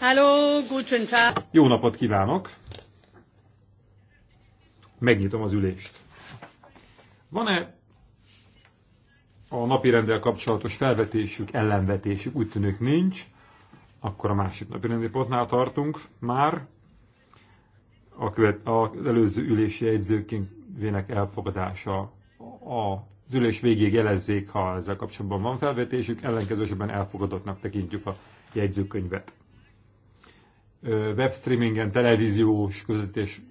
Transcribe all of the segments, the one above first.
Hello, guten Tag. Jó napot kívánok! Megnyitom az ülést. Van-e a napi rendel kapcsolatos felvetésük, ellenvetésük? Úgy tűnik nincs. Akkor a másik napi rendi pontnál tartunk már. A követ, az előző ülési jegyzőkénvének elfogadása a az ülés végéig jelezzék, ha ezzel kapcsolatban van felvetésük, ellenkezősebben elfogadottnak tekintjük a jegyzőkönyvet webstreamingen, televíziós közvetítés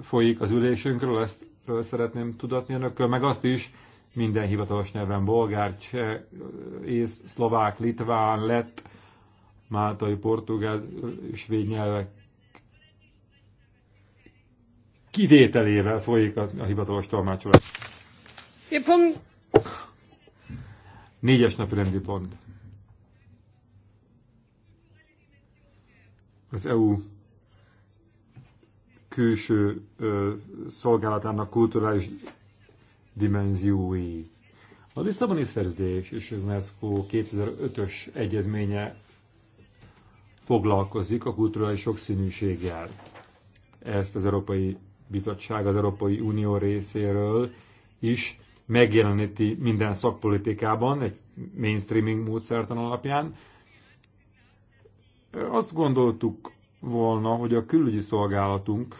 folyik az ülésünkről, ezt szeretném tudatni önökkel, meg azt is, minden hivatalos nyelven bolgár, cseh, ész, szlovák, litván, lett, máltai, portugál, svéd nyelvek kivételével folyik a, a hivatalos tolmácsolás. Négyes napi rendi pont. az EU külső ö, szolgálatának kulturális dimenziói. A Lisszaboni szerződés és az UNESCO 2005-ös egyezménye foglalkozik a kulturális sokszínűséggel. Ezt az Európai Bizottság az Európai Unió részéről is megjeleníti minden szakpolitikában, egy mainstreaming módszertan alapján, azt gondoltuk volna, hogy a külügyi szolgálatunk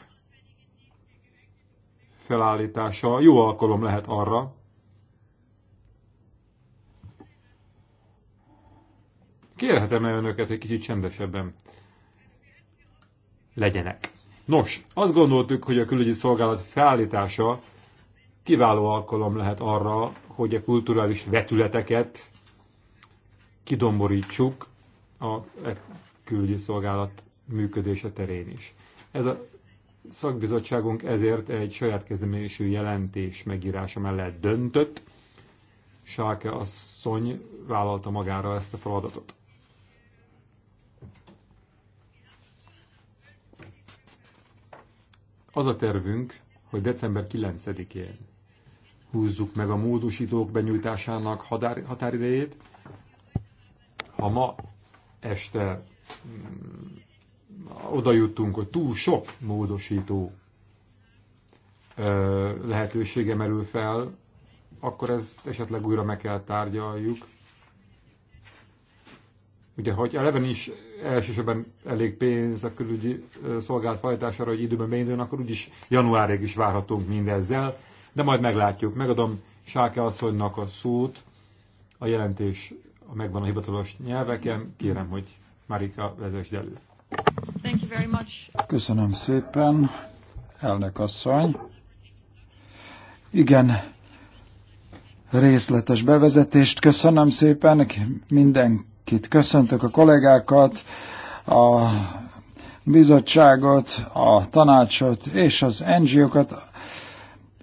felállítása jó alkalom lehet arra, Kérhetem-e önöket, hogy kicsit csendesebben legyenek? Nos, azt gondoltuk, hogy a külügyi szolgálat felállítása kiváló alkalom lehet arra, hogy a kulturális vetületeket kidomborítsuk a külügyi szolgálat működése terén is. Ez a szakbizottságunk ezért egy saját kezdeményezésű jelentés megírása mellett döntött. Sáke asszony vállalta magára ezt a feladatot. Az a tervünk, hogy december 9-én húzzuk meg a módosítók benyújtásának határidejét. Ha ma este Mm, oda jutunk, hogy túl sok módosító lehetősége merül fel, akkor ezt esetleg újra meg kell tárgyaljuk. Ugye, hogy eleven is elsősorban elég pénz a külügyi szolgált fajtására, hogy időben beinduljon, akkor úgyis januárig is várhatunk mindezzel, de majd meglátjuk. Megadom Sáke asszonynak a szót, a jelentés megvan a hivatalos nyelveken, kérem, hogy Marika vezess elő. Thank you very much. Köszönöm szépen, elnök asszony. Igen, részletes bevezetést köszönöm szépen, mindenkit köszöntök a kollégákat, a bizottságot, a tanácsot és az NGO-kat,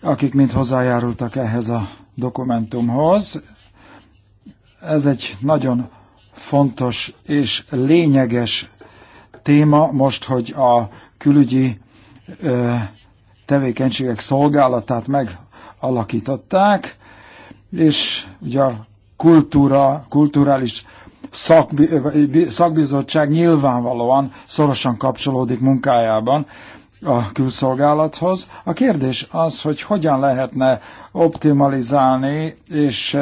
akik mind hozzájárultak ehhez a dokumentumhoz. Ez egy nagyon fontos és lényeges téma most, hogy a külügyi ö, tevékenységek szolgálatát megalakították, és ugye a kultúra, kulturális szakbi, szakbizottság nyilvánvalóan szorosan kapcsolódik munkájában a külszolgálathoz. A kérdés az, hogy hogyan lehetne optimalizálni és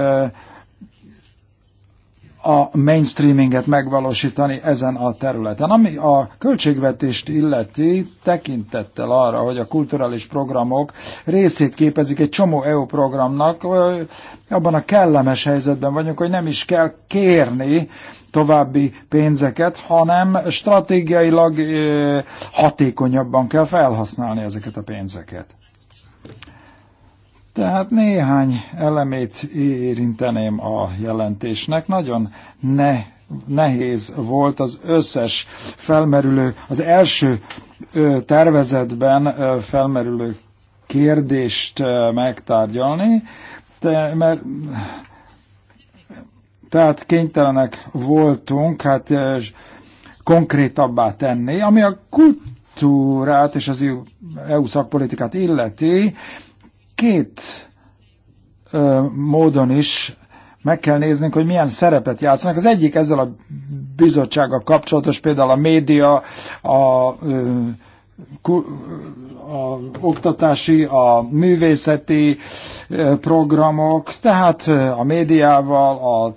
a mainstreaminget megvalósítani ezen a területen. Ami a költségvetést illeti, tekintettel arra, hogy a kulturális programok részét képezik egy csomó EU programnak, abban a kellemes helyzetben vagyunk, hogy nem is kell kérni további pénzeket, hanem stratégiailag hatékonyabban kell felhasználni ezeket a pénzeket. Tehát néhány elemét érinteném a jelentésnek. Nagyon ne, nehéz volt az összes felmerülő, az első tervezetben felmerülő kérdést megtárgyalni, de, mert tehát kénytelenek voltunk hát konkrétabbá tenni, ami a kultúrát és az EU szakpolitikát illeti, két ö, módon is meg kell néznünk, hogy milyen szerepet játszanak. Az egyik ezzel a bizottsággal kapcsolatos, például a média, a, ö, ku, a oktatási, a művészeti programok, tehát a médiával, a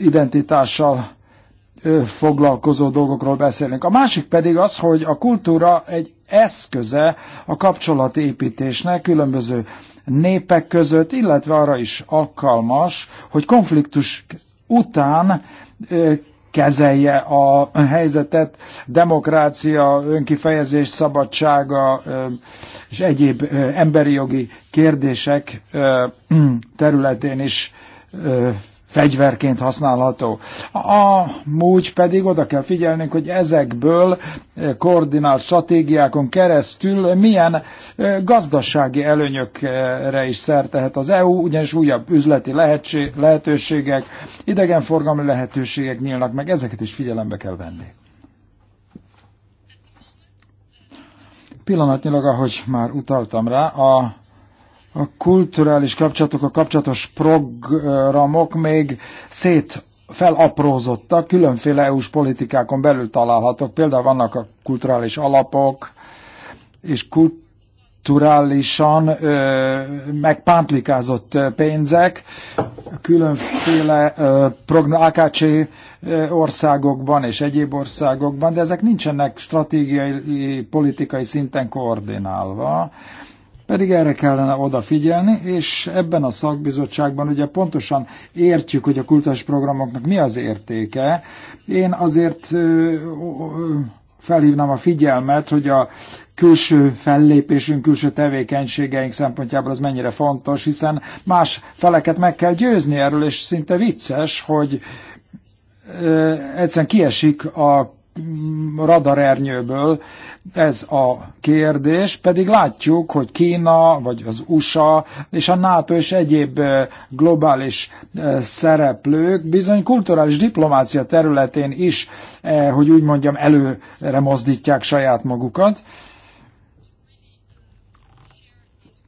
identitással foglalkozó dolgokról beszélünk. A másik pedig az, hogy a kultúra egy eszköze a kapcsolatépítésnek különböző népek között, illetve arra is alkalmas, hogy konfliktus után kezelje a helyzetet, demokrácia, önkifejezés szabadsága és egyéb emberi jogi kérdések területén is fegyverként használható. A múgy pedig oda kell figyelnünk, hogy ezekből eh, koordinált stratégiákon keresztül milyen eh, gazdasági előnyökre is szertehet az EU, ugyanis újabb üzleti lehetőségek, idegenforgalmi lehetőségek nyílnak meg, ezeket is figyelembe kell venni. Pillanatnyilag, ahogy már utaltam rá, a a kulturális kapcsolatok a kapcsolatos programok még szét felaprózottak, különféle EU-s politikákon belül találhatók. Például vannak a kulturális alapok, és kulturálisan ö, megpántlikázott pénzek különféle ö, AKC országokban és egyéb országokban, de ezek nincsenek stratégiai, politikai szinten koordinálva. Mm pedig erre kellene odafigyelni, és ebben a szakbizottságban ugye pontosan értjük, hogy a kultúrás programoknak mi az értéke. Én azért felhívnám a figyelmet, hogy a külső fellépésünk, külső tevékenységeink szempontjából az mennyire fontos, hiszen más feleket meg kell győzni erről, és szinte vicces, hogy egyszerűen kiesik a radarernyőből ez a kérdés, pedig látjuk, hogy Kína, vagy az USA, és a NATO és egyéb globális szereplők bizony kulturális diplomácia területén is, hogy úgy mondjam, előre mozdítják saját magukat.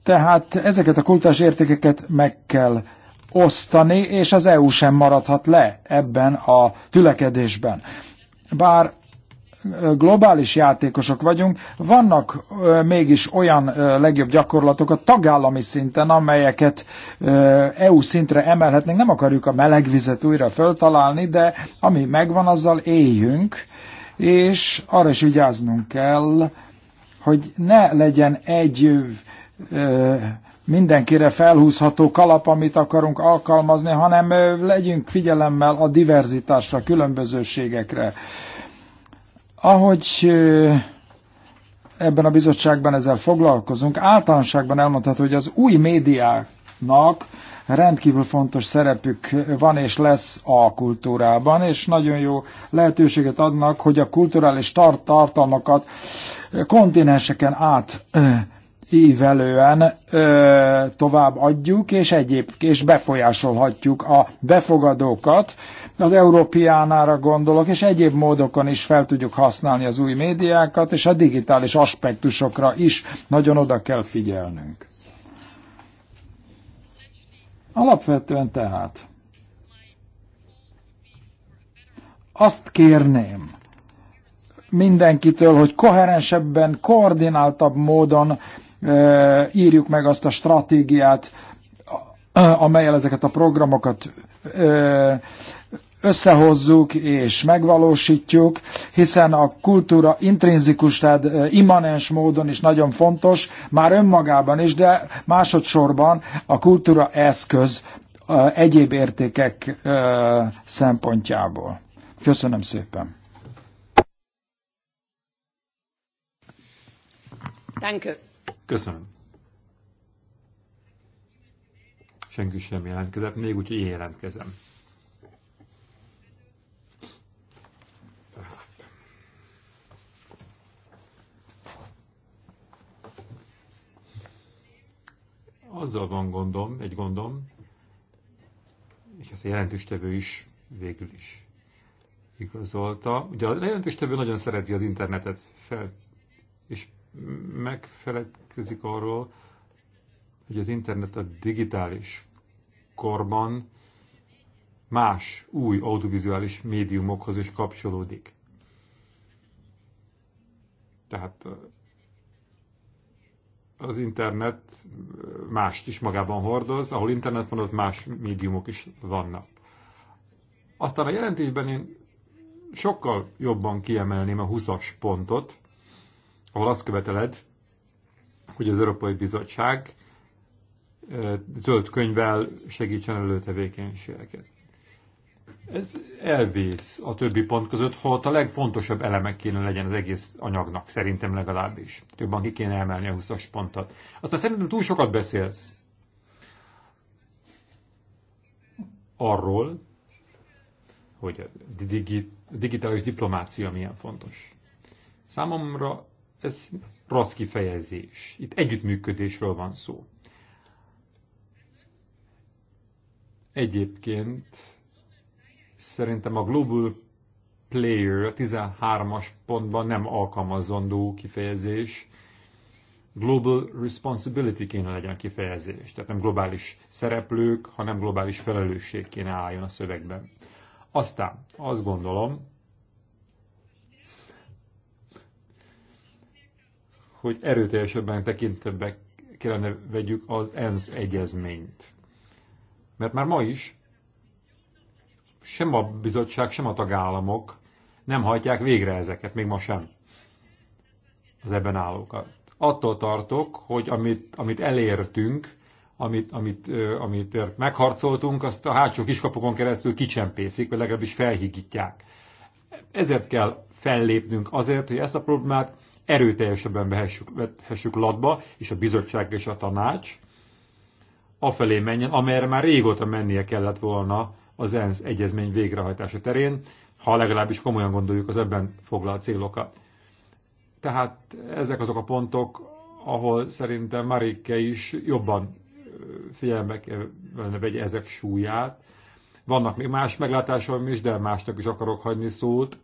Tehát ezeket a kultúrás értékeket meg kell osztani, és az EU sem maradhat le ebben a tülekedésben bár globális játékosok vagyunk, vannak mégis olyan legjobb gyakorlatok a tagállami szinten, amelyeket EU szintre emelhetnénk. Nem akarjuk a melegvizet újra föltalálni, de ami megvan, azzal éljünk, és arra is vigyáznunk kell, hogy ne legyen egy mindenkire felhúzható kalap, amit akarunk alkalmazni, hanem legyünk figyelemmel a diverzitásra, különbözőségekre. Ahogy ebben a bizottságban ezzel foglalkozunk, általánosságban elmondható, hogy az új médiáknak rendkívül fontos szerepük van és lesz a kultúrában, és nagyon jó lehetőséget adnak, hogy a kulturális tart tartalmakat kontinenseken át ívelően ö, tovább adjuk, és egyéb, és befolyásolhatjuk a befogadókat. Az Európiánára gondolok, és egyéb módokon is fel tudjuk használni az új médiákat, és a digitális aspektusokra is nagyon oda kell figyelnünk. Alapvetően tehát azt kérném, mindenkitől, hogy koherensebben, koordináltabb módon írjuk meg azt a stratégiát, amelyel ezeket a programokat összehozzuk és megvalósítjuk, hiszen a kultúra intrinzikus, tehát immanens módon is nagyon fontos, már önmagában is, de másodszorban a kultúra eszköz egyéb értékek szempontjából. Köszönöm szépen! you. Köszönöm. Senki sem jelentkezett, még úgy, én jelentkezem. Azzal van gondom, egy gondom, és ezt a jelentőstevő is végül is igazolta. Ugye a jelentéstevő nagyon szereti az internetet fel, és megfelelkezik arról, hogy az internet a digitális korban más, új audiovizuális médiumokhoz is kapcsolódik. Tehát az internet mást is magában hordoz, ahol internet van, ott más médiumok is vannak. Aztán a jelentésben én sokkal jobban kiemelném a 20-as pontot, ahol azt követeled, hogy az Európai Bizottság zöld könyvvel segítsen elő tevékenységeket. Ez elvész a többi pont között, holott a legfontosabb elemek kéne legyen az egész anyagnak, szerintem legalábbis. Többen ki kéne emelni a 20-as pontot. Aztán szerintem túl sokat beszélsz arról, hogy a digitális diplomácia milyen fontos. Számomra ez rossz kifejezés. Itt együttműködésről van szó. Egyébként szerintem a Global Player a 13-as pontban nem alkalmazandó kifejezés. Global Responsibility kéne legyen a kifejezés, tehát nem globális szereplők, hanem globális felelősség kéne álljon a szövegben. Aztán azt gondolom, hogy erőteljesebben tekintetbe kellene vegyük az ENSZ egyezményt. Mert már ma is sem a bizottság, sem a tagállamok nem hajtják végre ezeket, még ma sem, az ebben állókat. Attól tartok, hogy amit, amit elértünk, amit, amit, amit megharcoltunk, azt a hátsó kiskapukon keresztül kicsempészik, vagy legalábbis felhigítják. Ezért kell fellépnünk azért, hogy ezt a problémát erőteljesebben vehessük, vehessük latba, és a bizottság és a tanács afelé menjen, amelyre már régóta mennie kellett volna az ENSZ egyezmény végrehajtása terén, ha legalábbis komolyan gondoljuk az ebben foglalt célokat. Tehát ezek azok a pontok, ahol szerintem Marike is jobban figyelme kellene vegye ezek súlyát. Vannak még más meglátásom is, de másnak is akarok hagyni szót.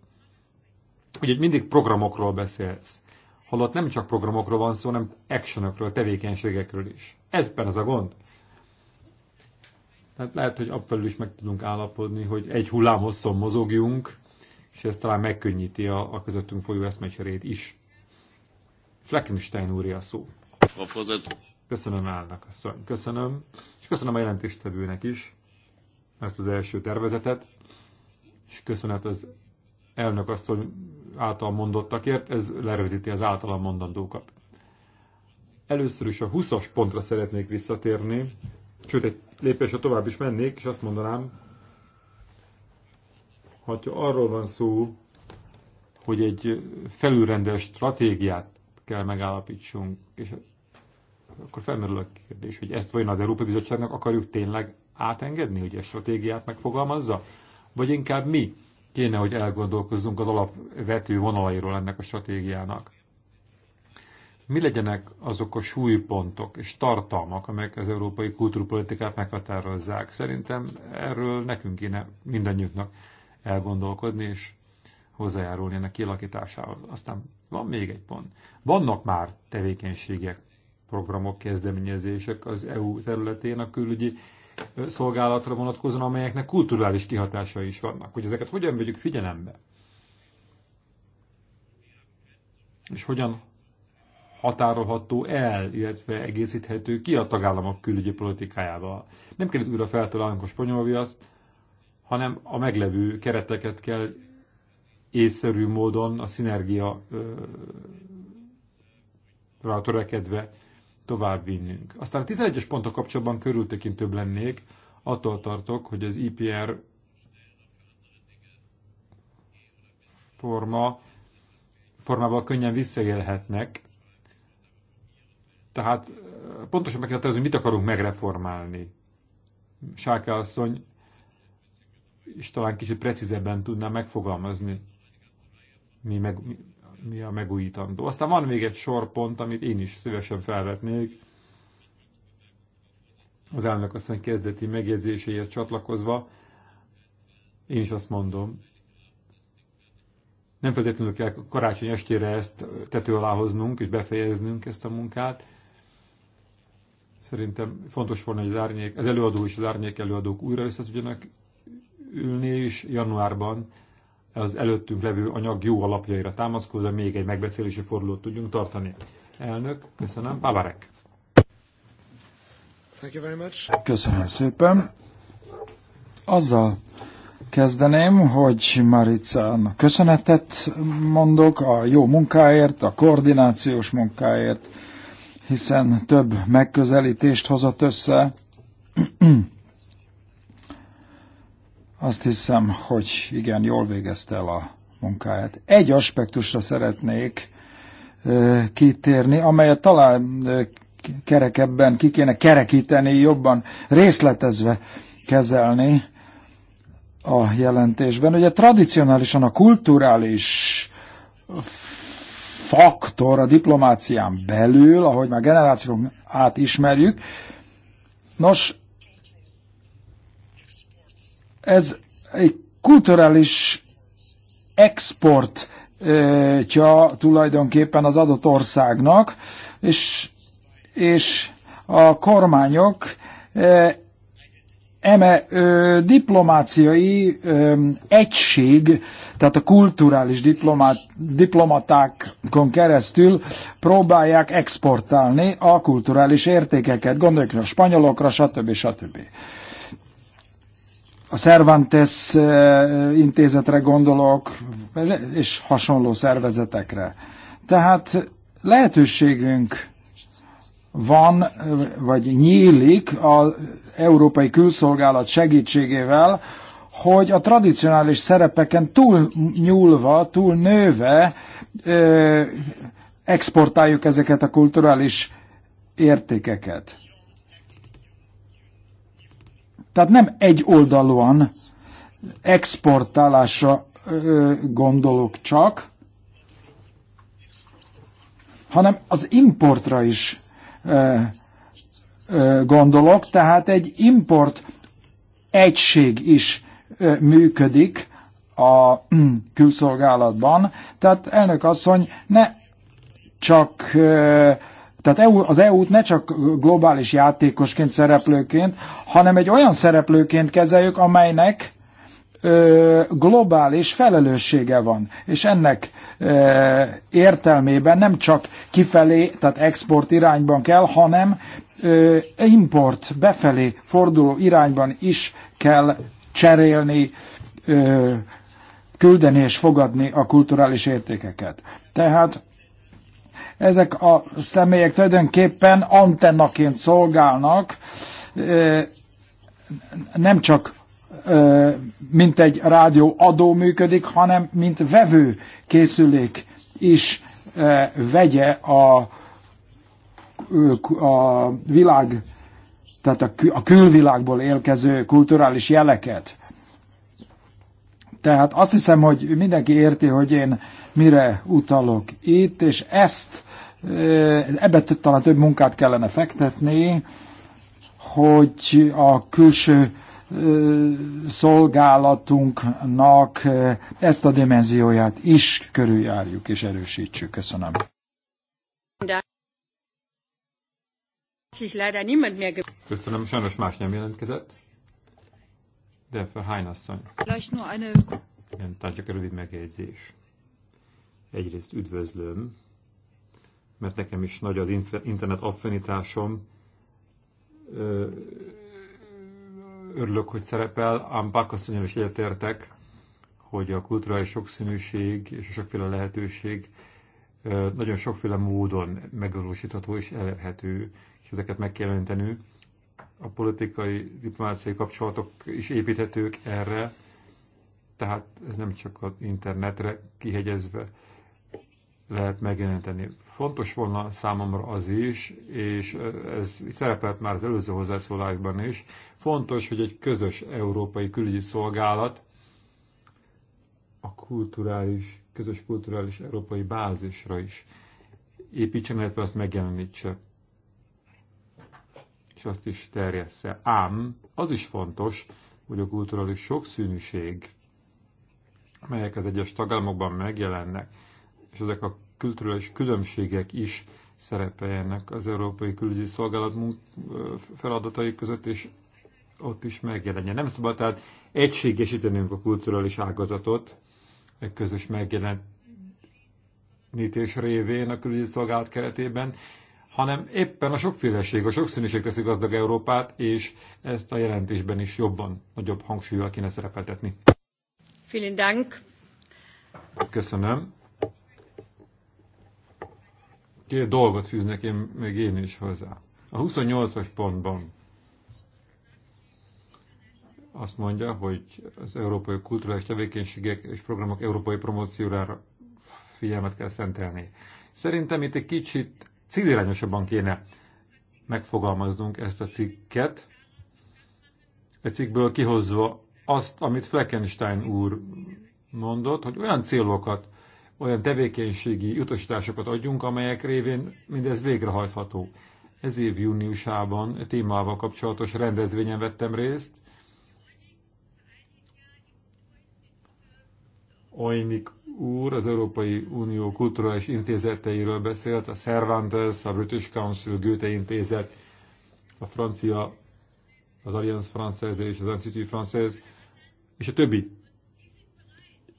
Ugye mindig programokról beszélsz holott nem csak programokról van szó, hanem actionokról, tevékenységekről is. Ez az a gond. Tehát lehet, hogy abfelül is meg tudunk állapodni, hogy egy hullám hosszon mozogjunk, és ez talán megkönnyíti a, a közöttünk folyó eszmecserét is. Fleckenstein úr a szó. Köszönöm állnak, asszony. Köszönöm. És köszönöm a jelentéstevőnek is ezt az első tervezetet. És köszönet az elnök asszony által mondottakért, ez lerövidíti az általam mondandókat. Először is a 20-as pontra szeretnék visszatérni, sőt egy lépésre tovább is mennék, és azt mondanám, ha arról van szó, hogy egy felülrendelt stratégiát kell megállapítsunk, és akkor felmerül a kérdés, hogy ezt vajon az Európai Bizottságnak akarjuk tényleg átengedni, hogy egy stratégiát megfogalmazza, vagy inkább mi kéne, hogy elgondolkozzunk az alapvető vonalairól ennek a stratégiának. Mi legyenek azok a súlypontok és tartalmak, amelyek az európai kultúrpolitikát meghatározzák? Szerintem erről nekünk kéne mindannyiunknak elgondolkodni és hozzájárulni ennek kialakításához. Aztán van még egy pont. Vannak már tevékenységek, programok, kezdeményezések az EU területén a külügyi szolgálatra vonatkozóan, amelyeknek kulturális kihatásai is vannak. Hogy ezeket hogyan vegyük figyelembe? És hogyan határolható el, illetve egészíthető ki a tagállamok külügyi politikájával. Nem kell itt újra feltalálnunk a spanyol viaszt, hanem a meglevő kereteket kell észszerű módon a szinergia rá törekedve tovább vinnünk. Aztán a 11-es pontok kapcsolatban körültekintőbb lennék, attól tartok, hogy az IPR e forma, formával könnyen visszaélhetnek. Tehát eh, pontosan meg kell hogy mit akarunk megreformálni. Sáke asszony és talán kicsit precízebben tudná megfogalmazni, mi, meg, mi a megújítandó. Aztán van még egy sor pont, amit én is szívesen felvetnék. Az elnök asszony kezdeti megjegyzéséhez csatlakozva, én is azt mondom, nem feltétlenül kell karácsony estére ezt tető alá hoznunk és befejeznünk ezt a munkát. Szerintem fontos volna, hogy az, árnyék, az előadó és az árnyék előadók újra össze tudjanak ülni, és januárban az előttünk levő anyag jó alapjaira támaszkodva még egy megbeszélési fordulót tudjunk tartani. Elnök, köszönöm. Pavarek. Köszönöm szépen. Azzal kezdeném, hogy Maricának köszönetet mondok a jó munkáért, a koordinációs munkáért, hiszen több megközelítést hozott össze, azt hiszem, hogy igen, jól végezte el a munkáját. Egy aspektusra szeretnék kitérni, amelyet talán kerekebben ki kéne kerekíteni, jobban részletezve kezelni a jelentésben. Ugye tradicionálisan a kulturális faktor a diplomácián belül, ahogy már generációk át ismerjük, nos, ez egy kulturális exportja tulajdonképpen az adott országnak, és, és a kormányok eme ö, diplomáciai ö, egység, tehát a kulturális diplomát, diplomatákon keresztül próbálják exportálni a kulturális értékeket, gondoljunk a spanyolokra, stb. stb a Cervantes eh, intézetre gondolok, és hasonló szervezetekre. Tehát lehetőségünk van, vagy nyílik az Európai Külszolgálat segítségével, hogy a tradicionális szerepeken túl nyúlva, túl nőve eh, exportáljuk ezeket a kulturális értékeket. Tehát nem egy oldalúan exportálásra gondolok csak, hanem az importra is gondolok, tehát egy import egység is működik a mm, külszolgálatban. Tehát elnök asszony, ne csak tehát EU, az EU-t ne csak globális játékosként, szereplőként, hanem egy olyan szereplőként kezeljük, amelynek ö, globális felelőssége van. És ennek ö, értelmében nem csak kifelé, tehát export irányban kell, hanem ö, import befelé forduló irányban is kell cserélni, ö, küldeni és fogadni a kulturális értékeket. Tehát ezek a személyek tulajdonképpen antennaként szolgálnak, nem csak mint egy rádió adó működik, hanem mint vevő készülék is vegye a, a világ, tehát a, külvilágból érkező kulturális jeleket. Tehát azt hiszem, hogy mindenki érti, hogy én mire utalok itt, és ezt eh, ebbe talán több munkát kellene fektetni, hogy a külső eh, szolgálatunknak eh, ezt a dimenzióját is körüljárjuk és erősítsük. Köszönöm. Köszönöm, sajnos más nem jelentkezett. De Verheyen asszony. Igen, tehát csak rövid megjegyzés egyrészt üdvözlöm, mert nekem is nagy az internet affinitásom. Örülök, hogy szerepel, ám Pákasszonyon is egyetértek, hogy a kulturális sokszínűség és a sokféle lehetőség nagyon sokféle módon megvalósítható és elérhető, és ezeket meg kell jelenteni. A politikai, diplomáciai kapcsolatok is építhetők erre, tehát ez nem csak az internetre kihegyezve lehet megjelenteni. Fontos volna számomra az is, és ez szerepelt már az előző hozzászólásban is, fontos, hogy egy közös európai külügyi szolgálat a kulturális, közös kulturális európai bázisra is építsen, illetve azt megjelenítse. És azt is terjessze. Ám az is fontos, hogy a kulturális sokszínűség, melyek az egyes tagállamokban megjelennek, és ezek a kulturális különbségek is szerepeljenek az Európai Külügyi Szolgálat feladatai között, és ott is megjelenjen. Nem szabad tehát egységesítenünk a kulturális ágazatot egy közös megjelenítés révén a külügyi szolgálat keretében, hanem éppen a sokféleség, a sokszínűség teszi gazdag Európát, és ezt a jelentésben is jobban, nagyobb hangsúlyjal kéne szerepeltetni. Vielen Dank. Köszönöm két dolgot fűznek én, még én is hozzá. A 28-as pontban azt mondja, hogy az európai kulturális tevékenységek és programok európai promóciójára figyelmet kell szentelni. Szerintem itt egy kicsit célirányosabban kéne megfogalmaznunk ezt a cikket, egy cikkből kihozva azt, amit Fleckenstein úr mondott, hogy olyan célokat olyan tevékenységi utasításokat adjunk, amelyek révén mindez végrehajtható. Ez év júniusában témával kapcsolatos rendezvényen vettem részt. Ojnik úr az Európai Unió kulturális intézeteiről beszélt, a Cervantes, a British Council, Goethe intézet, a francia, az Alliance Française és az Institut Française, és a többi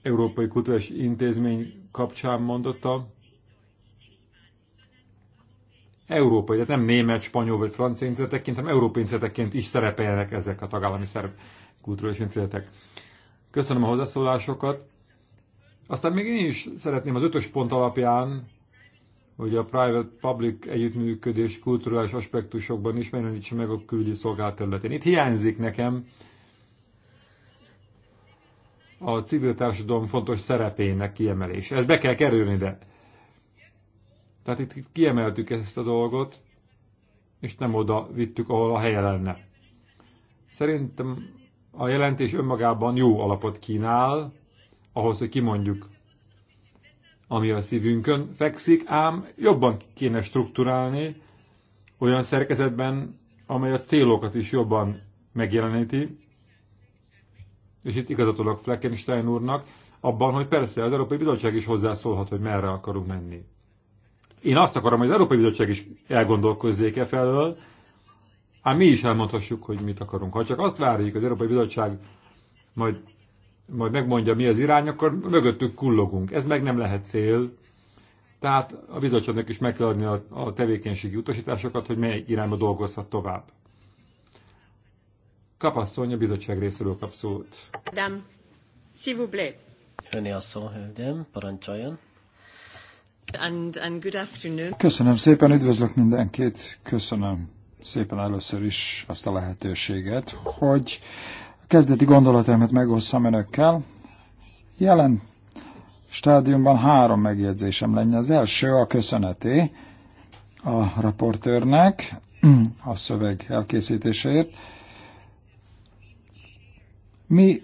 Európai Kulturális Intézmény kapcsán mondotta, európai, tehát nem német, spanyol vagy francia intézetekként, hanem európai intézetekként is szerepeljenek ezek a tagállami szerv kulturális intézetek. Köszönöm a hozzászólásokat. Aztán még én is szeretném az ötös pont alapján, hogy a private-public együttműködés kulturális aspektusokban is megjelenítse meg a külügyi szolgálat területén. Itt hiányzik nekem a civil társadalom fontos szerepének kiemelése. Ez be kell kerülni, de... Tehát itt kiemeltük ezt a dolgot, és nem oda vittük, ahol a helye lenne. Szerintem a jelentés önmagában jó alapot kínál, ahhoz, hogy kimondjuk, ami a szívünkön fekszik, ám jobban kéne strukturálni olyan szerkezetben, amely a célokat is jobban megjeleníti, és itt igazatolok Fleckenstein úrnak, abban, hogy persze az Európai Bizottság is hozzászólhat, hogy merre akarunk menni. Én azt akarom, hogy az Európai Bizottság is elgondolkozzék e felől, ám mi is elmondhassuk, hogy mit akarunk. Ha csak azt várjuk, hogy az Európai Bizottság majd, majd megmondja, mi az irány, akkor mögöttük kullogunk. Ez meg nem lehet cél. Tehát a bizottságnak is meg kell adni a, a tevékenységi utasításokat, hogy mely irányba dolgozhat tovább. Kapasszony a bizottság részéről kap szót. Dám, s'il Hőni plaît. a szó, hölgyem, parancsoljon. And, and good afternoon. Köszönöm szépen, üdvözlök mindenkit, köszönöm szépen először is azt a lehetőséget, hogy a kezdeti gondolataimat megosszam önökkel. Jelen stádiumban három megjegyzésem lenne. Az első a köszöneté a raportőrnek a szöveg elkészítéséért. Mi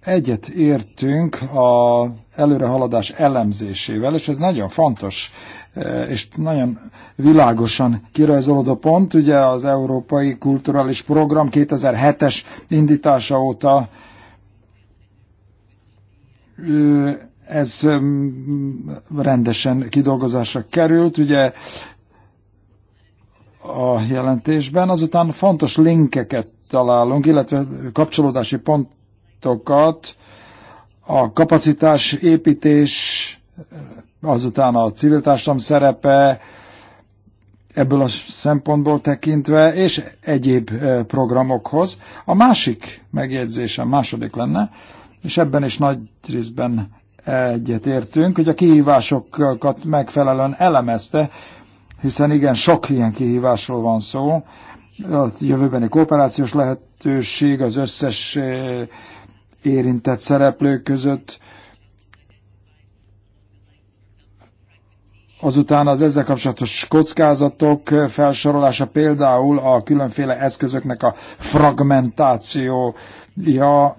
egyet értünk a előrehaladás elemzésével, és ez nagyon fontos, eh, és nagyon világosan kirajzolódó pont, ugye az Európai Kulturális Program 2007-es indítása óta eh, ez mm, rendesen kidolgozásra került, ugye a jelentésben, azután fontos linkeket találunk, illetve kapcsolódási pontokat, a kapacitás építés, azután a civil társadalom szerepe, ebből a szempontból tekintve, és egyéb programokhoz. A másik megjegyzésem második lenne, és ebben is nagy részben egyetértünk, hogy a kihívásokat megfelelően elemezte, hiszen igen, sok ilyen kihívásról van szó. A jövőbeni kooperációs lehetőség az összes eh, érintett szereplők között, Azután az ezzel kapcsolatos kockázatok eh, felsorolása például a különféle eszközöknek a fragmentációja,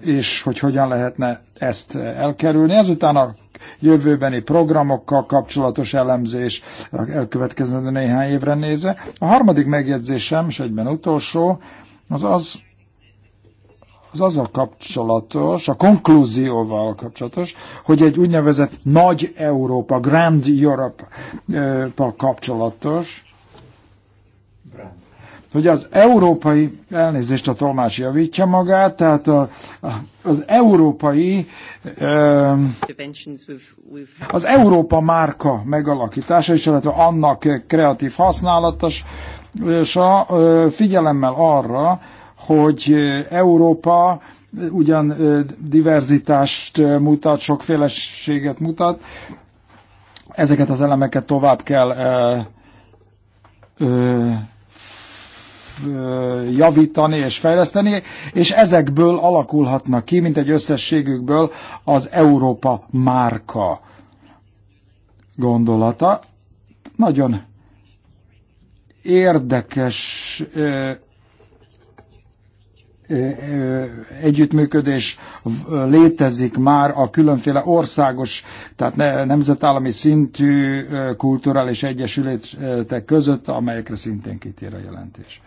és hogy hogyan lehetne ezt eh, elkerülni. Azután a jövőbeni programokkal kapcsolatos elemzés elkövetkező néhány évre nézve. A harmadik megjegyzésem, és egyben utolsó, az az, az azzal kapcsolatos, a konklúzióval kapcsolatos, hogy egy úgynevezett nagy Európa, Grand Europe-pal kapcsolatos, hogy az európai, elnézést a tolmás javítja magát, tehát a, az európai, az Európa márka megalakítása, és illetve annak kreatív a figyelemmel arra, hogy Európa ugyan diverzitást mutat, sokféleséget mutat, ezeket az elemeket tovább kell javítani és fejleszteni, és ezekből alakulhatnak ki, mint egy összességükből az Európa márka gondolata. Nagyon érdekes együttműködés létezik már a különféle országos, tehát nemzetállami szintű kulturális egyesületek között, amelyekre szintén kitér a jelentés.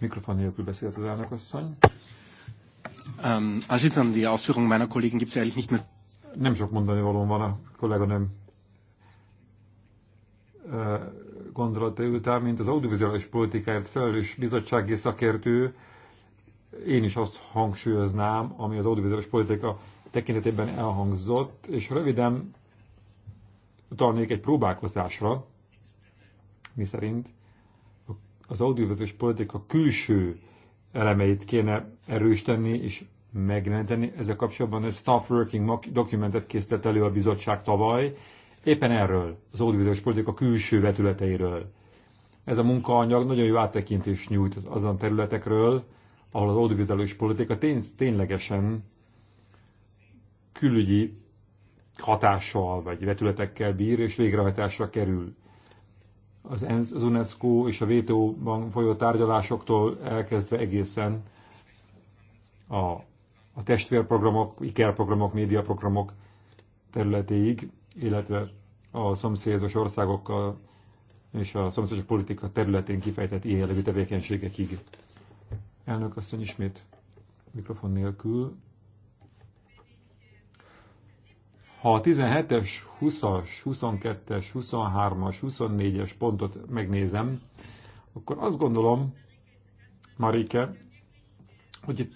Mikrofon nélkül beszélt az asszony. Um, ähm, Als die Ausführungen meiner Kollegen gibt es eigentlich nicht mehr. Nem sok mondani való van a kolléganőm gondolata után, mint az audiovizuális politikáért felelős bizottsági szakértő, én is azt hangsúlyoznám, ami az audiovizuális politika tekintetében elhangzott, és röviden utalnék egy próbálkozásra, miszerint az audiovizuális politika külső elemeit kéne erősíteni és megjelenteni. Ezzel kapcsolatban egy staff working documentet készített elő a bizottság tavaly, Éppen erről, az audiovizuális politika külső vetületeiről. Ez a munkaanyag nagyon jó áttekintést nyújt azon területekről, ahol az audiovizuális politika tény, ténylegesen külügyi hatással vagy vetületekkel bír, és végrehajtásra kerül. Az, ENSZ, az UNESCO és a WTO-ban folyó tárgyalásoktól elkezdve egészen a, a testvérprogramok, ikerprogramok, médiaprogramok területéig illetve a szomszédos országokkal és a szomszédos politika területén kifejtett ilyen jellegű tevékenységekig. Elnök asszony ismét mikrofon nélkül. Ha a 17-es, 20-as, 22-es, 23-as, 24-es pontot megnézem, akkor azt gondolom, Marike, hogy itt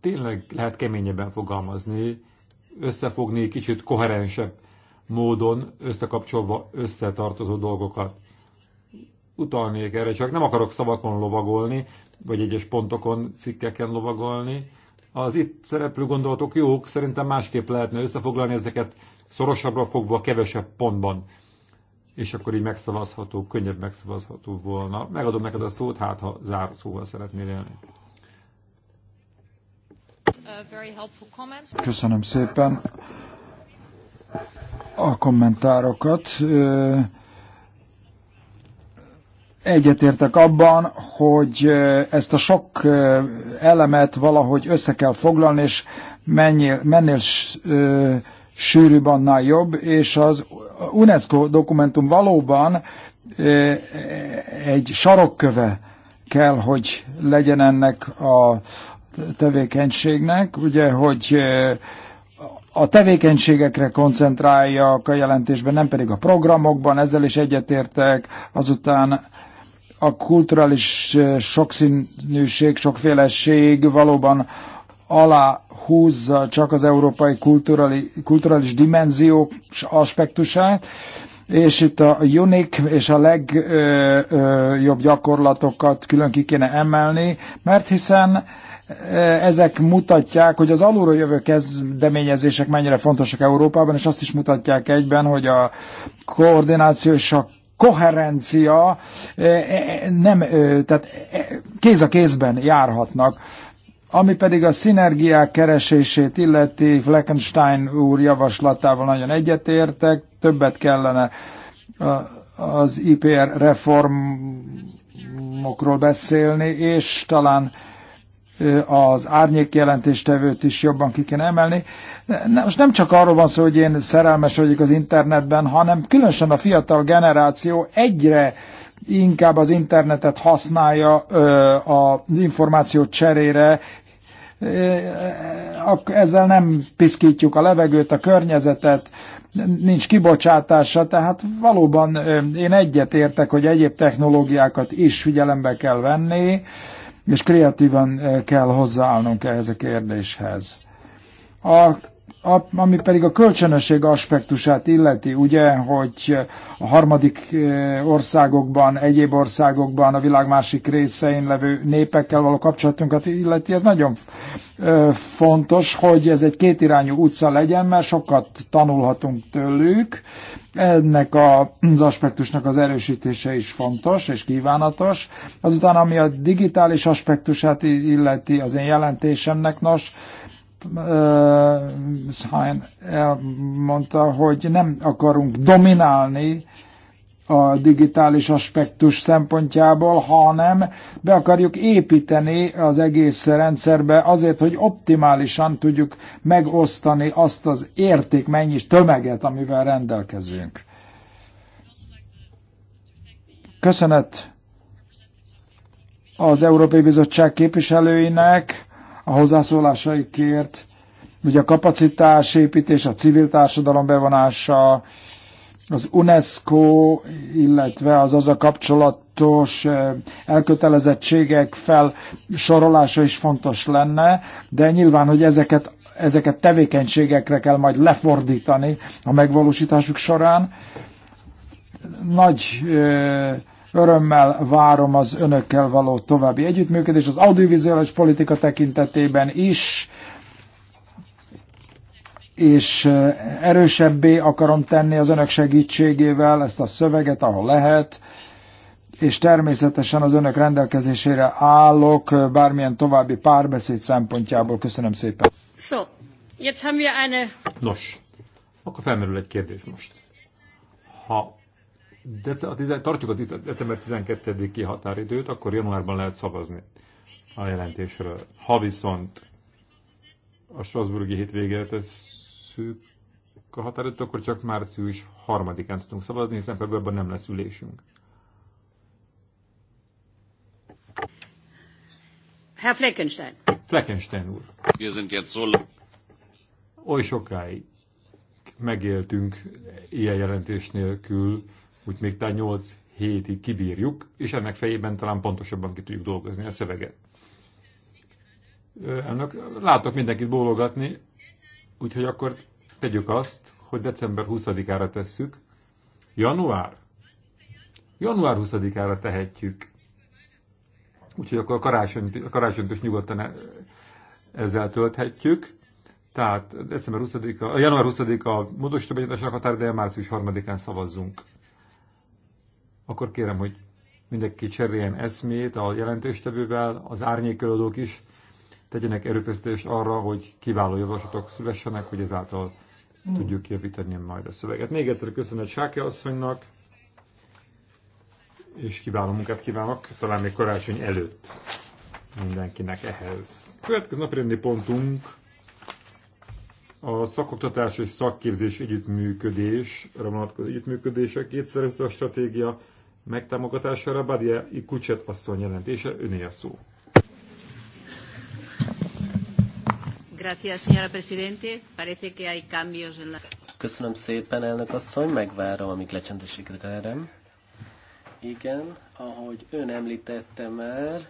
tényleg lehet keményebben fogalmazni, összefogni, kicsit koherensebb módon összekapcsolva összetartozó dolgokat. Utalnék erre, csak nem akarok szavakon lovagolni, vagy egyes pontokon, cikkeken lovagolni. Az itt szereplő gondolatok jók, szerintem másképp lehetne összefoglalni ezeket szorosabbra fogva, kevesebb pontban. És akkor így megszavazható, könnyebb megszavazható volna. Megadom neked a szót, hát ha zár szóval szeretnél élni. Köszönöm szépen a kommentárokat. Egyetértek abban, hogy ezt a sok elemet valahogy össze kell foglalni, és mennél, mennél sűrűbb, annál jobb, és az UNESCO dokumentum valóban egy sarokköve kell, hogy legyen ennek a tevékenységnek, ugye, hogy a tevékenységekre koncentráljak a jelentésben, nem pedig a programokban, ezzel is egyetértek, azután a kulturális eh, sokszínűség, sokféleség valóban alá húzza csak az európai kulturali, kulturális dimenzió, aspektusát, és itt a unik és a legjobb eh, eh, gyakorlatokat külön ki kéne emelni, mert hiszen Eh, ezek mutatják, hogy az alulról jövő kezdeményezések mennyire fontosak Európában, és azt is mutatják egyben, hogy a koordináció és a koherencia eh, eh, nem, tehát kéz a kézben járhatnak. Ami pedig a szinergiák keresését illeti, Fleckenstein úr javaslatával nagyon egyetértek, többet kellene az IPR reformokról beszélni, és talán az árnyék jelentéstevőt is jobban ki kéne emelni. Most nem csak arról van szó, hogy én szerelmes vagyok az internetben, hanem különösen a fiatal generáció egyre inkább az internetet használja az információ cserére, ezzel nem piszkítjuk a levegőt, a környezetet, nincs kibocsátása, tehát valóban én egyet értek, hogy egyéb technológiákat is figyelembe kell venni, és kreatívan eh, kell hozzáállnunk ehhez a kérdéshez. A, a, ami pedig a kölcsönösség aspektusát illeti, ugye, hogy a harmadik eh, országokban, egyéb országokban, a világ másik részein levő népekkel való kapcsolatunkat illeti, ez nagyon eh, fontos, hogy ez egy kétirányú utca legyen, mert sokat tanulhatunk tőlük, ennek az aspektusnak az erősítése is fontos és kívánatos. Azután, ami a digitális aspektusát illeti az én jelentésemnek, nos, Hein elmondta, hogy nem akarunk dominálni a digitális aspektus szempontjából, hanem be akarjuk építeni az egész rendszerbe azért, hogy optimálisan tudjuk megosztani azt az érték tömeget, amivel rendelkezünk. Köszönet az Európai Bizottság képviselőinek a hozzászólásaikért, ugye a kapacitásépítés, a civil társadalom bevonása, az UNESCO, illetve az az a kapcsolatos eh, elkötelezettségek felsorolása is fontos lenne, de nyilván, hogy ezeket, ezeket tevékenységekre kell majd lefordítani a megvalósításuk során. Nagy eh, örömmel várom az önökkel való további együttműködés az audiovizuális politika tekintetében is, és erősebbé akarom tenni az önök segítségével ezt a szöveget, ahol lehet, és természetesen az önök rendelkezésére állok bármilyen további párbeszéd szempontjából. Köszönöm szépen. So, jetzt haben wir eine... Nos, akkor felmerül egy kérdés most. Ha dece- tartjuk a december 12-i határidőt, akkor januárban lehet szavazni a jelentésről. Ha viszont a Strasburgi hétvégét tesz megtesszük a határidőt, akkor csak március 3-án tudunk szavazni, hiszen februárban nem lesz ülésünk. Herr Fleckenstein. Fleckenstein úr. Wir sind jetzt so... Oly sokáig megéltünk ilyen jelentés nélkül, úgy még talán 8 hétig kibírjuk, és ennek fejében talán pontosabban ki tudjuk dolgozni a szöveget. Ennek látok mindenkit bólogatni, Úgyhogy akkor tegyük azt, hogy december 20-ára tesszük. Január? Január 20-ára tehetjük. Úgyhogy akkor a karácsonyt, a karácsonyt is nyugodtan e, ezzel tölthetjük. Tehát december 20-a, január 20-a a módosító határ, de március 3-án szavazzunk. Akkor kérem, hogy mindenki cseréljen eszmét a jelentéstevővel, az árnyékelődők is tegyenek erőfeszítést arra, hogy kiváló javaslatok szülessenek, hogy ezáltal hmm. tudjuk javítani majd a szöveget. Még egyszer köszönet Sáke asszonynak, és kiváló munkát kívánok, talán még karácsony előtt mindenkinek ehhez. Következő napirendi pontunk a szakoktatás és szakképzés együttműködésre vonatkozó együttműködése, kétszerűző a stratégia megtámogatására, Badia Kucset asszony jelentése, öné a szó. Köszönöm szépen, elnök asszony, megvárom, amíg a erem. Igen, ahogy ön említette már,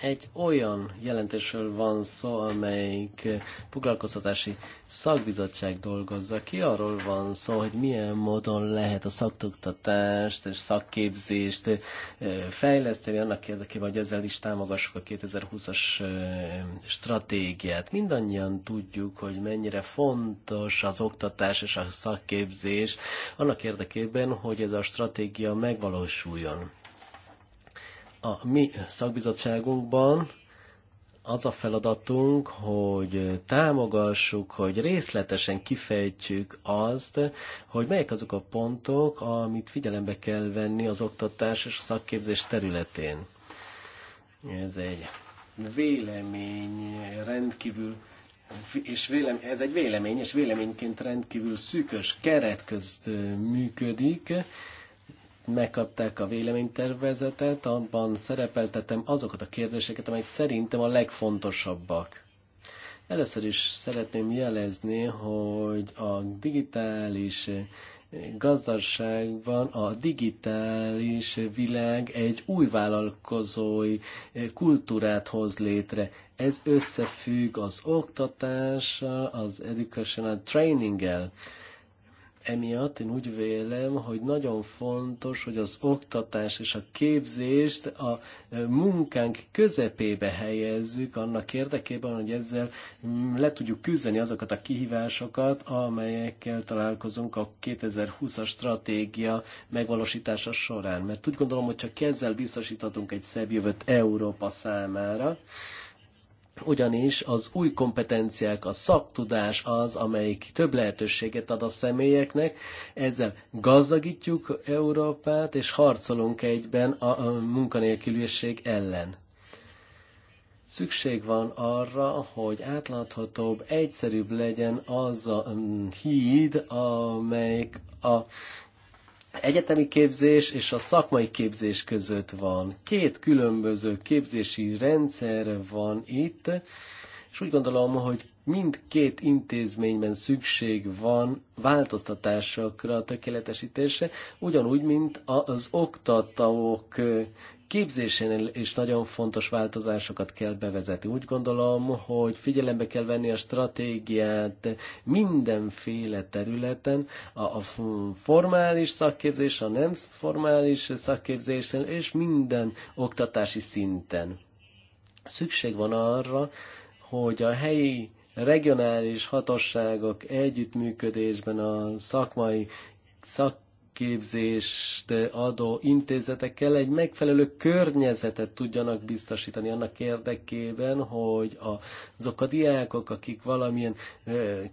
egy olyan jelentésről van szó, amelyik foglalkoztatási szakbizottság dolgozza ki. Arról van szó, hogy milyen módon lehet a szaktoktatást és szakképzést fejleszteni annak érdekében, hogy ezzel is támogassuk a 2020-as stratégiát. Mindannyian tudjuk, hogy mennyire fontos az oktatás és a szakképzés annak érdekében, hogy ez a stratégia megvalósuljon. A mi szakbizottságunkban az a feladatunk, hogy támogassuk, hogy részletesen kifejtsük azt, hogy melyek azok a pontok, amit figyelembe kell venni az oktatás és a szakképzés területén. Ez egy vélemény rendkívül és vélem, ez egy vélemény, és véleményként rendkívül szűkös keret közt működik, megkapták a véleménytervezetet, abban szerepeltettem azokat a kérdéseket, amelyek szerintem a legfontosabbak. Először is szeretném jelezni, hogy a digitális gazdaságban a digitális világ egy új vállalkozói kultúrát hoz létre. Ez összefügg az oktatással, az educational training-el. Emiatt én úgy vélem, hogy nagyon fontos, hogy az oktatás és a képzést a munkánk közepébe helyezzük annak érdekében, hogy ezzel mm, le tudjuk küzdeni azokat a kihívásokat, amelyekkel találkozunk a 2020-as stratégia megvalósítása során. Mert úgy gondolom, hogy csak ezzel biztosíthatunk egy szebb jövőt Európa számára ugyanis az új kompetenciák, a szaktudás az, amelyik több lehetőséget ad a személyeknek, ezzel gazdagítjuk Európát, és harcolunk egyben a, munkanélküliség ellen. Szükség van arra, hogy átláthatóbb, egyszerűbb legyen az a mm, híd, amelyik a egyetemi képzés és a szakmai képzés között van. Két különböző képzési rendszer van itt, és úgy gondolom, hogy mindkét intézményben szükség van változtatásokra, tökéletesítésre, ugyanúgy, mint az oktatók képzésén is nagyon fontos változásokat kell bevezetni. Úgy gondolom, hogy figyelembe kell venni a stratégiát mindenféle területen, a, a formális szakképzés, a nem formális szakképzésen és minden oktatási szinten. Szükség van arra, hogy a helyi regionális hatosságok együttműködésben a szakmai szak képzést adó intézetekkel egy megfelelő környezetet tudjanak biztosítani annak érdekében, hogy azok a diákok, akik valamilyen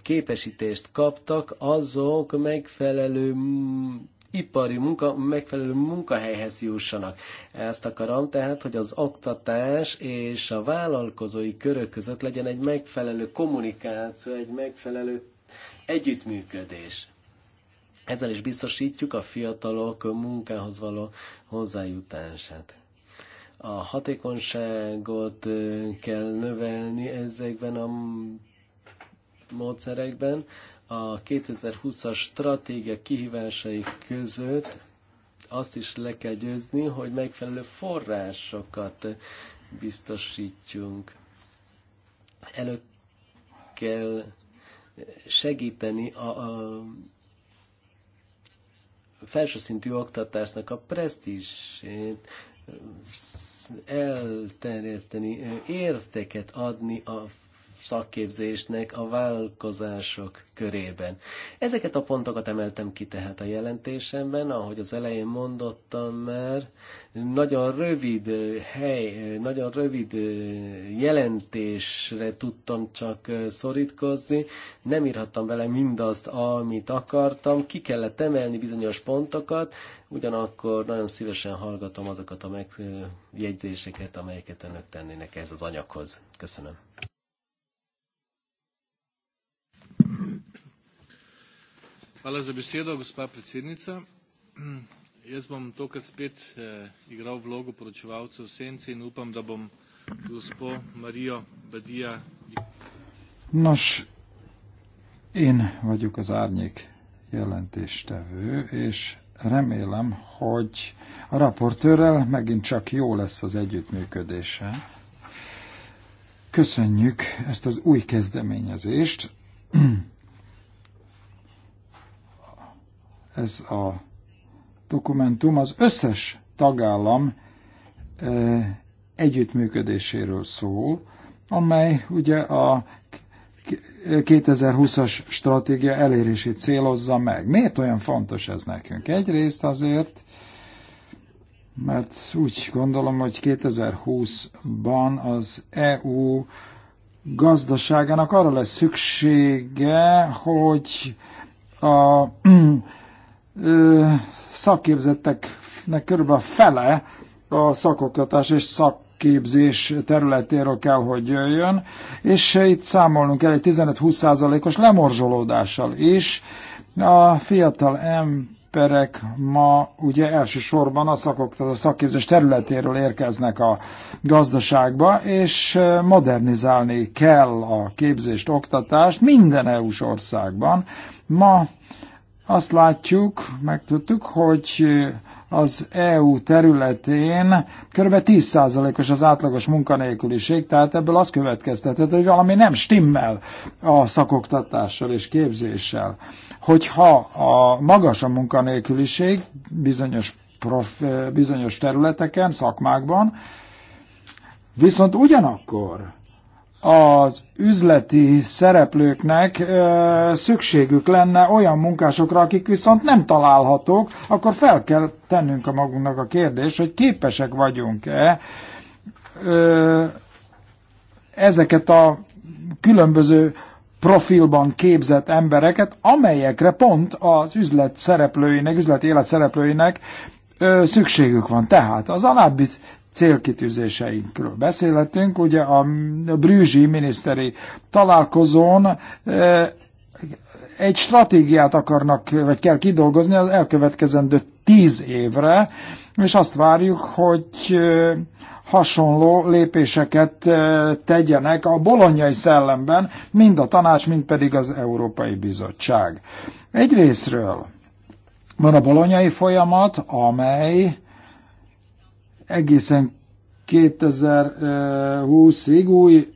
képesítést kaptak, azok megfelelő ipari munka, megfelelő munkahelyhez jussanak. Ezt akarom tehát, hogy az oktatás és a vállalkozói körök között legyen egy megfelelő kommunikáció, egy megfelelő együttműködés. Ezzel is biztosítjuk a fiatalok munkához való hozzájutását. A hatékonyságot kell növelni ezekben a módszerekben. A 2020-as stratégia kihívásai között azt is le kell győzni, hogy megfelelő forrásokat biztosítjunk. Elő kell segíteni a, a felsőszintű oktatásnak a presztízsét eh, elterjeszteni, eh, érteket adni a szakképzésnek a vállalkozások körében. Ezeket a pontokat emeltem ki tehát a jelentésemben, ahogy az elején mondottam már, nagyon rövid hely, nagyon rövid jelentésre tudtam csak szorítkozni, nem írhattam bele mindazt, amit akartam, ki kellett emelni bizonyos pontokat, ugyanakkor nagyon szívesen hallgatom azokat a megjegyzéseket, amelyeket önök tennének ez az anyaghoz. Köszönöm. Hvala za besedo, gospa predsednica. Jaz bom tokrat spet eh, igral vlogo poročevalca v senci in upam, da bom gospo Marijo Badija Nos, én vagyok az árnyék jelentéstevő, és remélem, hogy a raportőrrel megint csak jó lesz az együttműködése. Köszönjük ezt az új kezdeményezést, ez a dokumentum az összes tagállam együttműködéséről szól, amely ugye a 2020-as stratégia elérését célozza meg. Miért olyan fontos ez nekünk? Egyrészt azért, mert úgy gondolom, hogy 2020-ban az EU gazdaságának arra lesz szüksége, hogy a ö, szakképzetteknek körülbelül a fele a szakoktatás és képzés területéről kell, hogy jöjjön, és itt számolnunk kell egy 15-20 százalékos lemorzsolódással is. A fiatal em perek ma ugye elsősorban a szakok, tehát a szakképzés területéről érkeznek a gazdaságba, és modernizálni kell a képzést, oktatást minden EU-s országban. Ma azt látjuk, megtudtuk, hogy az EU területén kb. 10%-os az átlagos munkanélküliség, tehát ebből az következtetett, hogy valami nem stimmel a szakoktatással és képzéssel. Hogyha a magas a munkanélküliség bizonyos, prof, eh, bizonyos területeken, szakmákban, viszont ugyanakkor az üzleti szereplőknek ö, eh, szükségük lenne olyan munkásokra, akik viszont nem találhatók, akkor fel kell tennünk a magunknak a kérdést, hogy képesek vagyunk-e eh, ezeket a különböző profilban képzett embereket, amelyekre pont az üzlet szereplőinek, üzleti élet szereplőinek ö, szükségük van. Tehát az alábbi célkitűzéseinkről beszélhetünk. Ugye a brűzsi miniszteri találkozón ö, egy stratégiát akarnak, vagy kell kidolgozni az elkövetkezendő tíz évre, és azt várjuk, hogy hasonló lépéseket tegyenek a bolonyai szellemben, mind a tanács, mind pedig az Európai Bizottság. Egyrésztről van a bolonyai folyamat, amely egészen 2020-ig új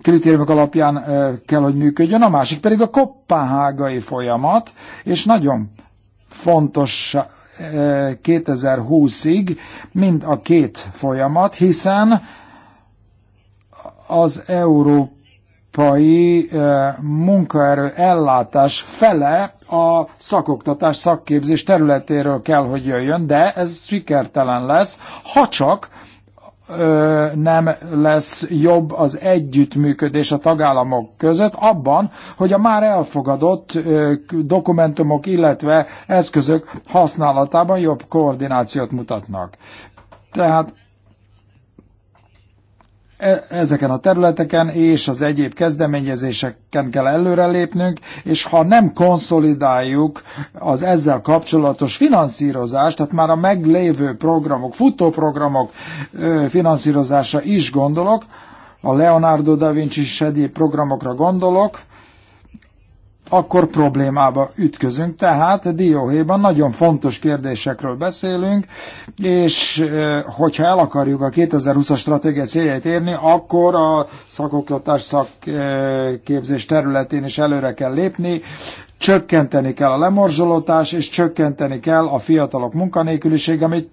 kritériumok alapján kell, hogy működjön, a másik pedig a kopenhágai folyamat, és nagyon fontos 2020-ig mind a két folyamat, hiszen az európai munkaerő ellátás fele a szakoktatás, szakképzés területéről kell, hogy jöjjön, de ez sikertelen lesz, ha csak nem lesz jobb az együttműködés a tagállamok között abban, hogy a már elfogadott dokumentumok, illetve eszközök használatában jobb koordinációt mutatnak. Tehát E, ezeken a területeken és az egyéb kezdeményezéseken kell előrelépnünk, és ha nem konszolidáljuk az ezzel kapcsolatos finanszírozást, tehát már a meglévő programok, futóprogramok finanszírozása is gondolok, a Leonardo da Vinci egyéb programokra gondolok, akkor problémába ütközünk. Tehát dióhéjban nagyon fontos kérdésekről beszélünk, és hogyha el akarjuk a 2020-as stratégia céljait érni, akkor a szakoktatás szakképzés területén is előre kell lépni csökkenteni kell a lemorzsolódás, és csökkenteni kell a fiatalok munkanélküliség, amit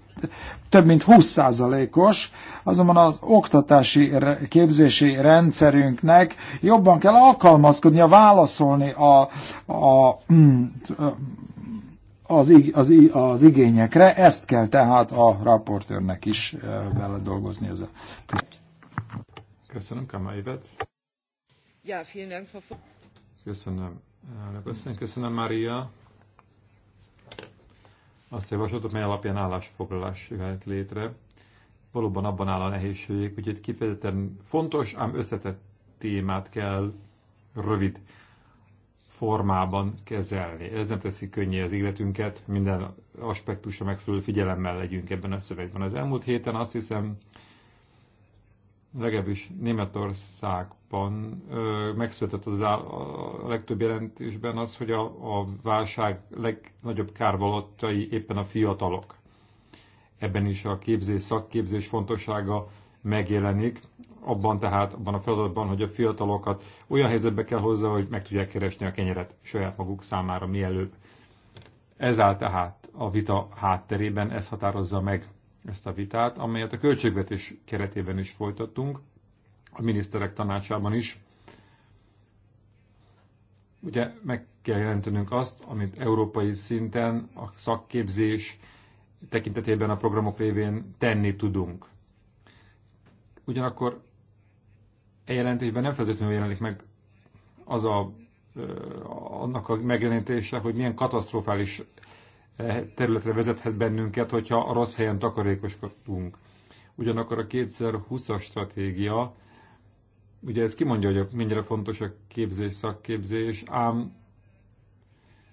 több mint 20%-os, azonban az oktatási képzési rendszerünknek jobban kell alkalmazkodnia, válaszolni a, a hmm, az, az, az igényekre, ezt kell tehát a raportőrnek is eh, vele dolgozni. Ezzel. Köszönöm, Kamáivet. Köszönöm. Köszönöm, köszönöm Mária. Azt javaslatot, mely alapján állásfoglalás jöhet létre. Valóban abban áll a nehézség, hogy egy kifejezetten fontos, ám összetett témát kell rövid formában kezelni. Ez nem teszi könnyé az életünket, minden aspektusra megfelelő figyelemmel legyünk ebben a szövegben. Az elmúlt héten azt hiszem legalábbis Németországban megszületett az áll, a legtöbb jelentésben az, hogy a, a válság legnagyobb kárvalottai éppen a fiatalok. Ebben is a képzés, szakképzés fontossága megjelenik, abban tehát, abban a feladatban, hogy a fiatalokat olyan helyzetbe kell hozzá, hogy meg tudják keresni a kenyeret saját maguk számára mielőbb. Ez áll tehát a vita hátterében, ez határozza meg ezt a vitát, amelyet a költségvetés keretében is folytattunk, a miniszterek tanácsában is. Ugye meg kell jelentenünk azt, amit európai szinten a szakképzés tekintetében a programok révén tenni tudunk. Ugyanakkor e jelentésben nem feltétlenül jelenik meg az a, annak a megjelenítése, hogy milyen katasztrofális E, területre vezethet bennünket, hogyha a rossz helyen takarékoskodunk. Ugyanakkor a 2020-as stratégia, ugye ez kimondja, hogy mennyire fontos a képzés, szakképzés, ám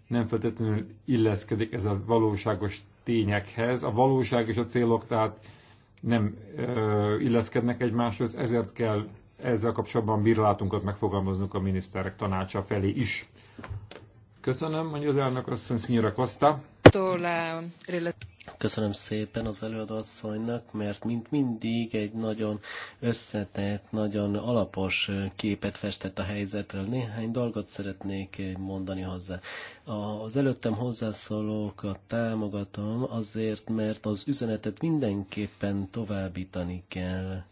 nem feltétlenül illeszkedik ez a valóságos tényekhez. A valóság és a célok tehát nem ö, e, illeszkednek egymáshoz, ezért kell ezzel kapcsolatban bírálatunkat megfogalmaznunk a miniszterek tanácsa felé is. Köszönöm, mondja az elnök asszony Szinyira Koszta. Köszönöm szépen az előadóasszonynak, mert mint mindig egy nagyon összetett, nagyon alapos képet festett a helyzetről. Néhány dolgot szeretnék mondani hozzá. Az előttem hozzászólókat támogatom azért, mert az üzenetet mindenképpen továbbítani kell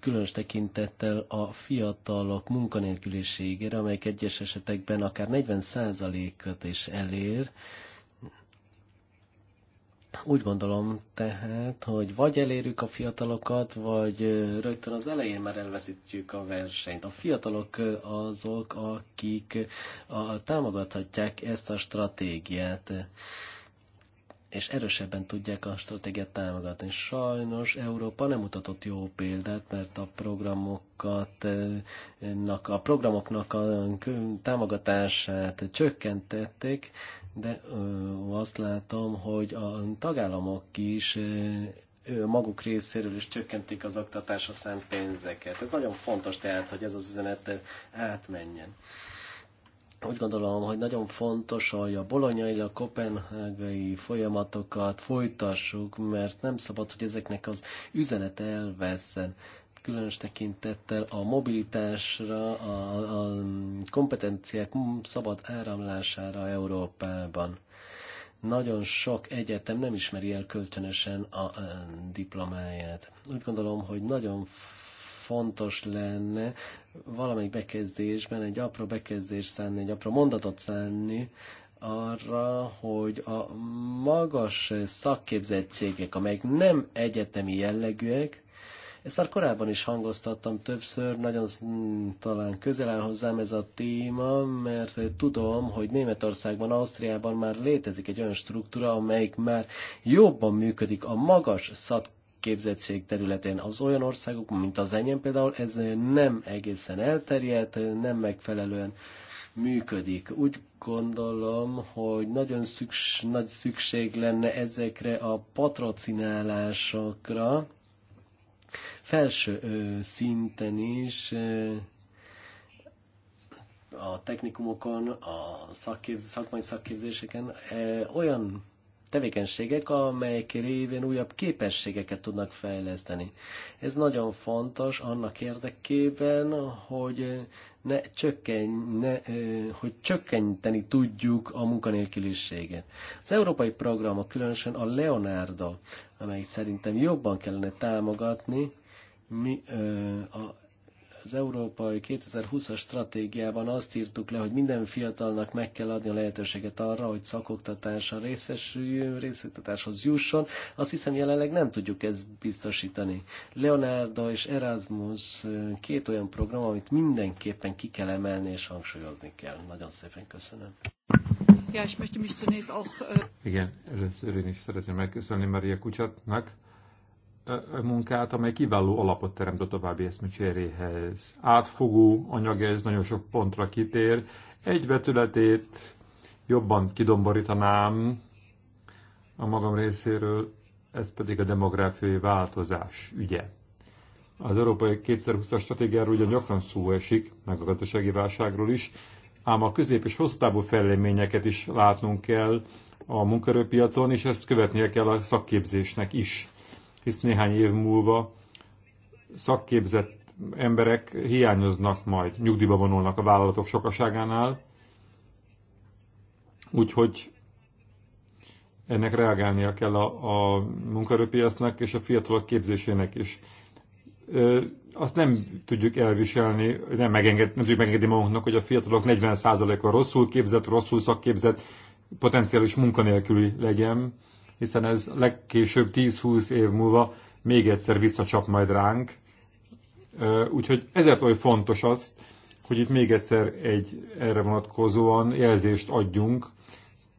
különös tekintettel a fiatalok munkanélküliségére, amelyek egyes esetekben akár 40%-ot is elér, úgy gondolom tehát, hogy vagy elérjük a fiatalokat, vagy rögtön az elején már elveszítjük a versenyt. A fiatalok azok, akik a, támogathatják ezt a stratégiát és erősebben tudják a stratégiát támogatni. Sajnos Európa nem mutatott jó példát, mert a programokat, eh, a programoknak a támogatását csökkentették, de eh, azt látom, hogy a tagállamok is eh, maguk részéről is csökkentik az oktatásra szánt pénzeket. Ez nagyon fontos tehát, hogy ez az üzenet átmenjen úgy gondolom, hogy nagyon fontos, hogy a bolonyai, a kopenhágai folyamatokat folytassuk, mert nem szabad, hogy ezeknek az üzenet elveszen különös tekintettel a mobilitásra, a, a kompetenciák szabad áramlására Európában. Nagyon sok egyetem nem ismeri el kölcsönösen a, a diplomáját. Úgy gondolom, hogy nagyon fontos lenne valamelyik bekezdésben egy apró bekezdés szánni, egy apró mondatot szánni arra, hogy a magas szakképzettségek, amelyek nem egyetemi jellegűek, ezt már korábban is hangoztattam többször, nagyon talán közel áll hozzám ez a téma, mert tudom, hogy Németországban, Ausztriában már létezik egy olyan struktúra, amelyik már jobban működik a magas szak képzettség területén az olyan országok, mint az enyém például, ez nem egészen elterjedt, nem megfelelően működik. Úgy gondolom, hogy nagyon szüks, nagy szükség lenne ezekre a patrocinálásokra, felső ö, szinten is ö, a technikumokon, a szakképz, szakmai szakképzéseken ö, olyan tevékenységek, amelyek révén újabb képességeket tudnak fejleszteni. Ez nagyon fontos annak érdekében, hogy ne csökken, ne, hogy csökkenteni tudjuk a munkanélküliséget. Az európai programok, különösen a Leonardo, amely szerintem jobban kellene támogatni, mi, a az Európai 2020-as stratégiában azt írtuk le, hogy minden fiatalnak meg kell adni a lehetőséget arra, hogy szakoktatásra részesüljön, részoktatáshoz jusson. Azt hiszem jelenleg nem tudjuk ezt biztosítani. Leonardo és Erasmus két olyan program, amit mindenképpen ki kell emelni és hangsúlyozni kell. Nagyon szépen köszönöm. Ja, ich möchte mich zunächst auch... Igen, először én is szeretném megköszönni Maria Kucsatnak munkát, amely kiváló alapot teremt a további eszmecseréhez. Átfogó anyag ez, nagyon sok pontra kitér. Egy vetületét jobban kidomborítanám a magam részéről, ez pedig a demográfiai változás ügye. Az Európai 2020-as stratégiáról ugye gyakran szó esik, meg a gazdasági válságról is, ám a közép- és hosszú fejleményeket is látnunk kell a munkaerőpiacon, és ezt követnie kell a szakképzésnek is hisz néhány év múlva szakképzett emberek hiányoznak majd, nyugdíjba vonulnak a vállalatok sokaságánál, úgyhogy ennek reagálnia kell a, a munkaerőpiacnak és a fiatalok képzésének is. Ö, azt nem tudjuk elviselni, nem, megenged, nem tudjuk megengedni magunknak, hogy a fiatalok 40%-a rosszul képzett, rosszul szakképzett, potenciális munkanélküli legyen hiszen ez legkésőbb 10-20 év múlva még egyszer visszacsap majd ránk. Úgyhogy ezért oly fontos az, hogy itt még egyszer egy erre vonatkozóan jelzést adjunk,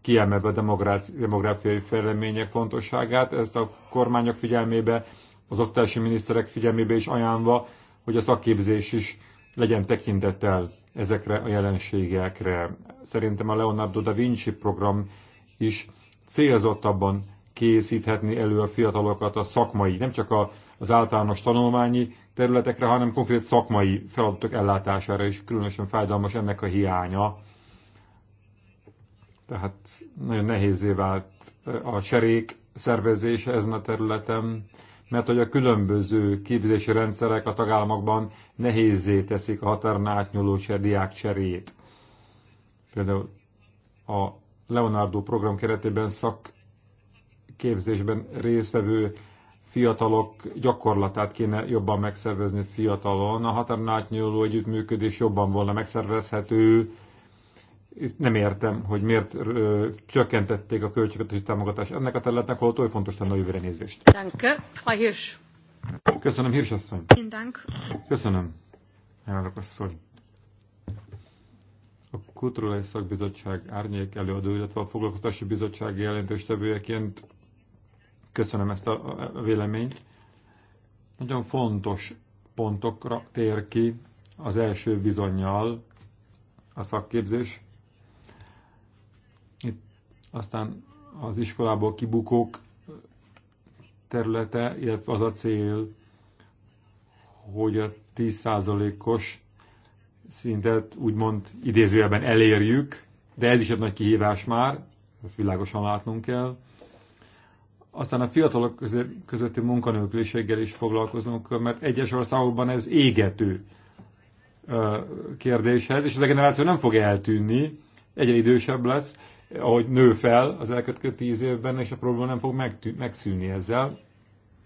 kiemelve a demográfiai fejlemények fontosságát, ezt a kormányok figyelmébe, az oktatási miniszterek figyelmébe is ajánlva, hogy a szakképzés is legyen tekintettel ezekre a jelenségekre. Szerintem a Leonardo da Vinci program is célzottabban készíthetni elő a fiatalokat a szakmai, nem csak a, az általános tanulmányi területekre, hanem konkrét szakmai feladatok ellátására is különösen fájdalmas ennek a hiánya. Tehát nagyon nehézé vált eh, a cserék szervezése ezen a területen, mert hogy a különböző képzési rendszerek a tagállamokban nehézé teszik a határon átnyúló diák cserét. Például a Leonardo program keretében szak képzésben résztvevő fiatalok gyakorlatát kéne jobban megszervezni fiatalon. A határon átnyúló együttműködés jobban volna megszervezhető. Nem értem, hogy miért ö, csökkentették a költségvetési támogatást ennek a területnek, holott oly fontos lenne a jövőre nézést. Danke, Köszönöm, Hirsch asszony. Köszönöm, elnök asszony. A Kulturális Szakbizottság árnyék előadó, illetve a Foglalkoztási Bizottság jelentéstevőjeként Köszönöm ezt a véleményt. Nagyon fontos pontokra tér ki az első bizonyal a szakképzés. Itt aztán az iskolából kibukók területe, illetve az a cél, hogy a 10%-os szintet úgymond idézőjelben elérjük, de ez is egy nagy kihívás már, ezt világosan látnunk kell. Aztán a fiatalok közötti munkanélküliséggel is foglalkoznunk, mert egyes országokban ez égető kérdéshez, és ez a generáció nem fog eltűnni, egyre idősebb lesz, ahogy nő fel az elkötkő tíz évben, és a probléma nem fog megszűnni ezzel.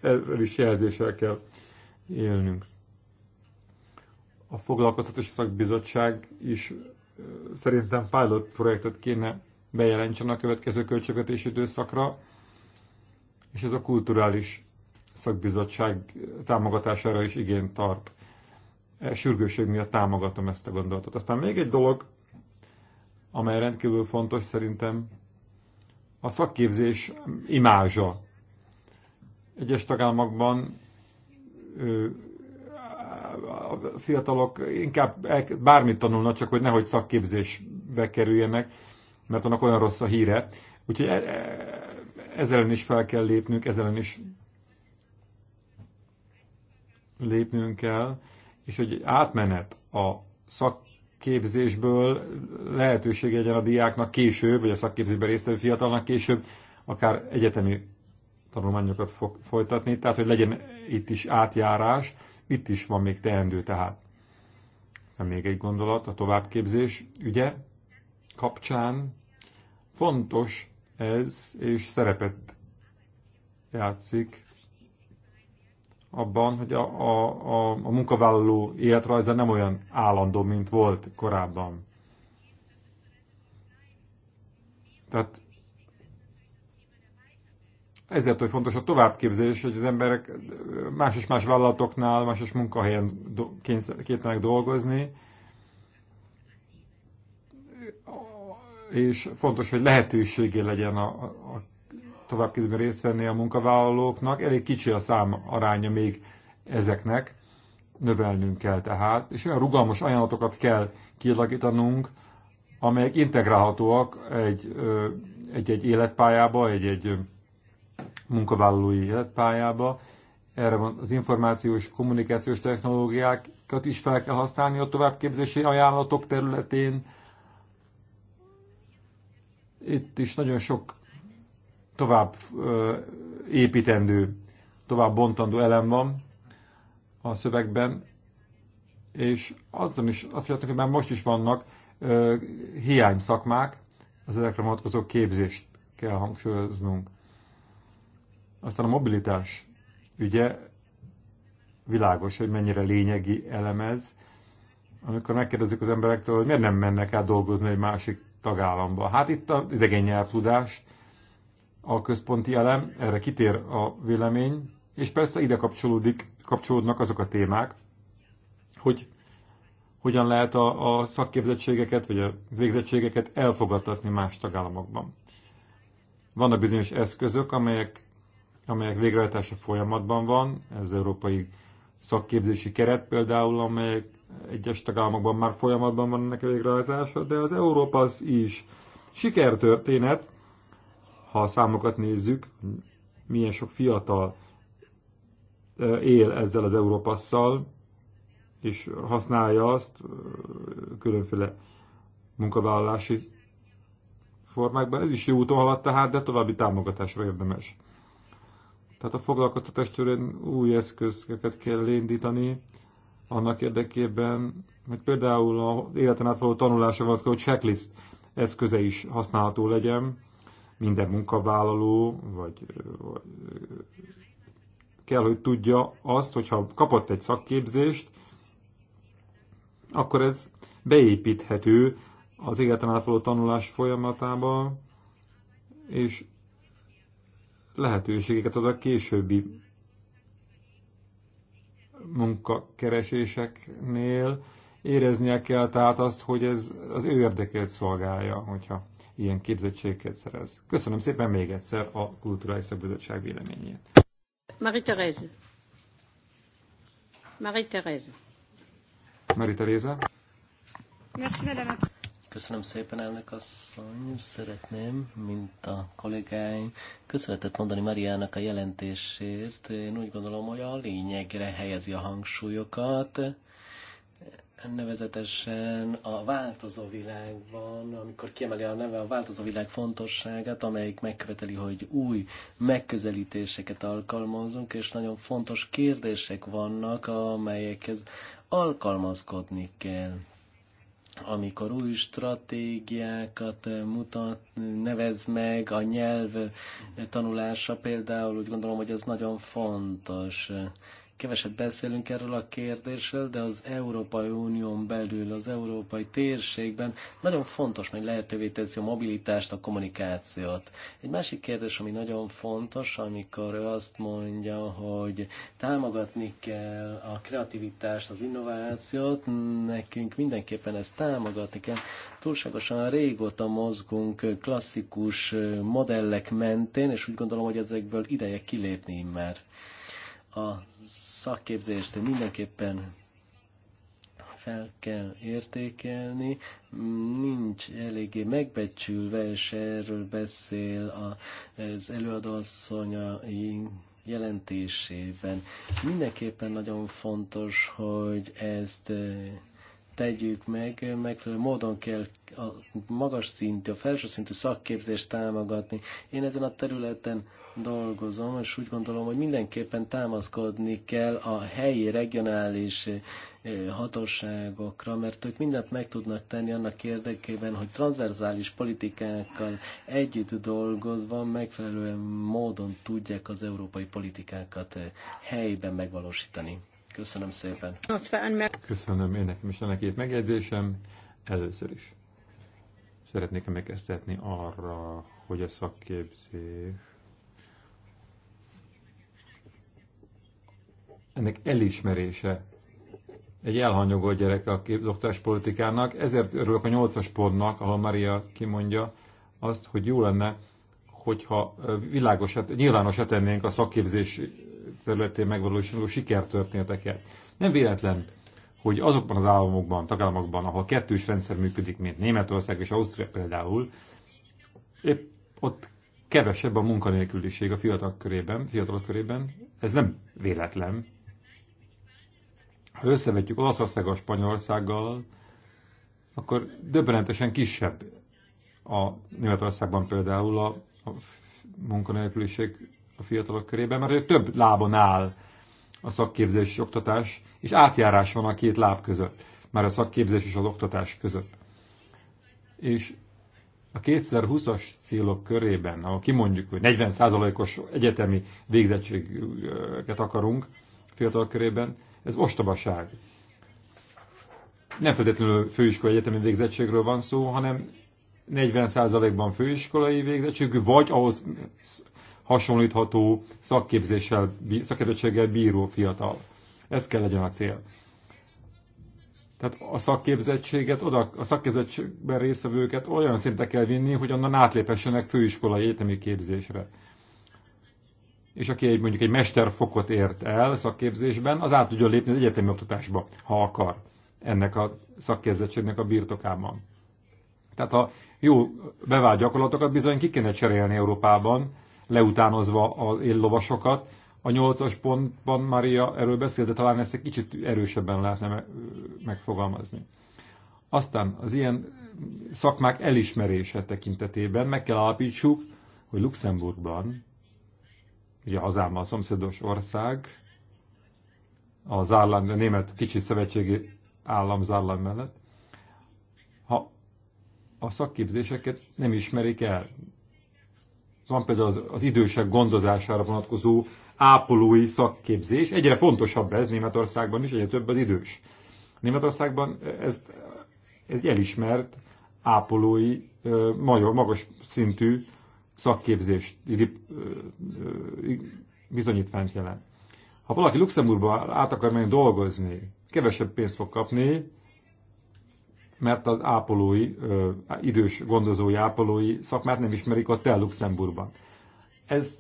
Erről is jelzéssel kell élnünk. A foglalkoztatási szakbizottság is szerintem pilot projektet kéne bejelentsen a következő költségvetési időszakra, és ez a kulturális szakbizottság támogatására is igényt tart. E, sürgőség miatt támogatom ezt a gondolatot. Aztán még egy dolog, amely rendkívül fontos szerintem, a szakképzés imázsa. Egyes tagállamokban a fiatalok inkább bármit tanulnak, csak hogy nehogy szakképzésbe kerüljenek, mert annak olyan rossz a híre. Úgyhogy e, e, ezzel is fel kell lépnünk, ezzel is lépnünk kell, és hogy átmenet a szakképzésből lehetőség legyen a diáknak később, vagy a szakképzésben résztvevő fiatalnak később, akár egyetemi tanulmányokat fog folytatni, tehát hogy legyen itt is átjárás, itt is van még teendő tehát. Még egy gondolat, a továbbképzés ügye kapcsán fontos ez, és szerepet játszik abban, hogy a, a, a, a munkavállaló életrajza nem olyan állandó, mint volt korábban. Tehát ezért, hogy fontos a továbbképzés, hogy az emberek más és más vállalatoknál, más és munkahelyen kénytelenek dolgozni, és fontos, hogy lehetőségé legyen a, a továbbképzésben részt venni a munkavállalóknak. Elég kicsi a szám aránya még ezeknek, növelnünk kell tehát, és olyan rugalmas ajánlatokat kell kialakítanunk, amelyek integrálhatóak egy-egy életpályába, egy-egy munkavállalói életpályába. Erre van az információs kommunikációs technológiákat is fel kell használni a továbbképzési ajánlatok területén, itt is nagyon sok tovább építendő, tovább bontandó elem van a szövegben, és azon is azt látjuk, hogy már most is vannak hiány szakmák, az ezekre vonatkozó képzést kell hangsúlyoznunk. Aztán a mobilitás ügye világos, hogy mennyire lényegi elemez, amikor megkérdezzük az emberektől, hogy miért nem mennek át dolgozni egy másik tagállamba. Hát itt az idegen nyelvtudás a központi elem, erre kitér a vélemény, és persze ide kapcsolódik, kapcsolódnak azok a témák, hogy hogyan lehet a, a szakképzettségeket vagy a végzettségeket elfogadtatni más tagállamokban. Vannak bizonyos eszközök, amelyek, amelyek végrehajtása folyamatban van, ez európai szakképzési keret például, amelyek egyes tagállamokban már folyamatban van ennek végrehajtása, de az az is sikertörténet, ha a számokat nézzük, milyen sok fiatal él ezzel az Európasszal, és használja azt különféle munkavállalási formákban. Ez is jó úton haladt tehát, de további támogatásra érdemes. Tehát a foglalkoztatás új eszközöket kell indítani, annak érdekében, hogy például az életen át való tanulásra vonatkozó checklist eszköze is használható legyen, minden munkavállaló, vagy, vagy kell, hogy tudja azt, hogyha kapott egy szakképzést, akkor ez beépíthető az életen átvaló tanulás folyamatába, és lehetőségeket ad a későbbi munkakereséseknél éreznie kell tehát azt, hogy ez az ő érdekét szolgálja, hogyha ilyen képzettséget szerez. Köszönöm szépen még egyszer a Kulturális Szabadság véleményét. Marie-Thérèse. Marie-Thérèse. Marie-Thérèse. Merci, madame. Köszönöm szépen, elnök asszony. Szeretném, mint a kollégáim, köszönetet mondani Mariának a jelentésért. Én úgy gondolom, hogy a lényegre helyezi a hangsúlyokat nevezetesen a változó világban, amikor kiemeli a neve a változó világ fontosságát, amelyik megköveteli, hogy új megközelítéseket alkalmazunk, és nagyon fontos kérdések vannak, amelyekhez alkalmazkodni kell amikor új stratégiákat mutat, nevez meg a nyelv tanulása például, úgy gondolom, hogy ez nagyon fontos keveset beszélünk erről a kérdésről, de az Európai Unión belül, az európai térségben nagyon fontos, hogy lehetővé teszi a mobilitást, a kommunikációt. Egy másik kérdés, ami nagyon fontos, amikor ő azt mondja, hogy támogatni kell a kreativitást, az innovációt, nekünk mindenképpen ezt támogatni kell. Túlságosan régóta mozgunk klasszikus modellek mentén, és úgy gondolom, hogy ezekből ideje kilépni már. az szakképzést mindenképpen fel kell értékelni, nincs eléggé megbecsülve, és erről beszél az előadóasszony jelentésében. Mindenképpen nagyon fontos, hogy ezt eh, tegyük meg, megfelelő módon kell a magas szintű, a felső szintű szakképzést támogatni. Én ezen a területen dolgozom, és úgy gondolom, hogy mindenképpen támaszkodni kell a helyi, regionális eh, hatóságokra, mert ők mindent meg tudnak tenni annak érdekében, hogy transzverzális politikákkal együtt dolgozva megfelelően módon tudják az európai politikákat eh, helyben megvalósítani. Köszönöm szépen. Köszönöm én nekem is a két megjegyzésem. Először is szeretnék emlékeztetni arra, hogy a szakképzés ennek elismerése egy elhanyagolt gyerek a politikának, ezért örülök a nyolcas pontnak, ahol Maria kimondja azt, hogy jó lenne, hogyha világosat, nyilvánosat tennénk a szakképzés területén megvalósuló sikertörténeteket. Nem véletlen, hogy azokban az államokban, tagállamokban, ahol kettős rendszer működik, mint Németország és Ausztria például, épp ott kevesebb a munkanélküliség a fiatalok körében, fiatalok körében. Ez nem véletlen. Ha összevetjük Olaszországgal, Spanyolországgal, akkor döbbenetesen kisebb a Németországban például a, a munkanélküliség a fiatalok körében, mert több lábon áll a szakképzés és oktatás, és átjárás van a két láb között, már a szakképzés és az oktatás között. És a 2020-as célok körében, ahol kimondjuk, hogy 40%-os egyetemi végzettséget akarunk fiatal körében, ez ostobaság. Nem feltétlenül főiskolai egyetemi végzettségről van szó, hanem 40%-ban főiskolai végzettségű, vagy ahhoz hasonlítható szakképzéssel, szakképzéssel bíró fiatal. Ez kell legyen a cél. Tehát a szakképzettséget, oda, a szakképzettségben részvevőket olyan szinte kell vinni, hogy onnan átlépessenek főiskolai egyetemi képzésre. És aki egy, mondjuk egy mesterfokot ért el szakképzésben, az át tudja lépni az egyetemi oktatásba, ha akar, ennek a szakképzettségnek a birtokában. Tehát a jó bevált gyakorlatokat bizony ki kéne cserélni Európában, leutánozva a lovasokat, A nyolcas pontban Maria erről beszélt, de talán ezt egy kicsit erősebben lehetne megfogalmazni. Aztán az ilyen szakmák elismerése tekintetében meg kell alapítsuk, hogy Luxemburgban, ugye hazámmal szomszédos ország, a, Zárland, a német kicsi szövetségi állam Zárland mellett, ha a szakképzéseket nem ismerik el, van például az, az idősek gondozására vonatkozó ápolói szakképzés. Egyre fontosabb ez Németországban is, egyre több az idős. Németországban ez, ez elismert ápolói, major, magas szintű szakképzés bizonyítványt jelent. Ha valaki Luxemburgba át akar menni dolgozni, kevesebb pénzt fog kapni, mert az ápolói, idős gondozói ápolói szakmát nem ismerik ott el Luxemburgban. Ez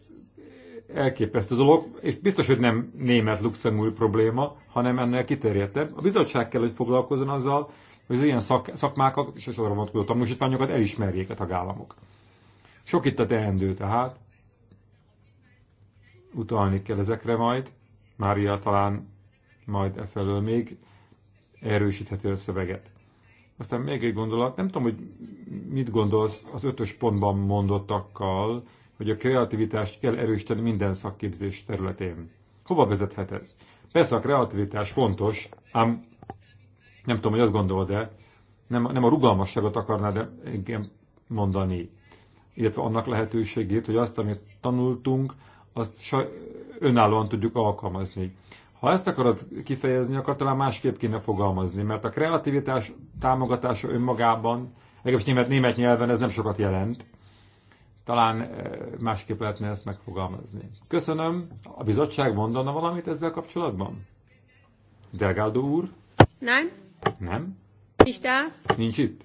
elképesztő dolog, és biztos, hogy nem német-luxemburg probléma, hanem ennél kiterjedtebb. A bizottság kell, hogy foglalkozzon azzal, hogy az ilyen szak, szakmákat és az arra vonatkozó tanúsítványokat elismerjék a tagállamok. Sok itt a teendő tehát. Utalni kell ezekre majd. Mária talán majd e felől még erősítheti a szöveget. Aztán még egy gondolat, nem tudom, hogy mit gondolsz az ötös pontban mondottakkal, hogy a kreativitást kell erősíteni minden szakképzés területén. Hova vezethet ez? Persze a kreativitás fontos, ám nem tudom, hogy azt gondolod-e, nem, nem a rugalmasságot akarnád engem mondani, illetve annak lehetőségét, hogy azt, amit tanultunk, azt önállóan tudjuk alkalmazni. Ha ezt akarod kifejezni, akkor talán másképp kéne fogalmazni, mert a kreativitás támogatása önmagában, legalábbis német, német nyelven ez nem sokat jelent. Talán eh, másképp lehetne ezt megfogalmazni. Köszönöm. A bizottság mondana valamit ezzel kapcsolatban? Delgado úr? Nem. Nem? Nincs itt. Nincs itt.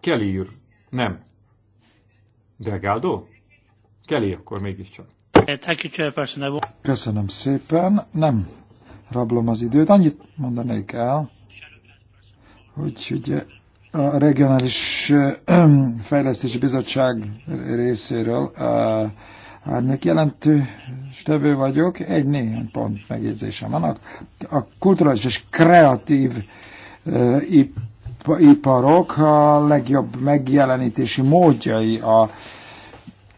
Kelly úr. Nem. Delgado? Kelly akkor mégiscsak. Eh, Köszönöm szépen. Nem rablom az időt. Annyit mondanék el, hogy ugye a Regionális eh, Fejlesztési Bizottság részéről eh, árnyék jelentő stevő vagyok. Egy néhány pont megjegyzésem van. A kulturális és kreatív iparok a legjobb megjelenítési módjai a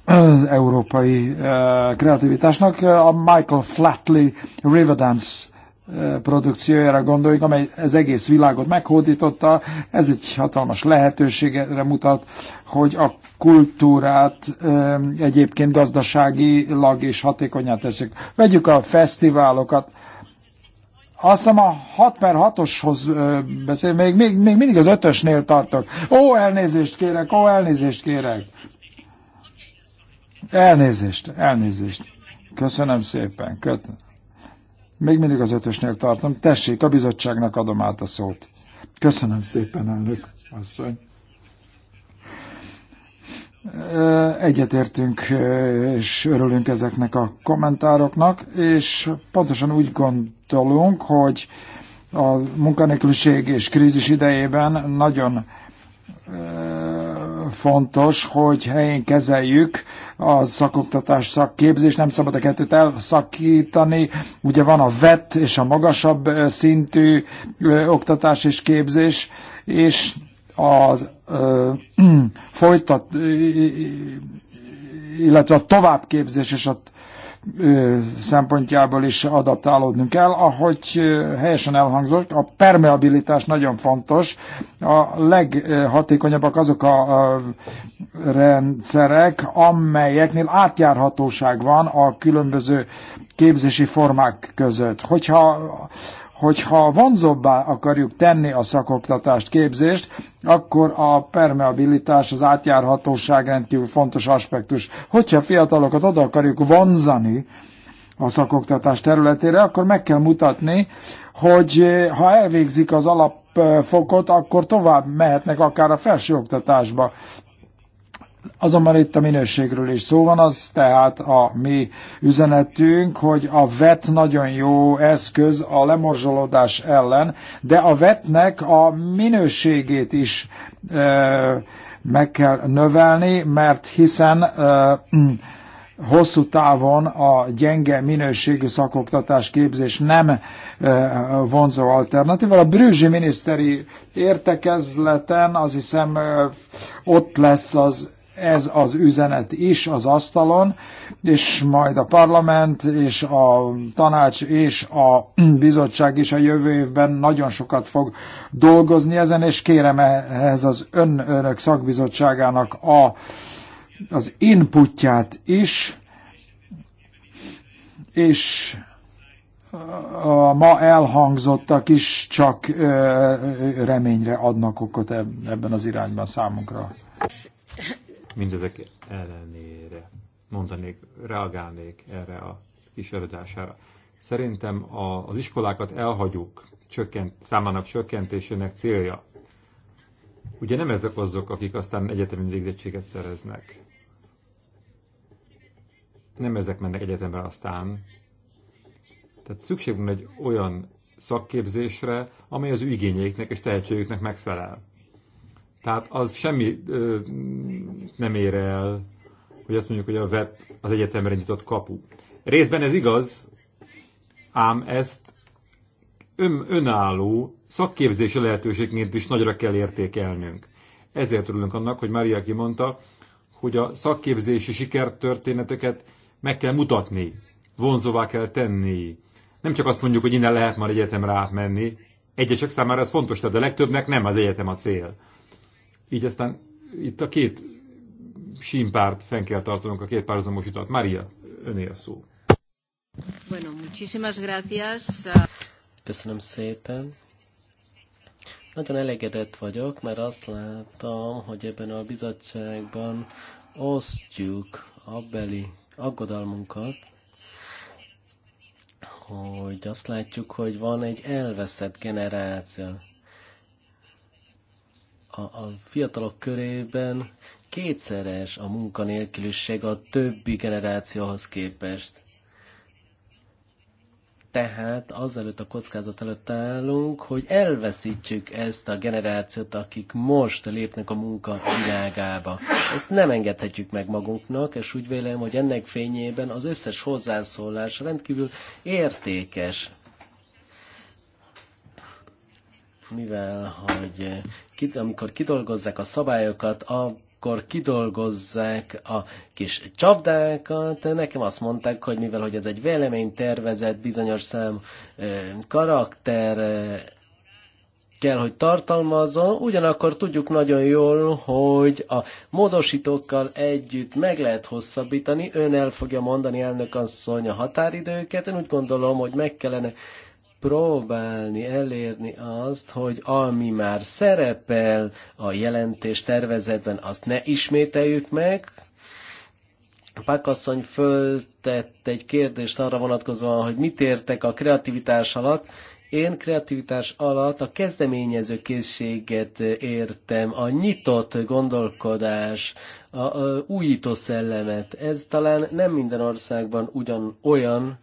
az európai eh, kreativitásnak. Eh, a Michael Flatley Riverdance eh, produkciójára gondoljuk, amely az egész világot meghódította. Ez egy hatalmas lehetőségre mutat, hogy a kultúrát egyébként gazdaságilag is hatékonyá teszik. Vegyük a fesztiválokat. Azt hiszem a 6 per 6 oshoz beszél, még, még, még mindig az ötösnél tartok. Ó, elnézést kérek, ó, elnézést kérek. Elnézést, elnézést. Köszönöm szépen. Köszönöm. Még mindig az ötösnél tartom. Tessék, a bizottságnak adom át a szót. Köszönöm szépen, elnök asszony. Egyetértünk és örülünk ezeknek a kommentároknak, és pontosan úgy gondolunk, hogy a munkanélküliség és krízis idejében nagyon fontos, hogy helyén kezeljük a szakoktatás szakképzést, nem szabad a kettőt elszakítani. Ugye van a VET és a magasabb szintű oktatás és képzés, és a folytat, illetve a továbbképzés és a szempontjából is adaptálódnunk kell. Ahogy helyesen elhangzott, a permeabilitás nagyon fontos. A leghatékonyabbak azok a rendszerek, amelyeknél átjárhatóság van a különböző képzési formák között. Hogyha hogyha vonzóbbá akarjuk tenni a szakoktatást, képzést, akkor a permeabilitás, az átjárhatóság rendkívül fontos aspektus. Hogyha fiatalokat oda akarjuk vonzani a szakoktatás területére, akkor meg kell mutatni, hogy eh, ha elvégzik az alapfokot, akkor tovább mehetnek akár a felsőoktatásba. Azonban itt a minőségről is szó van, az tehát a mi üzenetünk, hogy a VET nagyon jó eszköz a lemorzsolódás ellen, de a vetnek a minőségét is ö, meg kell növelni, mert hiszen ö, hosszú távon a gyenge minőségű szakoktatás képzés nem vonzó alternatíva. A brűzsi miniszteri értekezleten az hiszem ott lesz az ez az üzenet is az asztalon, és majd a parlament és a tanács és a bizottság is a jövő évben nagyon sokat fog dolgozni ezen, és kérem ehhez az ön, önök szakbizottságának a, az inputját is, és a ma elhangzottak is csak reményre adnak okot ebben az irányban számunkra. Mindezek ellenére mondanék, reagálnék erre a kis kísérletására. Szerintem a, az iskolákat elhagyók csökkent, számának csökkentésének célja. Ugye nem ezek azok, akik aztán egyetemi végzettséget szereznek. Nem ezek mennek egyetemre aztán. Tehát szükség van egy olyan szakképzésre, amely az ő igényeiknek és tehetségüknek megfelel. Tehát az semmi ö, nem ér el, hogy azt mondjuk, hogy a VET az egyetemre nyitott kapu. Részben ez igaz, ám ezt ön, önálló szakképzési lehetőségként is nagyra kell értékelnünk. Ezért örülünk annak, hogy Mária kimondta, hogy a szakképzési sikertörténeteket meg kell mutatni, vonzóvá kell tenni. Nem csak azt mondjuk, hogy innen lehet már egyetemre átmenni, egyesek számára ez fontos, de a legtöbbnek nem az egyetem a cél így aztán itt a két símpárt fenn kell tartanunk, a két párhuzamos utat. Maria, öné a szó. Bueno, muchísimas gracias. Köszönöm szépen. Nagyon elégedett vagyok, mert azt látom, hogy ebben a bizottságban osztjuk a beli aggodalmunkat, hogy azt látjuk, hogy van egy elveszett generáció a, a fiatalok körében kétszeres a munkanélküliség a többi generációhoz képest. Tehát azelőtt a kockázat előtt állunk, hogy elveszítjük ezt a generációt, akik most lépnek a munka világába. Ezt nem engedhetjük meg magunknak, és úgy vélem, hogy ennek fényében az összes hozzászólás rendkívül értékes mivel hogy eh, kit, amikor kidolgozzák a szabályokat, akkor kidolgozzák a kis csapdákat. Nekem azt mondták, hogy mivel hogy ez egy véleménytervezet, bizonyos szám eh, karakter eh, kell, hogy tartalmazzon, ugyanakkor tudjuk nagyon jól, hogy a módosítókkal együtt meg lehet hosszabbítani, ön el fogja mondani elnök asszony a határidőket, én úgy gondolom, hogy meg kellene próbálni elérni azt, hogy ami már szerepel a jelentés tervezetben, azt ne ismételjük meg. Pakasszony föltett egy kérdést arra vonatkozóan, hogy mit értek a kreativitás alatt. Én kreativitás alatt a kezdeményező készséget értem, a nyitott gondolkodás, a, a újító szellemet. Ez talán nem minden országban ugyan olyan,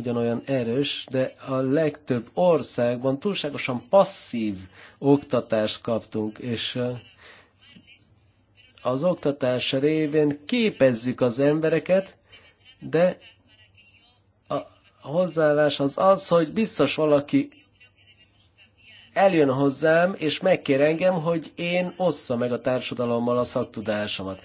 ugyanolyan erős, de a legtöbb országban túlságosan passzív oktatást kaptunk, és az oktatás révén képezzük az embereket, de a hozzáállás az az, hogy biztos valaki eljön hozzám, és megkér engem, hogy én ossza meg a társadalommal a szaktudásomat.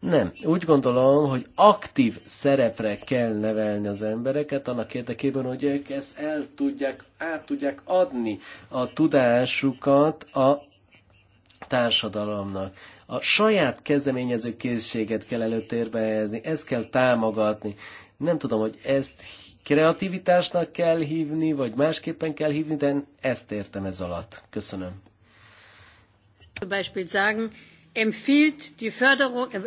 Nem. Úgy gondolom, hogy aktív szerepre kell nevelni az embereket, annak érdekében, hogy ők ezt el tudják, át tudják adni a tudásukat a társadalomnak. A saját kezdeményező készséget kell előtérbe helyezni, ezt kell támogatni. Nem tudom, hogy ezt kreativitásnak kell hívni, vagy másképpen kell hívni, de ezt értem ez alatt. Köszönöm. Beispiel sagen, empfiehlt die Förderung... Äh,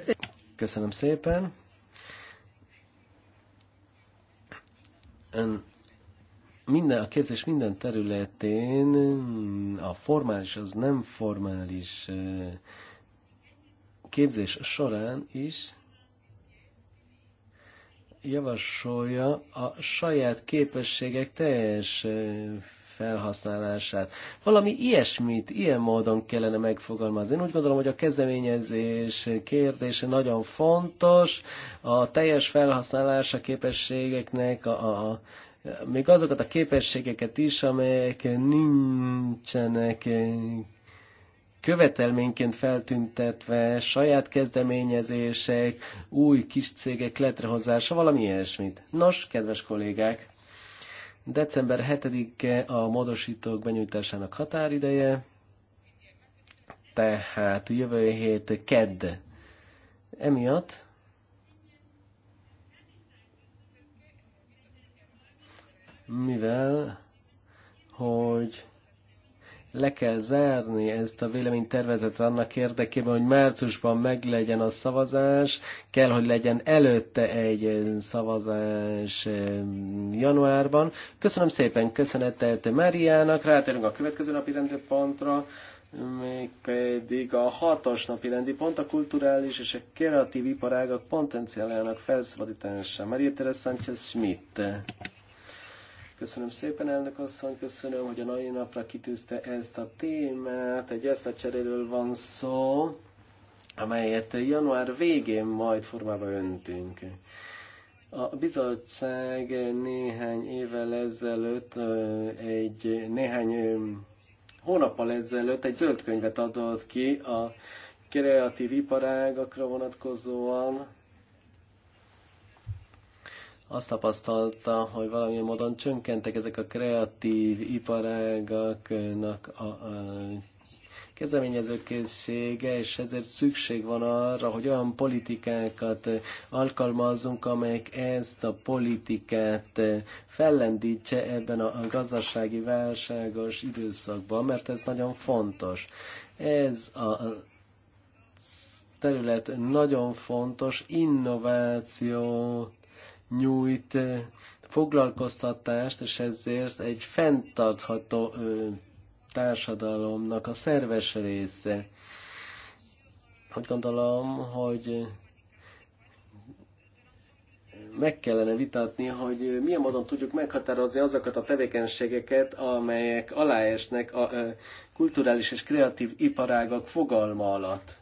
Köszönöm szépen. Ön minden, a képzés minden területén a formális, az nem formális képzés során is javasolja a saját képességek teljes felhasználását. Valami ilyesmit, ilyen módon kellene megfogalmazni. Én úgy gondolom, hogy a kezdeményezés kérdése nagyon fontos. A teljes felhasználása képességeknek a, a még azokat a képességeket is, amelyek nincsenek követelményként feltüntetve, saját kezdeményezések, új kis cégek létrehozása, valami ilyesmit. Nos, kedves kollégák, December 7-e a módosítók benyújtásának határideje, tehát jövő hét kedd. Emiatt mivel hogy le kell zárni ezt a véleménytervezetet annak érdekében, hogy márciusban meglegyen a szavazás, kell, hogy legyen előtte egy eh, szavazás eh, januárban. Köszönöm szépen, köszönetet Máriának, rátérünk a következő napi rendőpontra, pedig a hatos napi rendi pont a kulturális és a kreatív iparágak potenciáljának felszabadítása. Maria Teresa Sánchez Schmidt. Köszönöm szépen, elnök asszony, köszönöm, hogy a mai napra kitűzte ezt a témát. Egy eszmecseréről van szó, amelyet január végén majd formába öntünk. A bizottság néhány évvel ezelőtt egy néhány hónappal ezelőtt egy zöld könyvet adott ki a kreatív iparágakra vonatkozóan, azt tapasztalta, hogy valamilyen módon csökkentek ezek a kreatív iparágaknak a, a kezdeményezőkészsége, és ezért szükség van arra, hogy olyan politikákat alkalmazzunk, amelyek ezt a politikát fellendítse ebben a gazdasági válságos időszakban, mert ez nagyon fontos. Ez a terület nagyon fontos innováció nyújt foglalkoztatást, és ezért egy fenntartható társadalomnak a szerves része. Úgy gondolom, hogy meg kellene vitatni, hogy milyen módon tudjuk meghatározni azokat a tevékenységeket, amelyek aláesnek a kulturális és kreatív iparágak fogalma alatt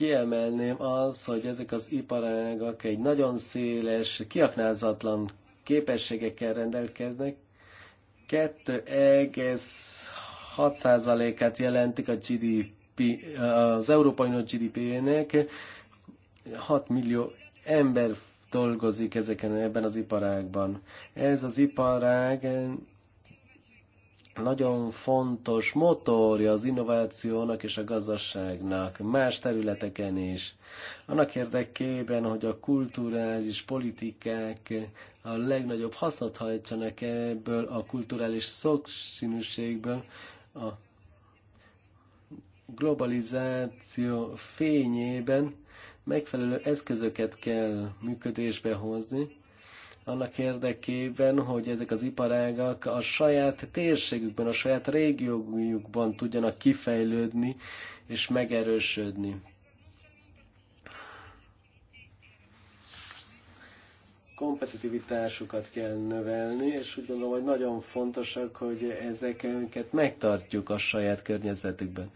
kiemelném az, hogy ezek az iparágak egy nagyon széles, kiaknázatlan képességekkel rendelkeznek. 2,6%-át jelentik a GDP, az Európai Unió GDP-nek. 6 millió ember dolgozik ezeken ebben az iparágban. Ez az iparág nagyon fontos motorja az innovációnak és a gazdaságnak, más területeken is. Annak érdekében, hogy a kulturális politikák a legnagyobb hasznot hajtsanak ebből a kulturális szokszínűségből, a globalizáció fényében megfelelő eszközöket kell működésbe hozni, annak érdekében, hogy ezek az iparágak a saját térségükben, a saját régiójukban tudjanak kifejlődni és megerősödni. kompetitivitásukat kell növelni, és úgy gondolom, hogy nagyon fontosak, hogy ezeket megtartjuk a saját környezetükben.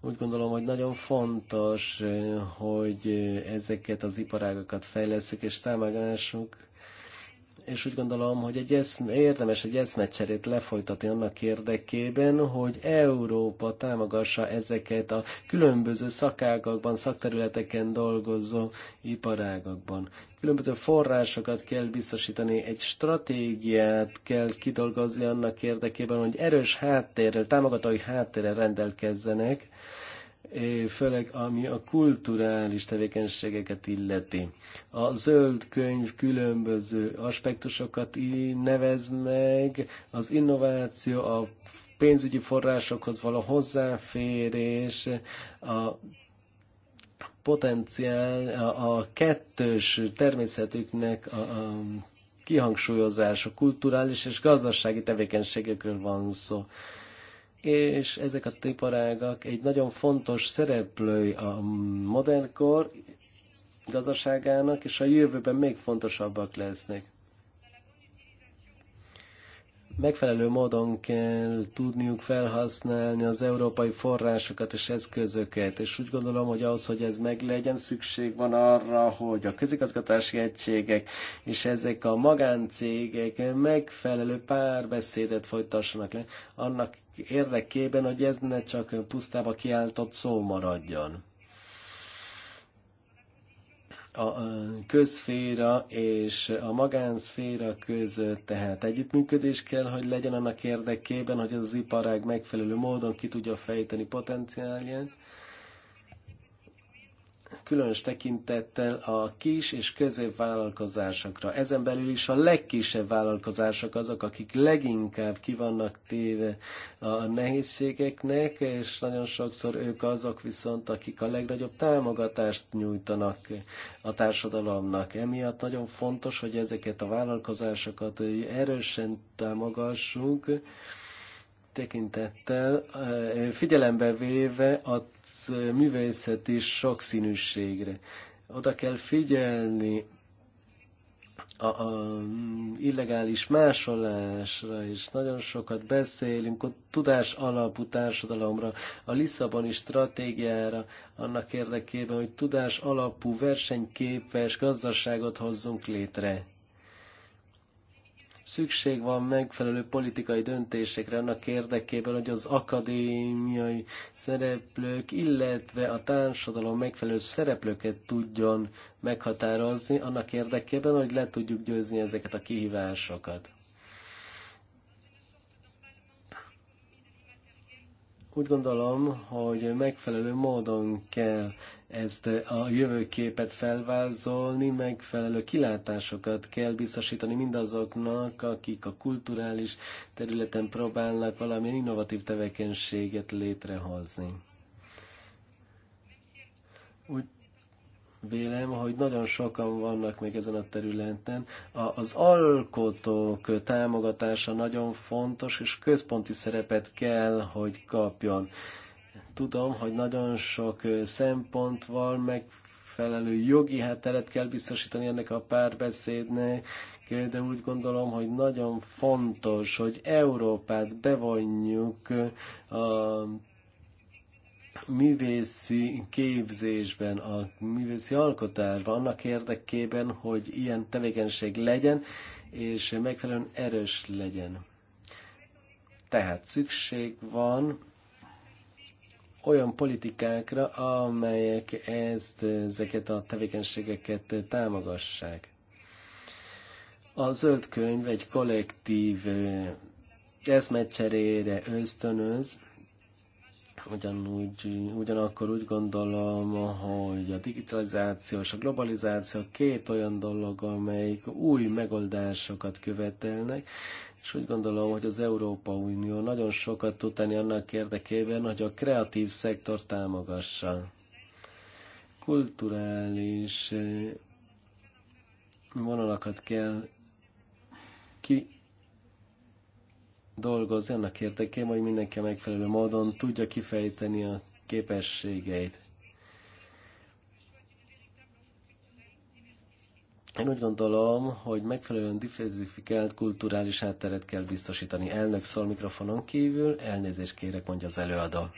Úgy gondolom, hogy nagyon fontos, hogy ezeket az iparágakat fejleszünk és támogassuk és úgy gondolom, hogy egy eszme, érdemes egy eszmecserét lefolytatni annak érdekében, hogy Európa támogassa ezeket a különböző szakágakban, szakterületeken dolgozó iparágakban. Különböző forrásokat kell biztosítani, egy stratégiát kell kidolgozni annak érdekében, hogy erős háttérrel, támogatói háttérrel rendelkezzenek, Eh, főleg ami a kulturális tevékenységeket illeti. A zöld könyv különböző aspektusokat nevez meg, az innováció, a pénzügyi forrásokhoz való hozzáférés, a potenciál, a, a kettős természetüknek a, a kihangsúlyozása, kulturális és gazdasági tevékenységekről van szó és ezek a iparágak egy nagyon fontos szereplői a modernkor gazdaságának, és a jövőben még fontosabbak lesznek megfelelő módon kell tudniuk felhasználni az európai forrásokat és eszközöket, és úgy gondolom, hogy ahhoz, hogy ez meglegyen, szükség van arra, hogy a közigazgatási egységek és ezek a magáncégek megfelelő párbeszédet folytassanak le, annak érdekében, hogy ez ne csak pusztába kiáltott szó maradjon a közszféra és a magánszféra között, tehát együttműködés kell, hogy legyen annak érdekében, hogy az iparág megfelelő módon ki tudja fejteni potenciálját, különös tekintettel a kis és középvállalkozásokra. Ezen belül is a legkisebb vállalkozások azok, akik leginkább kivannak téve a nehézségeknek, és nagyon sokszor ők azok viszont, akik a legnagyobb támogatást nyújtanak a társadalomnak. Emiatt nagyon fontos, hogy ezeket a vállalkozásokat erősen támogassunk, tekintettel, figyelembe véve a Eh, művészeti sokszínűségre. Oda kell figyelni a, a illegális másolásra, és nagyon sokat beszélünk a tudás alapú társadalomra, a Lisszaboni stratégiára, annak érdekében, hogy tudás alapú versenyképes gazdaságot hozzunk létre. Szükség van megfelelő politikai döntésekre annak érdekében, hogy az akadémiai szereplők, illetve a társadalom megfelelő szereplőket tudjon meghatározni annak érdekében, hogy le tudjuk győzni ezeket a kihívásokat. úgy gondolom, hogy megfelelő módon kell ezt a jövőképet felvázolni, megfelelő kilátásokat kell biztosítani mindazoknak, akik a kulturális területen próbálnak valamilyen innovatív tevékenységet létrehozni. Úgy vélem, hogy nagyon sokan vannak még ezen a területen. Az alkotók támogatása nagyon fontos, és központi szerepet kell, hogy kapjon tudom, hogy nagyon sok szempont van, megfelelő jogi hátteret kell biztosítani ennek a párbeszédnek, de úgy gondolom, hogy nagyon fontos, hogy Európát bevonjuk a művészi képzésben, a művészi alkotásban, annak érdekében, hogy ilyen tevékenység legyen, és megfelelően erős legyen. Tehát szükség van olyan politikákra, amelyek ezt, ezeket a tevékenységeket támogassák. A zöld könyv egy kollektív eszmecserére ösztönöz, ugyanúgy, ugyanakkor úgy gondolom, hogy a digitalizáció és a globalizáció két olyan dolog, amelyik új megoldásokat követelnek, és úgy gondolom, hogy az Európa Unió nagyon sokat tud tenni annak érdekében, hogy a kreatív szektor támogassa. Kulturális eh, vonalakat kell ki dolgozni annak érdekében, hogy mindenki megfelelő módon tudja kifejteni a képességeit. Én úgy gondolom, hogy megfelelően diversifikált kulturális hátteret kell biztosítani. Elnök szól mikrofonon kívül, elnézést kérek, mondja az előadó.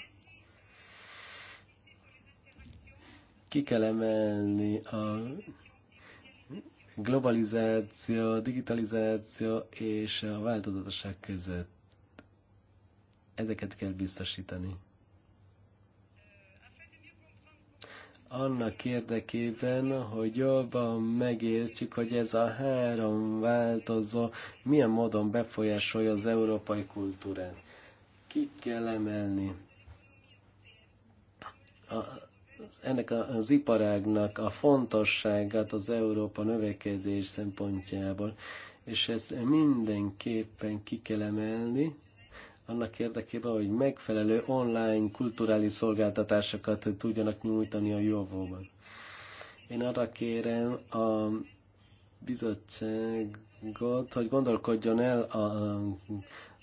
Ki kell emelni a globalizáció, digitalizáció és a változatosság között. Ezeket kell biztosítani. annak érdekében, hogy jobban megértsük, hogy ez a három változó milyen módon befolyásolja az európai kultúrát. Ki kell emelni? A, ennek az iparágnak a fontosságát az Európa növekedés szempontjából, és ezt mindenképpen ki kell emelni, annak érdekében, hogy megfelelő online kulturális szolgáltatásokat tudjanak nyújtani a jövőben. Én arra kérem a bizottságot, hogy gondolkodjon el a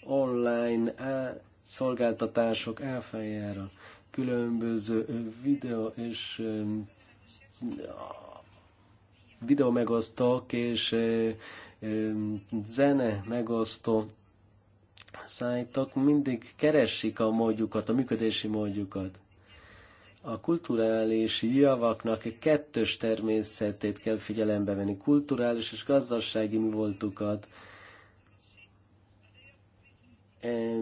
online e- szolgáltatások áfájára, különböző videó és videó megosztók és zene megosztó szájtok mindig keresik a módjukat, a működési módjukat. A kulturális javaknak kettős természetét kell figyelembe venni, kulturális és gazdasági mi voltukat.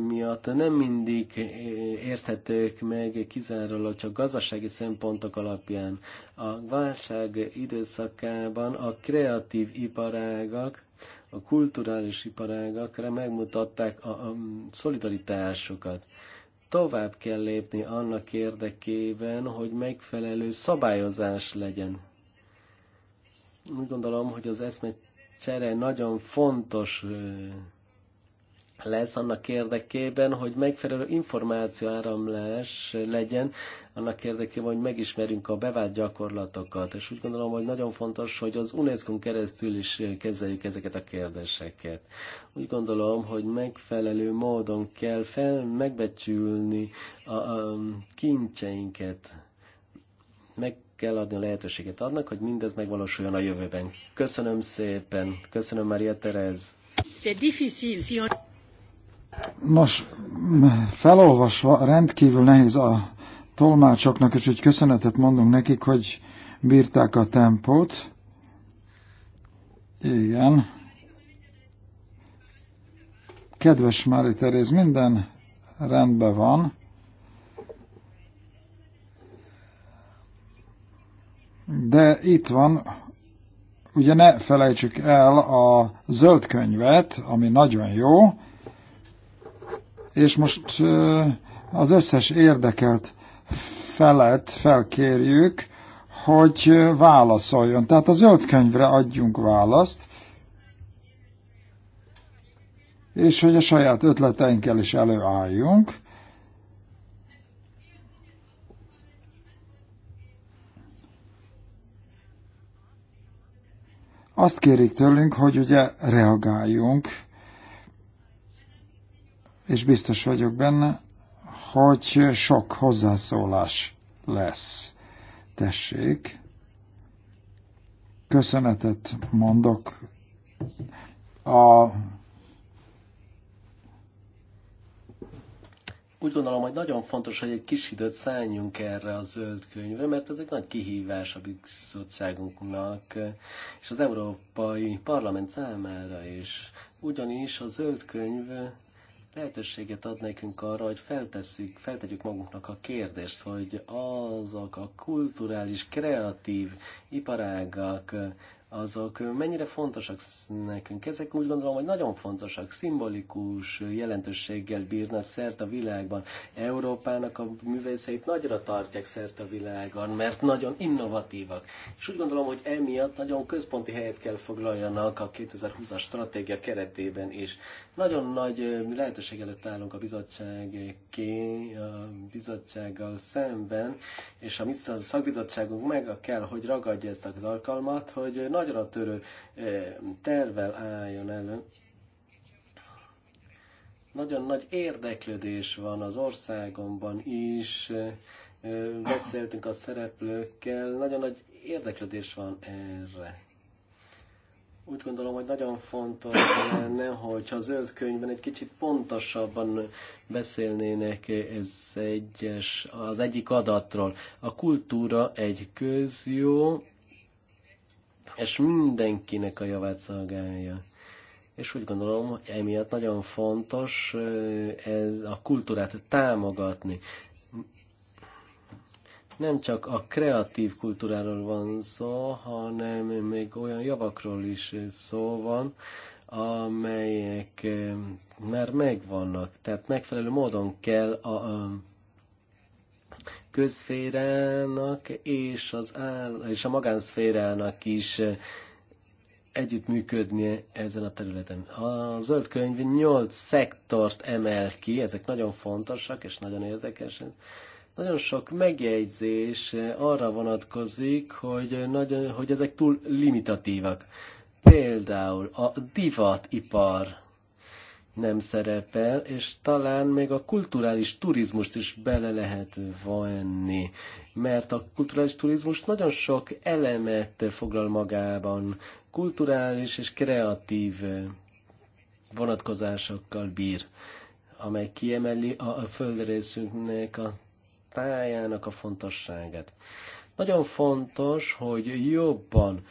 Miatt nem mindig érthetők meg kizárólag csak gazdasági szempontok alapján. A válság időszakában a kreatív iparágak a kulturális iparágakra megmutatták a, a szolidaritásokat. Tovább kell lépni annak érdekében, hogy megfelelő szabályozás legyen. Úgy gondolom, hogy az eszme csere nagyon fontos lesz annak érdekében, hogy megfelelő információáramlás legyen, annak érdekében, hogy megismerjünk a bevált gyakorlatokat. És úgy gondolom, hogy nagyon fontos, hogy az UNESCO-n keresztül is kezeljük ezeket a kérdéseket. Úgy gondolom, hogy megfelelő módon kell fel megbecsülni a, a kincseinket. Meg kell adni a lehetőséget adnak, hogy mindez megvalósuljon a jövőben. Köszönöm szépen, köszönöm Maria Terez. Nos, felolvasva rendkívül nehéz a tolmácsoknak, és úgy köszönetet mondunk nekik, hogy bírták a tempót. Igen. Kedves Mári Teréz, minden rendben van. De itt van, ugye ne felejtsük el a zöld könyvet, ami nagyon jó, és most az összes érdekelt felet felkérjük, hogy válaszoljon. Tehát a zöld könyvre adjunk választ, és hogy a saját ötleteinkkel is előálljunk. Azt kérik tőlünk, hogy ugye reagáljunk és biztos vagyok benne, hogy sok hozzászólás lesz. Tessék, köszönetet mondok a úgy gondolom, hogy nagyon fontos, hogy egy kis időt szálljunk erre a zöld könyvre, mert ez egy nagy kihívás a bizottságunknak, és az Európai Parlament számára is. Ugyanis a zöld könyv lehetőséget ad nekünk arra, hogy feltesszük, feltegyük magunknak a kérdést, hogy azok a kulturális, kreatív iparágak, azok mennyire fontosak nekünk. Ezek úgy gondolom, hogy nagyon fontosak, szimbolikus jelentőséggel bírnak szert a világban. Európának a művészeit nagyra tartják szert a világon, mert nagyon innovatívak. És úgy gondolom, hogy emiatt nagyon központi helyet kell foglaljanak a 2020-as stratégia keretében is. Nagyon nagy lehetőség előtt állunk a ké, a bizottsággal szemben, és a szakbizottságunk meg kell, hogy ragadja ezt az alkalmat, hogy nagy nagyra törő eh, tervel álljon elő. Nagyon nagy érdeklődés van az országomban is, eh, beszéltünk a szereplőkkel, nagyon nagy érdeklődés van erre. Úgy gondolom, hogy nagyon fontos lenne, hogyha a zöld könyvben egy kicsit pontosabban beszélnének ez egyes, az egyik adatról. A kultúra egy közjó, és mindenkinek a javát szolgálja. És úgy gondolom, emiatt nagyon fontos ez a kultúrát támogatni. Nem csak a kreatív kultúráról van szó, hanem még olyan javakról is szó van, amelyek már megvannak. Tehát megfelelő módon kell a, a közférának és, az áll, és a magánszférának is együttműködni ezen a területen. A zöld könyv nyolc szektort emel ki, ezek nagyon fontosak és nagyon érdekesek. Nagyon sok megjegyzés arra vonatkozik, hogy, nagyon, hogy ezek túl limitatívak. Például a divatipar nem szerepel, és talán még a kulturális turizmust is bele lehet vonni, mert a kulturális turizmus nagyon sok elemet foglal magában, kulturális és kreatív vonatkozásokkal bír, amely kiemeli a, a földrészünknek a tájának a fontosságát. Nagyon fontos, hogy jobban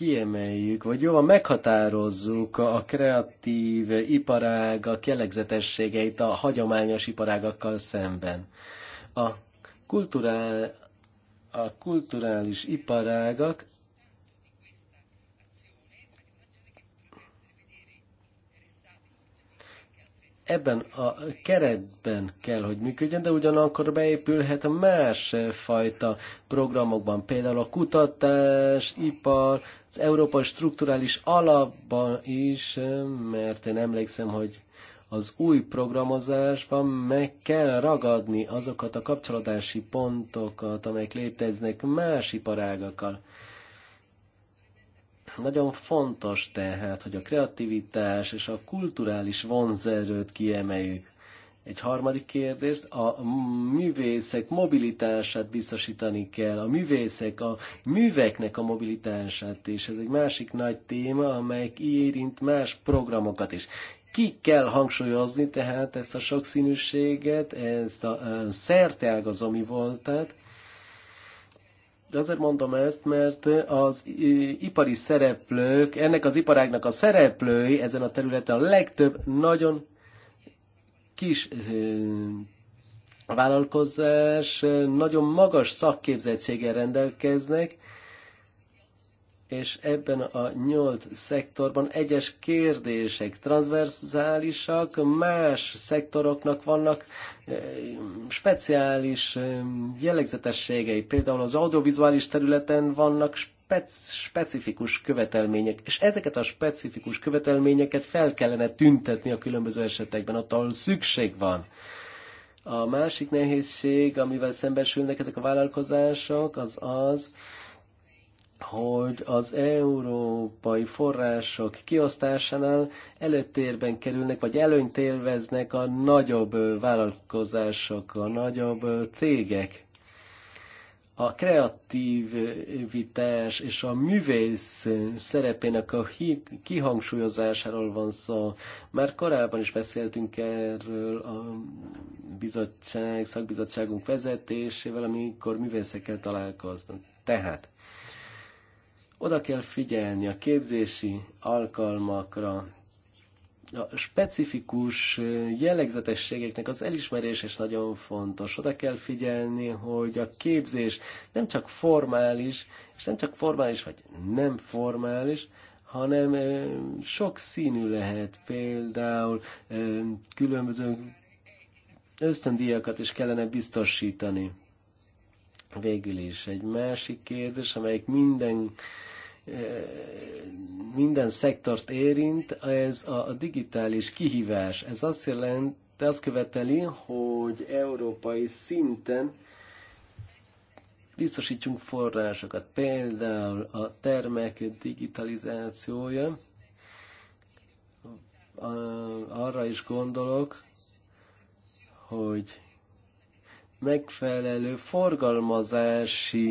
kiemeljük, vagy jól meghatározzuk a kreatív iparágak jellegzetességeit a hagyományos iparágakkal szemben. A, kulturál, a kulturális iparágak ebben a keretben kell, hogy működjön, de ugyanakkor beépülhet más fajta programokban, például a kutatás, ipar, az európai strukturális alapban is, mert én emlékszem, hogy az új programozásban meg kell ragadni azokat a kapcsolódási pontokat, amelyek léteznek más iparágakkal. Nagyon fontos tehát, hogy a kreativitás és a kulturális vonzerőt kiemeljük. Egy harmadik kérdést a művészek mobilitását biztosítani kell, a művészek, a műveknek a mobilitását, és ez egy másik nagy téma, amely érint más programokat is. Ki kell hangsúlyozni tehát ezt a sokszínűséget, ezt a szerteágazó mi voltát, de azért mondom ezt, mert az ipari szereplők, ennek az iparágnak a szereplői ezen a területen a legtöbb nagyon kis vállalkozás, nagyon magas szakképzettséggel rendelkeznek, és ebben a nyolc szektorban egyes kérdések transverzálisak, más szektoroknak vannak eh, speciális eh, jellegzetességei. Például az audiovizuális területen vannak specifikus követelmények, és ezeket a specifikus követelményeket fel kellene tüntetni a különböző esetekben, ott, ahol szükség van. A másik nehézség, amivel szembesülnek ezek a vállalkozások, az az, hogy az európai források kiosztásánál előtérben kerülnek, vagy előnyt élveznek a nagyobb vállalkozások, a nagyobb cégek. A kreativitás és a művész szerepének a kihangsúlyozásáról van szó. Már korábban is beszéltünk erről a bizottság, szakbizottságunk vezetésével, amikor művészekkel találkoztunk. Tehát oda kell figyelni a képzési alkalmakra, a specifikus jellegzetességeknek az elismerés is nagyon fontos. Oda kell figyelni, hogy a képzés nem csak formális, és nem csak formális, vagy nem formális, hanem sok színű lehet. Például különböző ösztöndíjakat is kellene biztosítani. Végül is egy másik kérdés, amelyik minden minden szektort érint, ez a digitális kihívás. Ez azt jelenti, azt követeli, hogy európai szinten biztosítsunk forrásokat, például a termek digitalizációja, arra is gondolok, hogy megfelelő forgalmazási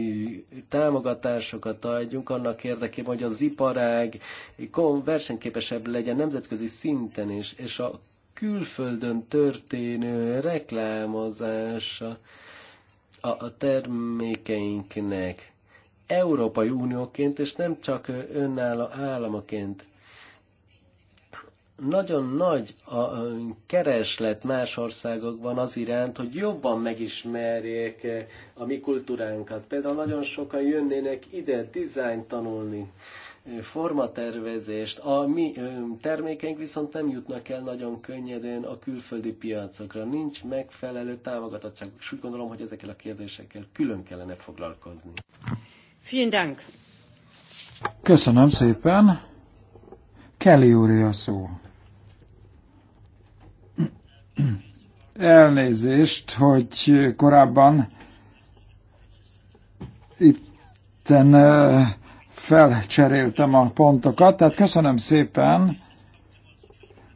támogatásokat adjunk annak érdekében, hogy az iparág versenyképesebb legyen nemzetközi szinten is, és a külföldön történő reklámozása a termékeinknek Európai Unióként, és nem csak önálló államoként nagyon nagy a kereslet más országokban az iránt, hogy jobban megismerjék eh, a mi kultúránkat. Például nagyon sokan jönnének ide dizájn tanulni, eh, formatervezést. A mi eh, termékeink viszont nem jutnak el nagyon könnyedén a külföldi piacokra. Nincs megfelelő támogatottság. És úgy gondolom, hogy ezekkel a kérdésekkel külön kellene foglalkozni. Vielen Dank! Köszönöm szépen! Kelly úr a szó. Elnézést, hogy korábban itten felcseréltem a pontokat, tehát köszönöm szépen.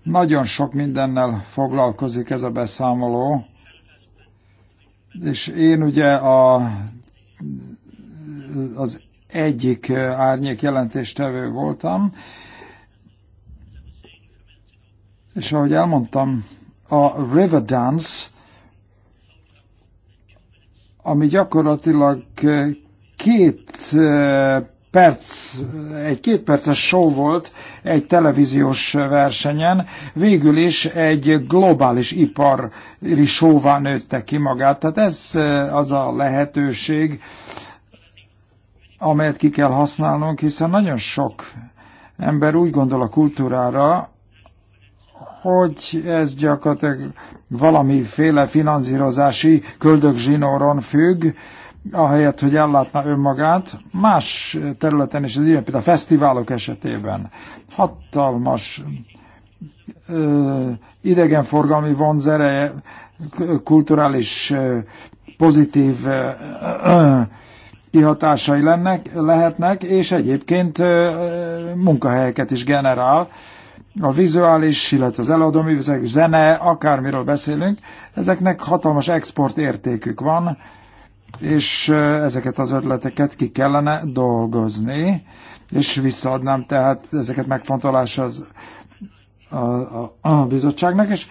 Nagyon sok mindennel foglalkozik ez a beszámoló, és én ugye a, az egyik árnyék jelentéstevő voltam, és ahogy elmondtam a River Dance, ami gyakorlatilag eh, két eh, perc, eh, egy két perces show volt egy televíziós versenyen, végül is egy globális ipari showvá nőtte ki magát. Tehát ez az a lehetőség, amelyet ki kell használnunk, hiszen nagyon sok ember úgy gondol a kultúrára, hogy ez gyakorlatilag valamiféle finanszírozási köldögzsinóron függ, ahelyett, hogy ellátná önmagát, más területen is, az ilyen például a fesztiválok esetében hatalmas ö, idegenforgalmi vonzereje, kulturális ö, pozitív ö, ö, kihatásai lennek, lehetnek, és egyébként ö, munkahelyeket is generál. Ö, a vizuális, illetve az eladó művészek, zene, akármiről beszélünk, ezeknek hatalmas exportértékük van, és ezeket az ötleteket ki kellene dolgozni, és visszaadnám tehát ezeket megfontolás az, a, a, a bizottságnak, és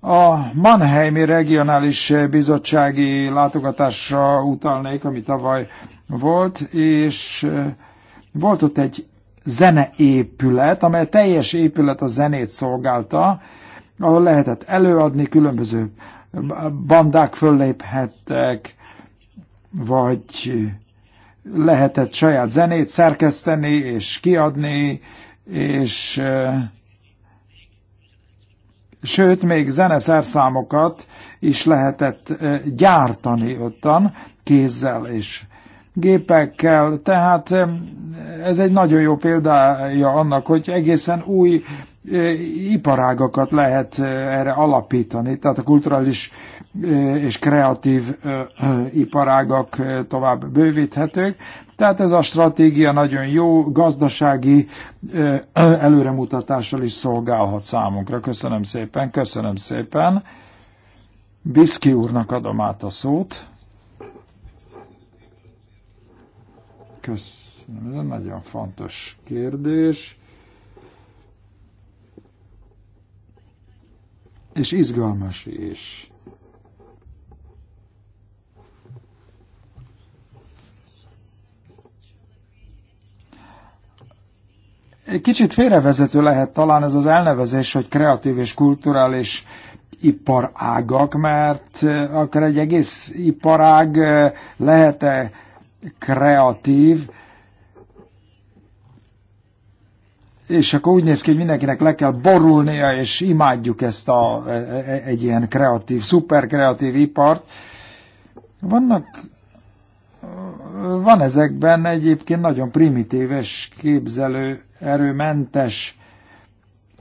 a Mannheimi Regionális Bizottsági látogatásra utalnék, ami tavaly volt, és volt ott egy zeneépület, amely teljes épület a zenét szolgálta, ahol lehetett előadni, különböző bandák fölléphettek, vagy lehetett saját zenét szerkeszteni és kiadni, és eh, sőt, még zeneszerszámokat is lehetett eh, gyártani ottan, kézzel és gépekkel. Tehát ez egy nagyon jó példája annak, hogy egészen új e, iparágakat lehet e, erre alapítani, tehát a kulturális e, és kreatív iparágak tovább bővíthetők. Tehát ez a stratégia nagyon jó, gazdasági előremutatással is szolgálhat számunkra. Köszönöm szépen, köszönöm szépen. Biszki úrnak adom át a szót. Köszönöm, ez egy nagyon fontos kérdés. És izgalmas is. Egy kicsit félrevezető lehet talán ez az elnevezés, hogy kreatív és kulturális iparágak, mert akár egy egész iparág eh, lehet-e kreatív, és akkor úgy néz ki, hogy mindenkinek le kell borulnia, és imádjuk ezt a, e, e, e, egy ilyen kreatív, szuper kreatív ipart. Vannak, van ezekben egyébként nagyon primitíves, képzelő, erőmentes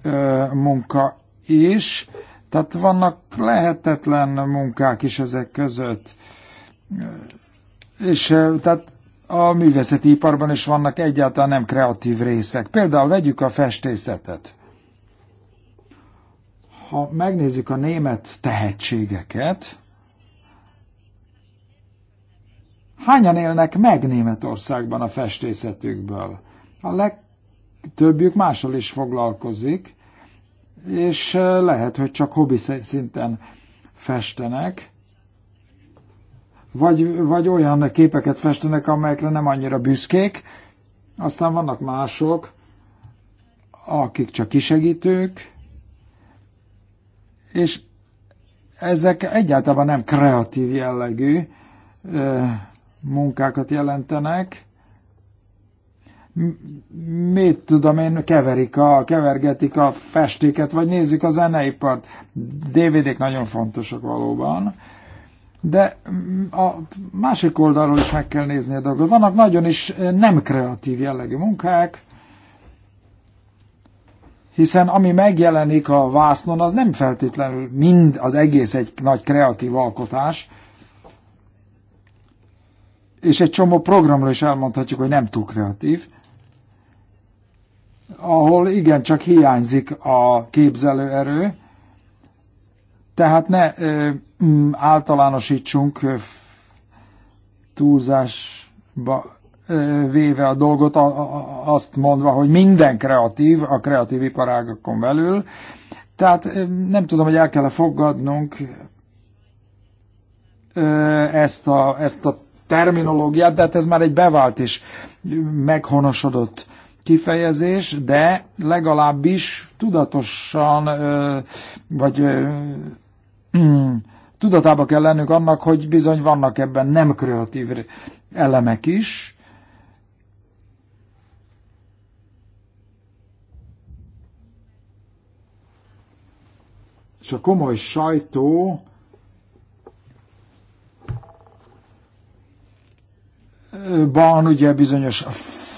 ö, munka is, tehát vannak lehetetlen munkák is ezek között és tehát a művészeti iparban is vannak egyáltalán nem kreatív részek. Például vegyük a festészetet. Ha megnézzük a német tehetségeket, hányan élnek meg Németországban a festészetükből? A legtöbbjük máshol is foglalkozik, és lehet, hogy csak hobbi szinten festenek, vagy, vagy olyan képeket festenek, amelyekre nem annyira büszkék, aztán vannak mások, akik csak kisegítők, és ezek egyáltalán nem kreatív jellegű munkákat jelentenek. Mit tudom én, keverik a, kevergetik a festéket, vagy nézik a zeneipart. DVD-k nagyon fontosak valóban, de mm, a másik oldalról is meg kell nézni a dolgot. Vannak nagyon is eh, nem kreatív jellegű munkák, hiszen ami megjelenik a vásznon, az nem feltétlenül mind az egész egy nagy kreatív alkotás, és egy csomó programról is elmondhatjuk, hogy nem túl kreatív, ahol igen, csak hiányzik a képzelőerő, tehát ne eh, Mm, általánosítsunk túlzásba véve a dolgot, azt mondva, hogy minden kreatív a kreatív iparágakon belül. Tehát nem tudom, hogy el kell -e fogadnunk ezt a, ezt a terminológiát, de hát ez már egy bevált és meghonosodott kifejezés, de legalábbis tudatosan, vagy mm, tudatába kell lennünk annak, hogy bizony vannak ebben nem kreatív elemek is. És a komoly sajtó van ugye bizonyos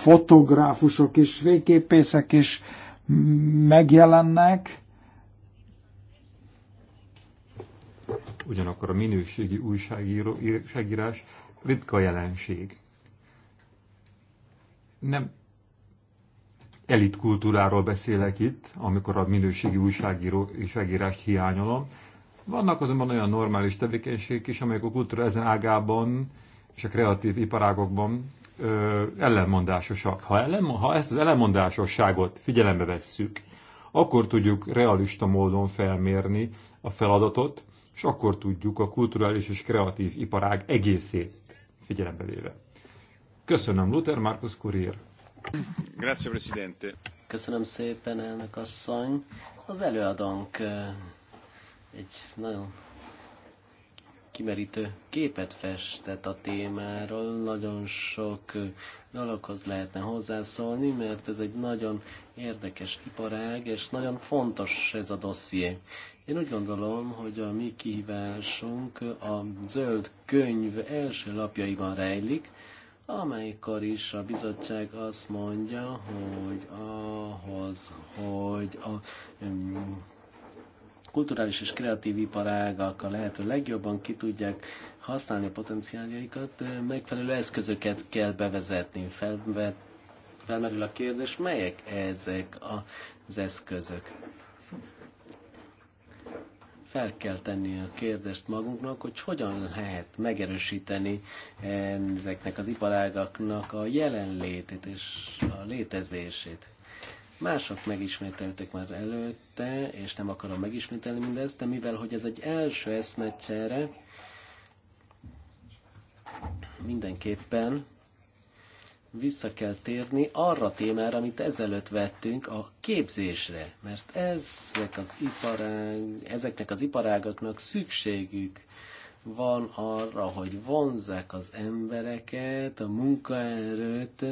fotográfusok és fényképészek is megjelennek, ugyanakkor a minőségi újságíró, újságírás ritka jelenség. Nem elitkultúráról beszélek itt, amikor a minőségi újságíró, újságírást hiányolom. Vannak azonban olyan normális tevékenységek is, amelyek a kultúra ezen ágában és a kreatív iparágokban ö, ellenmondásosak. Ha, ellen, ha ezt az ellenmondásosságot figyelembe vesszük, akkor tudjuk realista módon felmérni a feladatot, és akkor tudjuk a kulturális és kreatív iparág egészét figyelembe véve. Köszönöm, Luther Markus Kurier. Grazie, Presidente. Köszönöm szépen, elnök asszony. Az előadónk egy nagyon kimerítő képet festett a témáról. Nagyon sok dologhoz lehetne hozzászólni, mert ez egy nagyon érdekes iparág, és nagyon fontos ez a dosszié. Én úgy gondolom, hogy a mi kihívásunk a zöld könyv első lapjaiban rejlik, amelyikor is a bizottság azt mondja, hogy ahhoz, hogy a kulturális és kreatív iparágak a lehető legjobban ki tudják használni a potenciáljaikat, megfelelő eszközöket kell bevezetni. Felvet, felmerül a kérdés, melyek ezek az eszközök? fel kell tenni a kérdést magunknak, hogy hogyan lehet megerősíteni ezeknek az iparágaknak a jelenlétét és a létezését. Mások megismételtek már előtte, és nem akarom megismételni mindezt, de mivel hogy ez egy első eszmecsere, mindenképpen vissza kell térni arra témára, amit ezelőtt vettünk, a képzésre, mert ezek az iparág, ezeknek az iparágaknak szükségük van arra, hogy vonzák az embereket, a munkaerőt,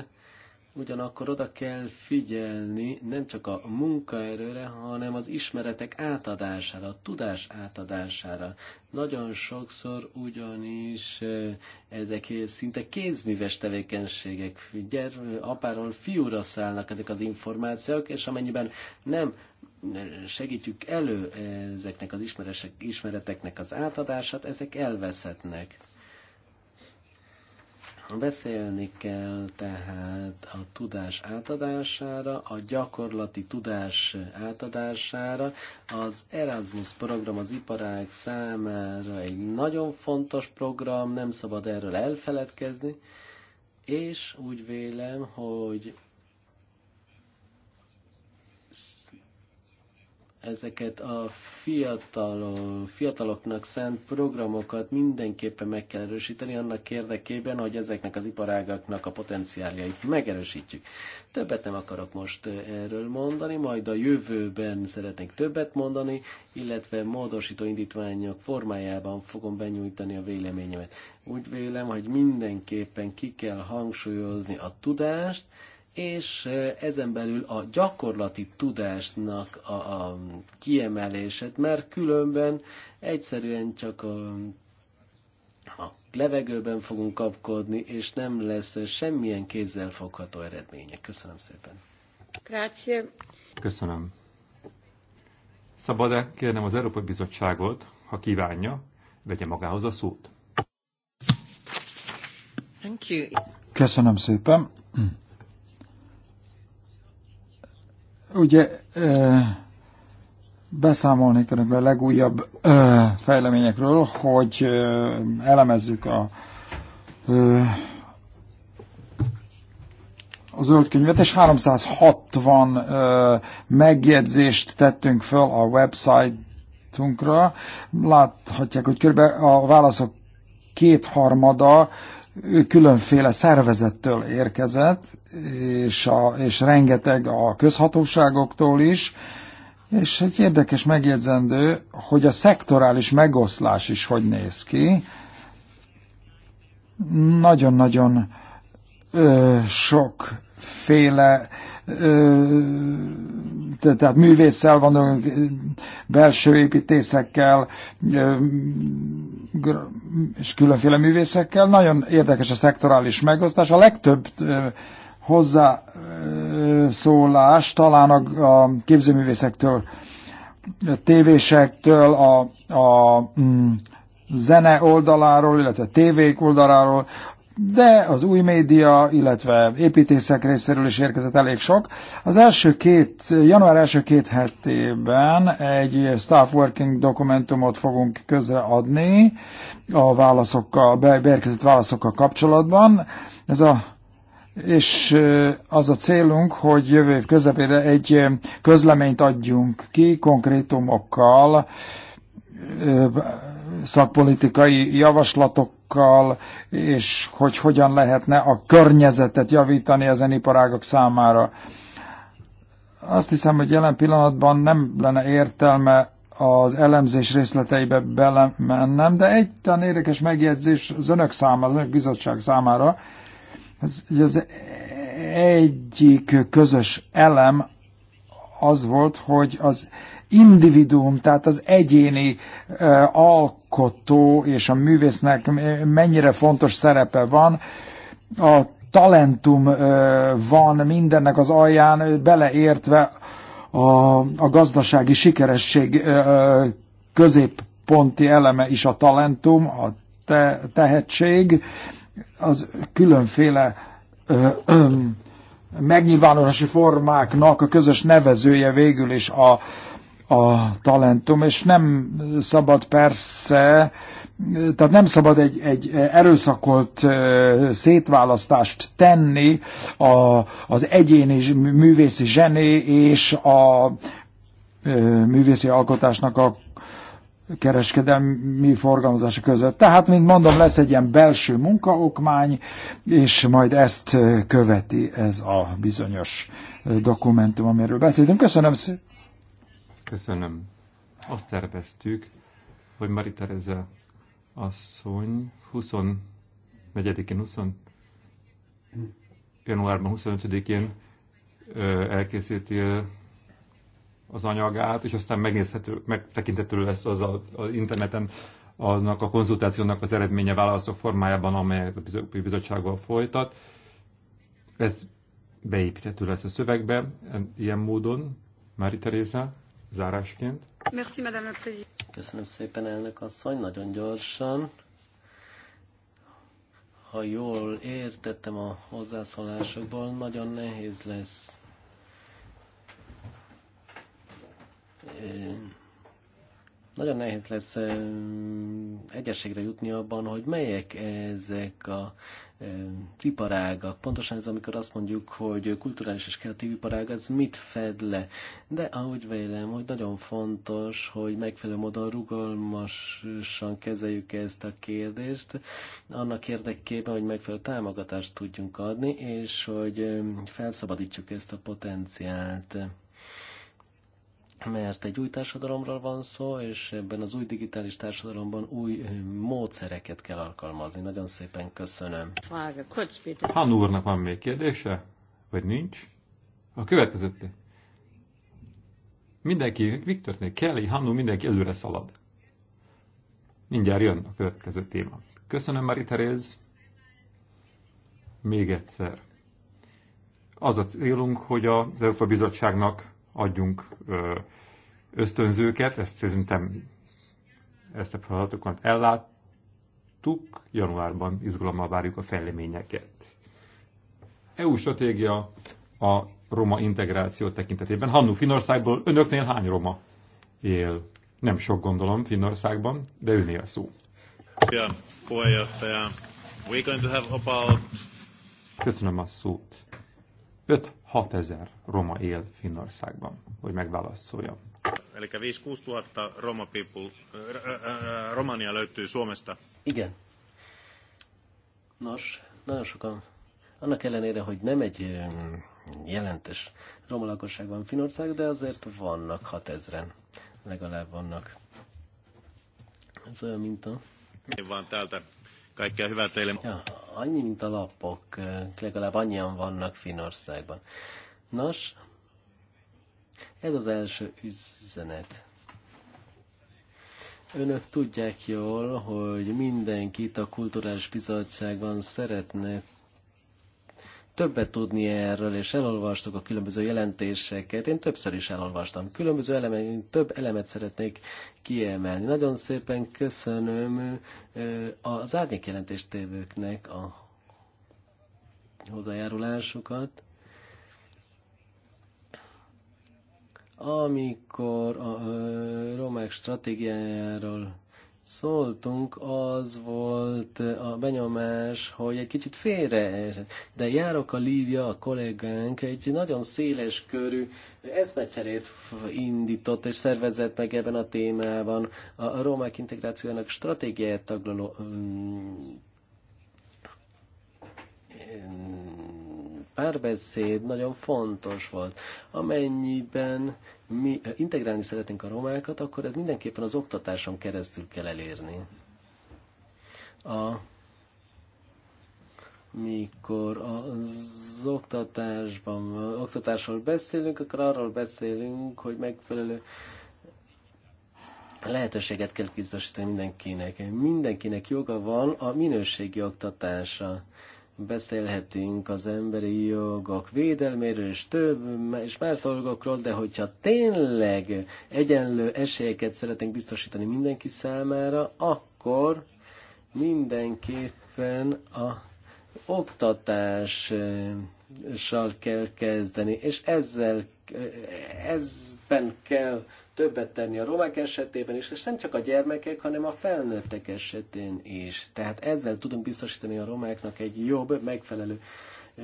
Ugyanakkor oda kell figyelni nem csak a munkaerőre, hanem az ismeretek átadására, a tudás átadására. Nagyon sokszor ugyanis ezek szinte kézműves tevékenységek, gyere, apáról fiúra szállnak ezek az információk, és amennyiben nem segítjük elő ezeknek az ismereteknek az átadását, ezek elveszhetnek. Beszélni kell tehát a tudás átadására, a gyakorlati tudás átadására. Az Erasmus program az iparág számára egy nagyon fontos program, nem szabad erről elfeledkezni, és úgy vélem, hogy ezeket a fiatal, fiataloknak szent programokat mindenképpen meg kell erősíteni annak érdekében, hogy ezeknek az iparágaknak a potenciáljait megerősítjük. Többet nem akarok most erről mondani, majd a jövőben szeretnék többet mondani, illetve módosító indítványok formájában fogom benyújtani a véleményemet. Úgy vélem, hogy mindenképpen ki kell hangsúlyozni a tudást, és eh, ezen belül a gyakorlati tudásnak a, a kiemelését, mert különben egyszerűen csak a, a levegőben fogunk kapkodni, és nem lesz semmilyen kézzel fogható eredménye. Köszönöm szépen. Grazie. Köszönöm. Szabad-e kérnem az Európai Bizottságot, ha kívánja, vegye magához a szót. Thank you. Köszönöm szépen. Ugye beszámolnék önökre a legújabb fejleményekről, hogy elemezzük a a zöld könyvet, és 360 megjegyzést tettünk föl a websájtunkra. Láthatják, hogy körülbelül a válaszok kétharmada ő különféle szervezettől érkezett, és, a, és rengeteg a közhatóságoktól is, és egy érdekes megjegyzendő, hogy a szektorális megoszlás is hogy néz ki. Nagyon-nagyon sokféle tehát művésszel van, belső építészekkel, és különféle művészekkel. Nagyon érdekes a szektorális megosztás. A legtöbb hozzászólás talán a képzőművészektől, a tévésektől, a, a mm, zene oldaláról, illetve a tévék oldaláról, de az új média, illetve építészek részéről is érkezett elég sok. Az első két, január első két hetében egy staff working dokumentumot fogunk közreadni a válaszokkal, beérkezett válaszokkal kapcsolatban. Ez a és az a célunk, hogy jövő év közepére egy közleményt adjunk ki konkrétumokkal, szakpolitikai javaslatok iparágakkal, és hogy hogyan lehetne a környezetet javítani ezen iparágak számára. Azt hiszem, hogy jelen pillanatban nem lenne értelme az elemzés részleteibe belemennem, de egy tan érdekes megjegyzés az önök számára, az önök bizottság számára, ez, az egyik közös elem az volt, hogy az individuum, tehát az egyéni uh, al alkotó és a művésznek mennyire fontos szerepe van. A talentum van mindennek az alján, beleértve a, a gazdasági sikeresség középponti eleme is a talentum, a te, tehetség, az különféle ö, ö, megnyilvánulási formáknak a közös nevezője végül is a, a talentum, és nem szabad persze, tehát nem szabad egy, egy erőszakolt szétválasztást tenni a, az egyéni művészi zsené és a művészi alkotásnak a kereskedelmi forgalmazása között. Tehát, mint mondom, lesz egy ilyen belső munkaokmány, és majd ezt követi ez a bizonyos dokumentum, amiről beszéltünk. Köszönöm szépen! Köszönöm. Azt terveztük, hogy Marita Tereza asszony 24-én, 20 januárban 25-én elkészíti az anyagát, és aztán megnézhető, megtekintető lesz az, az, az interneten aznak a konzultációnak az eredménye válaszok formájában, amelyet a bizottsággal folytat. Ez beépíthető lesz a szövegbe, ilyen módon, Mári Teréza zárásként. Merci, Madame la Köszönöm szépen, elnök asszony, nagyon gyorsan. Ha jól értettem a hozzászólásokból, nagyon nehéz lesz nagyon nehéz lesz egyességre jutni abban, hogy melyek ezek a iparága. Pontosan ez, amikor azt mondjuk, hogy kulturális és kreatív iparág, az mit fed le. De ahogy vélem, hogy nagyon fontos, hogy megfelelő módon rugalmasan kezeljük ezt a kérdést, annak érdekében, hogy megfelelő támogatást tudjunk adni, és hogy felszabadítsuk ezt a potenciált mert egy új társadalomról van szó, és ebben az új digitális társadalomban új módszereket kell alkalmazni. Nagyon szépen köszönöm. Han úrnak van még kérdése? Vagy nincs? A következő. Mindenki, mi történik? Kelly, Hanu mindenki előre szalad. Mindjárt jön a következő téma. Köszönöm, Mari Teréz. Még egyszer. Az a célunk, hogy az Európa Bizottságnak adjunk ösztönzőket, ezt szerintem ezt a feladatokat elláttuk, januárban izgalommal várjuk a fejleményeket. EU stratégia a roma integráció tekintetében. Hannu, Finországból önöknél hány roma él? Nem sok gondolom Finnországban, de őnél a szó. Köszönöm a szót. Öt 6000 roma él Finnországban, hogy megválaszolja. Eli 5-6 roma people, Románia löytyy Suomesta. Igen. Nos, nagyon sokan, annak ellenére, hogy nem egy jelentős roma lakosság van Finország, de azért vannak 6000-en. Legalább vannak. Ez olyan, mint a... van täältä Kaikkea hyvää teille. Ja, anyatalapok, legalább annyian vannak Finnországban. Nos, ez az első üzenet. Önök tudják jól, hogy mindenkit a Kulturális Bizottságban szeretne többet tudni erről, és elolvastuk a különböző jelentéseket. Én többször is elolvastam. Különböző elemeket. több elemet szeretnék kiemelni. Nagyon szépen köszönöm az árnyék jelentéstévőknek a hozzájárulásukat. Amikor a romák stratégiájáról szóltunk, az volt a benyomás, hogy egy kicsit félre De járok a Lívia, a kollégánk egy nagyon széles körű eszmecserét indított és szervezett meg ebben a témában a romák integrációjának stratégiáját taglaló mm, párbeszéd nagyon fontos volt. Amennyiben mi integrálni szeretnénk a romákat, akkor ez mindenképpen az oktatáson keresztül kell elérni. A mikor az oktatásban, az oktatásról beszélünk, akkor arról beszélünk, hogy megfelelő lehetőséget kell biztosítani mindenkinek. Mindenkinek joga van a minőségi oktatásra beszélhetünk az emberi jogok védelméről és több, és más dolgokról, de hogyha tényleg egyenlő esélyeket szeretnénk biztosítani mindenki számára, akkor mindenképpen a oktatással kell kezdeni, és ezzel ezben kell többet tenni a romák esetében is, és nem csak a gyermekek, hanem a felnőttek esetén is. Tehát ezzel tudunk biztosítani a romáknak egy jobb, megfelelő ö,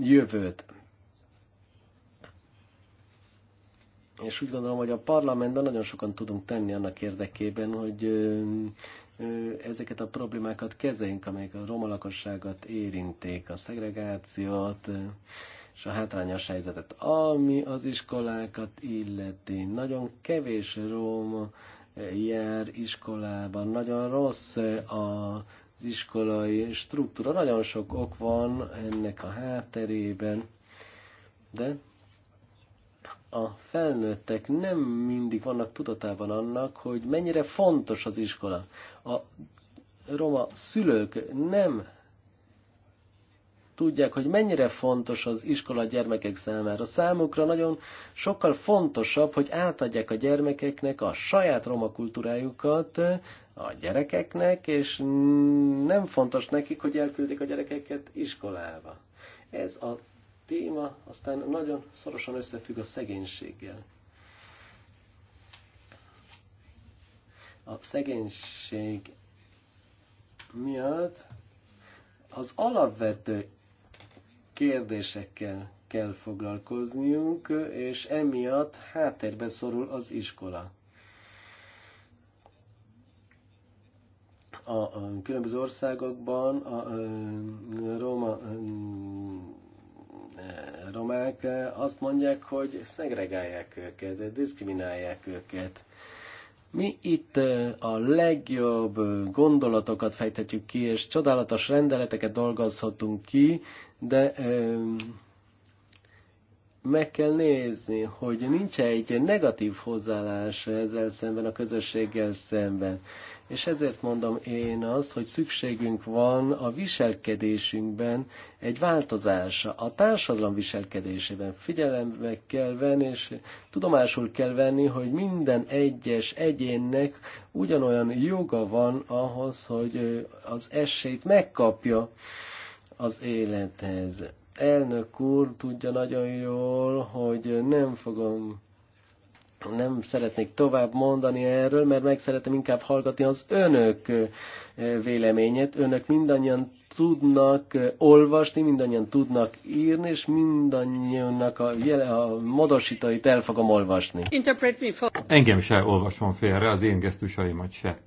jövőt. És úgy gondolom, hogy a parlamentben nagyon sokan tudunk tenni annak érdekében, hogy ö, ezeket a problémákat kezeljünk, amelyek a roma lakosságot érinték, a szegregációt, és a hátrányos helyzetet. Ami az iskolákat illeti, nagyon kevés róma jár iskolában, nagyon rossz a az iskolai struktúra. Nagyon sok ok van ennek a hátterében, de a felnőttek nem mindig vannak tudatában annak, hogy mennyire fontos az iskola. A roma szülők nem tudják, hogy mennyire fontos az iskola a gyermekek számára. Számukra nagyon sokkal fontosabb, hogy átadják a gyermekeknek a saját roma kultúrájukat a gyerekeknek, és nem fontos nekik, hogy elküldik a gyerekeket iskolába. Ez a téma aztán nagyon szorosan összefügg a szegénységgel. a szegénység miatt az alapvető kérdésekkel kell foglalkozniunk, és emiatt háttérbe szorul az iskola. A, a különböző országokban a, a, a roma a, a romák azt mondják, hogy szegregálják őket, diszkriminálják őket mi itt a legjobb gondolatokat fejthetjük ki, és csodálatos rendeleteket dolgozhatunk ki, de meg kell nézni, hogy nincs egy negatív hozzáállás ezzel szemben, a közösséggel szemben. És ezért mondom én azt, hogy szükségünk van a viselkedésünkben egy változása a társadalom viselkedésében. Figyelembe kell venni, és tudomásul kell venni, hogy minden egyes egyénnek ugyanolyan joga van ahhoz, hogy az esélyt megkapja az élethez elnök úr tudja nagyon jól, hogy nem fogom nem szeretnék tovább mondani erről, mert meg szeretem inkább hallgatni az önök véleményét. Önök mindannyian tudnak olvasni, mindannyian tudnak írni, és mindannyian a, jele, a modosítóit el fogom olvasni. Engem se olvasom félre, az én gesztusaimat se.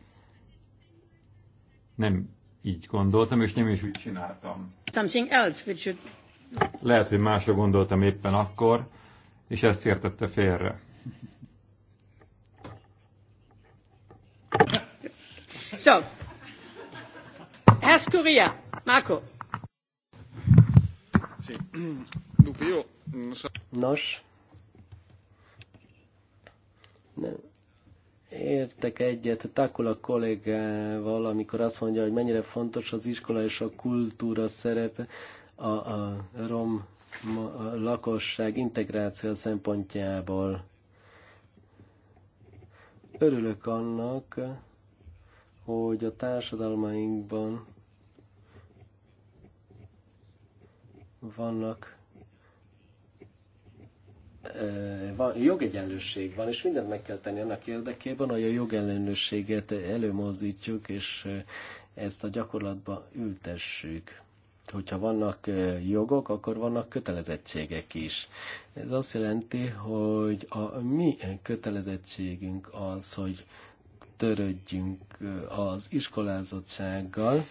Nem így gondoltam, és nem is úgy csináltam. Something else which should lehet, hogy másra gondoltam éppen akkor, és ezt értette félre. So, Herr Scuria, Marco. Nos, Értek egyet Takula kollégával, amikor azt mondja, hogy mennyire fontos az iskola és a kultúra szerepe a, a rom a lakosság integráció szempontjából. Örülök annak, hogy a társadalmainkban vannak e, van, jogegyenlőség van, és mindent meg kell tenni annak érdekében, hogy a jogellenőséget előmozdítjuk, és e, ezt a gyakorlatba ültessük hogyha vannak jogok, akkor vannak kötelezettségek is. Ez azt jelenti, hogy a mi kötelezettségünk az, hogy törődjünk az iskolázottsággal,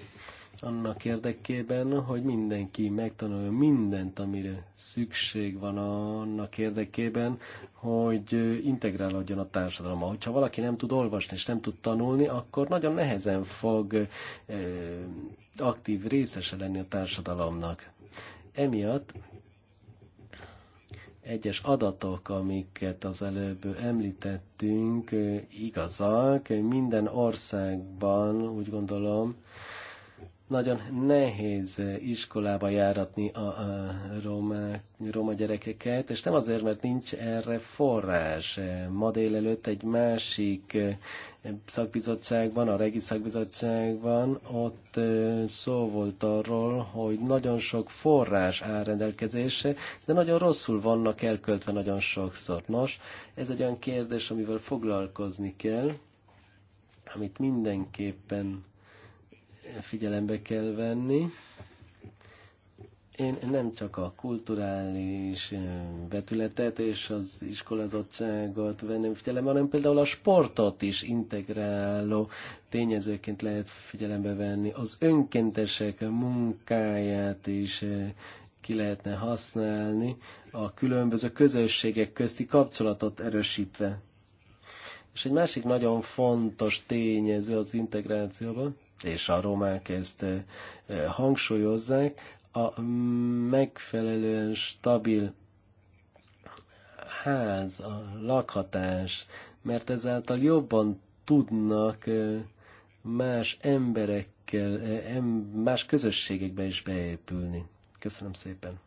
annak érdekében, hogy mindenki megtanulja mindent, amire szükség van annak érdekében, hogy integrálódjon a társadalomba. Hogyha valaki nem tud olvasni és nem tud tanulni, akkor nagyon nehezen fog aktív részese lenni a társadalomnak. Emiatt egyes adatok, amiket az előbb említettünk, eh, igazak. Minden országban úgy gondolom nagyon nehéz iskolába járatni a, a roma, roma gyerekeket, és nem azért, mert nincs erre forrás. Ma délelőtt egy másik eh, szakbizottságban, a regi szakbizottságban, ott eh, szó volt arról, hogy nagyon sok forrás áll rendelkezésre, de nagyon rosszul vannak elköltve nagyon sokszor. Nos, ez egy olyan kérdés, amivel foglalkozni kell, amit mindenképpen figyelembe kell venni. Én nem csak a kulturális vetületet és az iskolázottságot venném figyelembe, hanem például a sportot is integráló tényezőként lehet figyelembe venni. Az önkéntesek munkáját is ki lehetne használni, a különböző közösségek közti kapcsolatot erősítve. És egy másik nagyon fontos tényező az integrációban, és a romák ezt hangsúlyozzák, a megfelelően stabil ház, a lakhatás, mert ezáltal jobban tudnak más emberekkel, más közösségekbe is beépülni. Köszönöm szépen!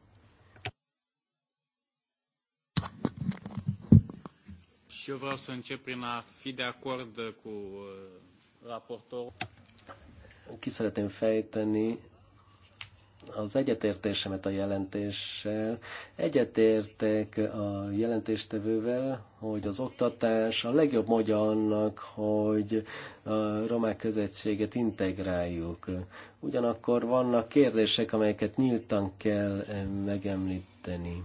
Și eu vreau să încep prin a fi de acord cu raportorul ki szeretném fejteni az egyetértésemet a jelentéssel. Egyetértek a jelentéstevővel, hogy az oktatás a legjobb módja annak, hogy a romák közösséget integráljuk. Ugyanakkor vannak kérdések, amelyeket nyíltan kell eh, megemlíteni.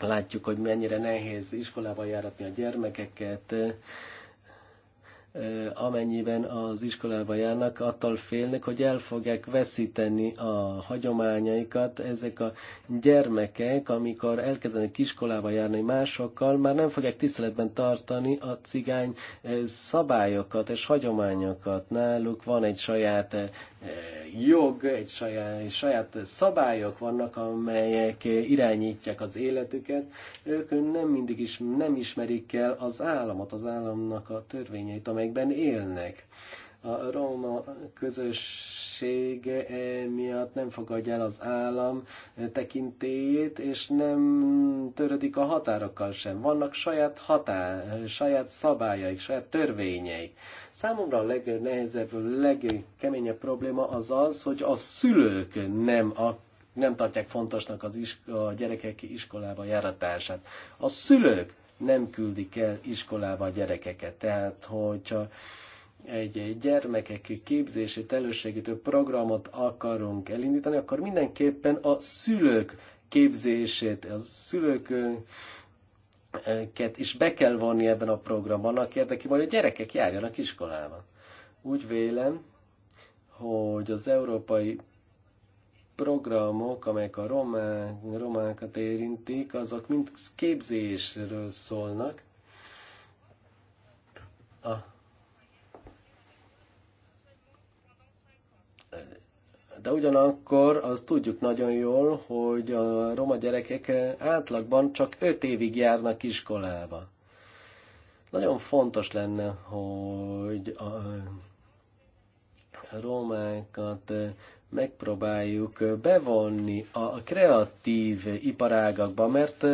Látjuk, hogy mennyire nehéz iskolába járatni a gyermekeket, eh, amennyiben az iskolába járnak, attól félnek, hogy el fogják veszíteni a hagyományaikat. Ezek a gyermekek, amikor elkezdenek iskolába járni másokkal, már nem fogják tiszteletben tartani a cigány szabályokat és hagyományokat. Náluk van egy saját jog, egy saját, egy saját szabályok vannak, amelyek irányítják az életüket, ők nem mindig is nem ismerik el az államot, az államnak a törvényeit, amelyekben élnek a roma közösség miatt nem fogadja el az állam tekintélyét, és nem törödik a határokkal sem. Vannak saját határ, saját szabályaik, saját törvényeik. Számomra a legnehezebb, legkeményebb probléma az az, hogy a szülők nem a nem tartják fontosnak az isko- a gyerekek iskolába járatását. A szülők nem küldik el iskolába a gyerekeket. Tehát, hogyha egy gyermekek képzését elősegítő programot akarunk elindítani, akkor mindenképpen a szülők képzését, a szülők is be kell vonni ebben a programban, annak érdekében, hogy a gyerekek járjanak iskolába. Úgy vélem, hogy az európai programok, amelyek a romák, romákat érintik, azok mind képzésről szólnak. A De ugyanakkor azt tudjuk nagyon jól, hogy a roma gyerekek átlagban csak 5 évig járnak iskolába. Nagyon fontos lenne, hogy a romákat megpróbáljuk bevonni a kreatív iparágakba, mert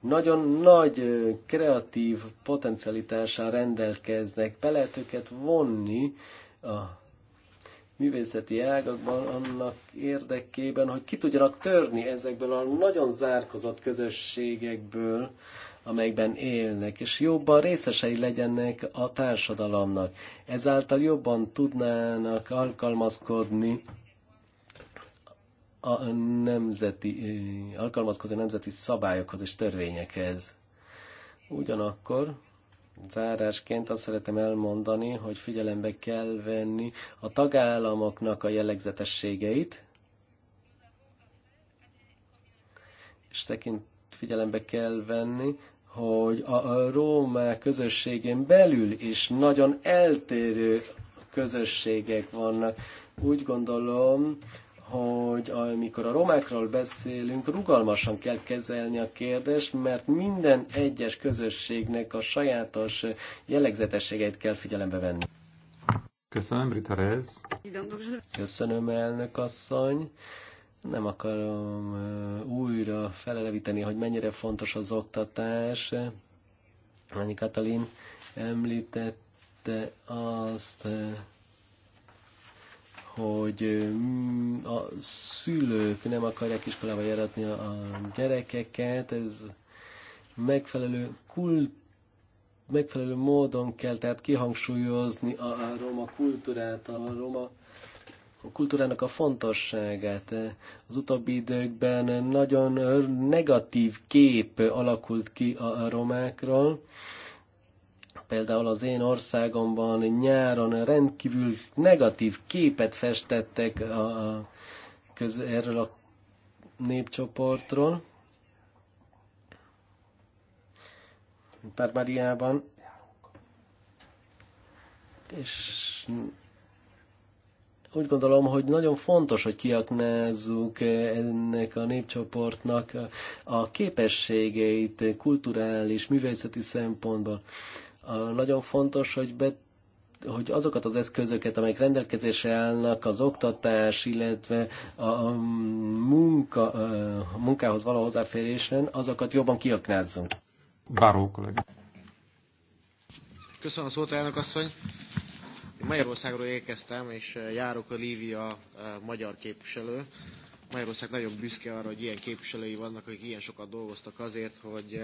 nagyon nagy kreatív potencialitással rendelkeznek, be lehet őket vonni a művészeti ágakban annak érdekében, hogy ki tudjanak törni ezekből a nagyon zárkozott közösségekből, amelyben élnek, és jobban részesei legyenek a társadalomnak. Ezáltal jobban tudnának alkalmazkodni a nemzeti, alkalmazkodni a nemzeti szabályokhoz és törvényekhez. Ugyanakkor Zárásként azt szeretem elmondani, hogy figyelembe kell venni a tagállamoknak a jellegzetességeit, és tekint figyelembe kell venni, hogy a, Róma közösségén belül is nagyon eltérő közösségek vannak. Úgy gondolom, hogy amikor a romákról beszélünk, rugalmasan kell kezelni a kérdést, mert minden egyes közösségnek a sajátos jellegzetességeit kell figyelembe venni. Köszönöm, Rita Rez. Köszönöm, elnök asszony. Nem akarom újra felelevíteni, hogy mennyire fontos az oktatás. Annyi Katalin említette azt, hogy mm, a szülők nem akarják iskolába járatni a gyerekeket, ez megfelelő kult megfelelő módon kell tehát kihangsúlyozni a, a roma kultúrát, a roma a kultúrának a fontosságát. Az utóbbi időkben nagyon negatív kép alakult ki a romákról, Például az én országomban nyáron rendkívül negatív képet festettek a, a, köz, erről a népcsoportról. Barbariában. És úgy gondolom, hogy nagyon fontos, hogy kiaknázzuk ennek a népcsoportnak a képességeit kulturális, művészeti szempontból. Nagyon fontos, hogy be hogy azokat az eszközöket, amelyek rendelkezésre állnak, az oktatás, illetve a munka, a munkához való hozzáférésen, azokat jobban kiaknázzunk. Báró kollégám. Köszönöm a szót, elnök asszony. Én Magyarországról érkeztem, és járok a Lívia magyar képviselő. Magyarország nagyon büszke arra, hogy ilyen képviselői vannak, akik ilyen sokat dolgoztak azért, hogy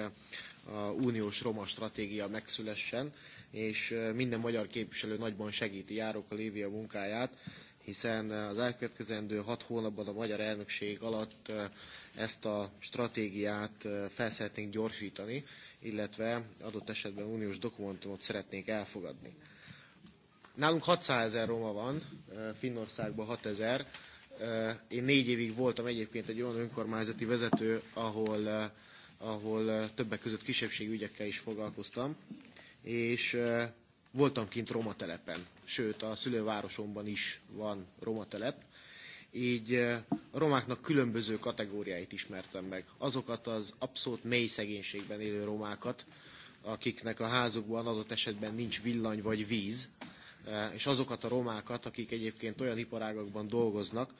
uniós roma stratégia megszülessen, és minden magyar képviselő nagyban segíti a Lévia munkáját, hiszen az elkövetkezendő hat hónapban a magyar elnökség alatt ezt a stratégiát fel szeretnénk gyorsítani, illetve adott esetben uniós dokumentumot szeretnénk elfogadni. Nálunk 600 ezer roma van, Finnországban 6 ezer. Én négy évig voltam egyébként egy olyan önkormányzati vezető, ahol ahol eh, többek között kisebbségi ügyekkel is foglalkoztam, és eh, voltam kint roma telepen, sőt a szülővárosomban is van roma telep, így eh, a romáknak különböző kategóriáit ismertem meg. Azokat az abszolút mély szegénységben élő romákat, akiknek a házukban adott esetben nincs villany vagy víz, és azokat a romákat, akik egyébként olyan iparágakban dolgoznak,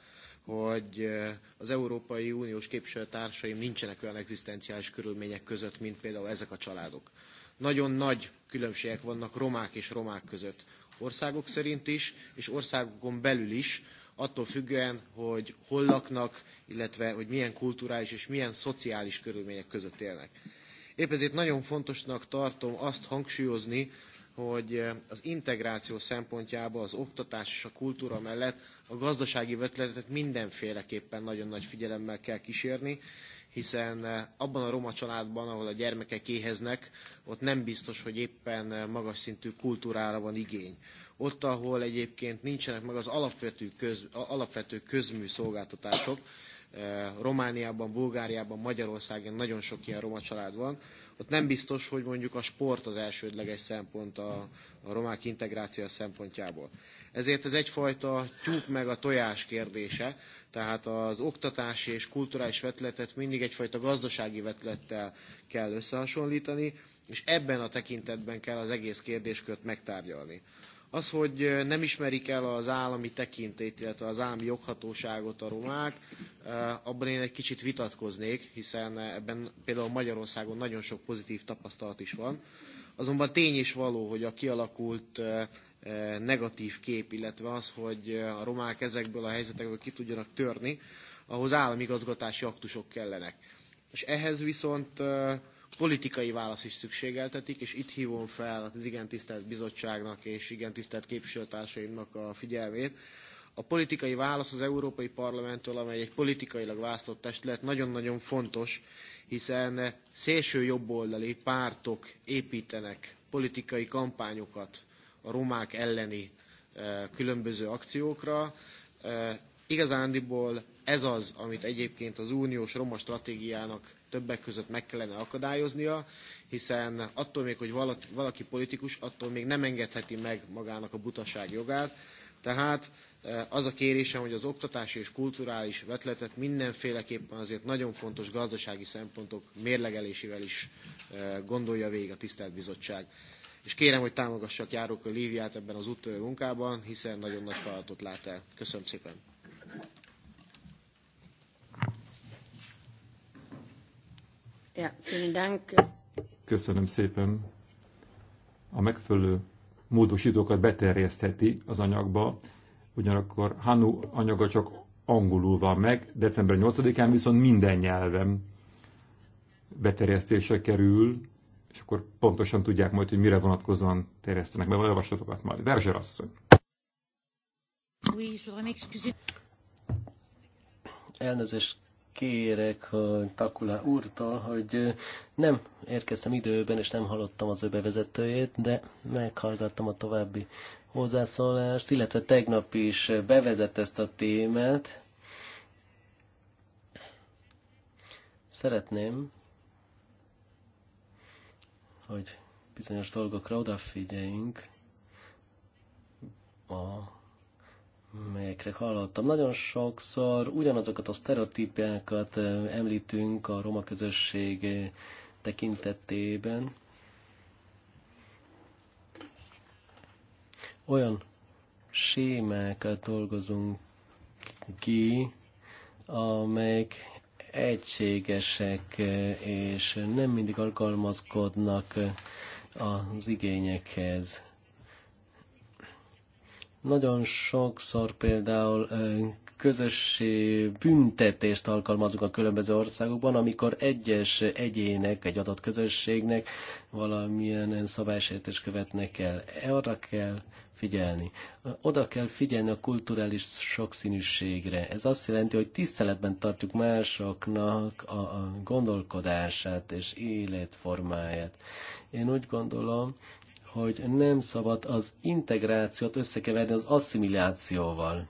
hogy eh, az Európai Uniós képviselőtársaim nincsenek olyan egzisztenciális körülmények között, mint például ezek a családok. Nagyon nagy különbségek vannak romák és romák között, országok szerint is, és országokon belül is, attól függően, hogy hol laknak, illetve hogy milyen kulturális és milyen szociális körülmények között élnek. Épp ezért nagyon fontosnak tartom azt hangsúlyozni, hogy eh, az integráció szempontjából az oktatás és a kultúra mellett a gazdasági vetületet mindenféleképpen nagyon nagy figyelemmel kell kísérni, hiszen eh, abban a roma családban, ahol a gyermekek éheznek, ott nem biztos, hogy éppen eh, magas szintű kultúrára van igény. Ott, ahol egyébként nincsenek meg az alapvető, köz, alapvető közmű szolgáltatások, Eh, Romániában, Bulgáriában, Magyarországon nagyon sok ilyen roma család van. Ott nem biztos, hogy mondjuk a sport az elsődleges szempont a, a romák integráció szempontjából. Ezért ez egyfajta tyúk meg a tojás kérdése, tehát az oktatási és kulturális vetletet mindig egyfajta gazdasági vetlettel kell összehasonlítani, és ebben a tekintetben kell az egész kérdéskört megtárgyalni. Az, hogy nem ismerik el az állami tekintét, illetve az állami joghatóságot a romák, abban én egy kicsit vitatkoznék, hiszen ebben például Magyarországon nagyon sok pozitív tapasztalat is van. Azonban tény is való, hogy a kialakult negatív kép, illetve az, hogy a romák ezekből a helyzetekből ki tudjanak törni, ahhoz államigazgatási aktusok kellenek. És ehhez viszont politikai válasz is szükségeltetik, és itt hívom fel az igen tisztelt bizottságnak és igen tisztelt képviselőtársaimnak a figyelmét. A politikai válasz az Európai Parlamenttől, amely egy politikailag választott testület, nagyon-nagyon fontos, hiszen szélső jobboldali pártok építenek politikai kampányokat a romák elleni eh, különböző akciókra. Eh, igazándiból ez az, amit egyébként az uniós roma stratégiának többek között meg kellene akadályoznia, hiszen attól még, hogy valaki politikus, attól még nem engedheti meg magának a butaság jogát. Tehát e, az a kérésem, hogy az oktatási és kulturális vetletet mindenféleképpen azért nagyon fontos gazdasági szempontok mérlegelésével is e, gondolja végig a tisztelt bizottság. És kérem, hogy támogassak járók a Líviát ebben az úttörő munkában, hiszen nagyon nagy feladatot lát el. Köszönöm szépen! Ja, vielen Dank. Köszönöm szépen. A megfelelő módosítókat beterjesztheti az anyagba, ugyanakkor Hanu anyaga csak angolul van meg, december 8-án viszont minden nyelven beterjesztése kerül, és akkor pontosan tudják majd, hogy mire vonatkozóan terjesztenek be a javaslatokat majd. Verzser asszony. Elnézést kérek hogy Takula úrtól, hogy nem érkeztem időben, és nem hallottam az ő bevezetőjét, de meghallgattam a további hozzászólást, illetve tegnap is bevezett ezt a témát. Szeretném, hogy bizonyos dolgokra odafigyeljünk a melyekre hallottam. Nagyon sokszor ugyanazokat a sztereotípiákat említünk a roma közösség tekintetében. Olyan sémákat dolgozunk ki, amelyek egységesek, és nem mindig alkalmazkodnak az igényekhez. Nagyon sokszor például közössé büntetést alkalmazunk a különböző országokban, amikor egyes egyének, egy adott közösségnek valamilyen szabálysértést követnek el. E, arra kell figyelni. Oda kell figyelni a kulturális sokszínűségre. Ez azt jelenti, hogy tiszteletben tartjuk másoknak a gondolkodását és életformáját. Én úgy gondolom, hogy nem szabad az integrációt összekeverni az asszimilációval.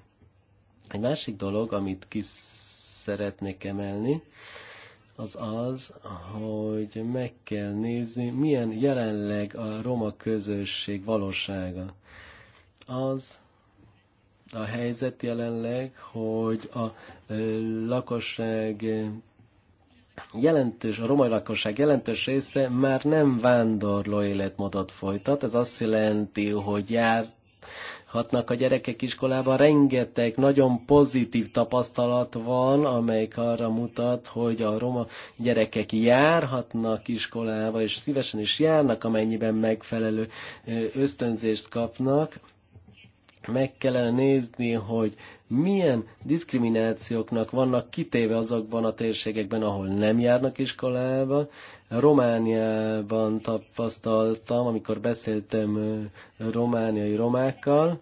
Egy másik dolog, amit ki szeretnék emelni, az az, hogy meg kell nézni, milyen jelenleg a roma közösség valósága. Az a helyzet jelenleg, hogy a lakosság jelentős, a romai lakosság jelentős része már nem vándorló életmódot folytat. Ez azt jelenti, hogy jár hatnak a gyerekek iskolában. Rengeteg nagyon pozitív tapasztalat van, amelyik arra mutat, hogy a roma gyerekek járhatnak iskolába, és szívesen is járnak, amennyiben megfelelő ösztönzést kapnak meg kellene nézni, hogy milyen diszkriminációknak vannak kitéve azokban a térségekben, ahol nem járnak iskolába. Romániában tapasztaltam, amikor beszéltem romániai romákkal,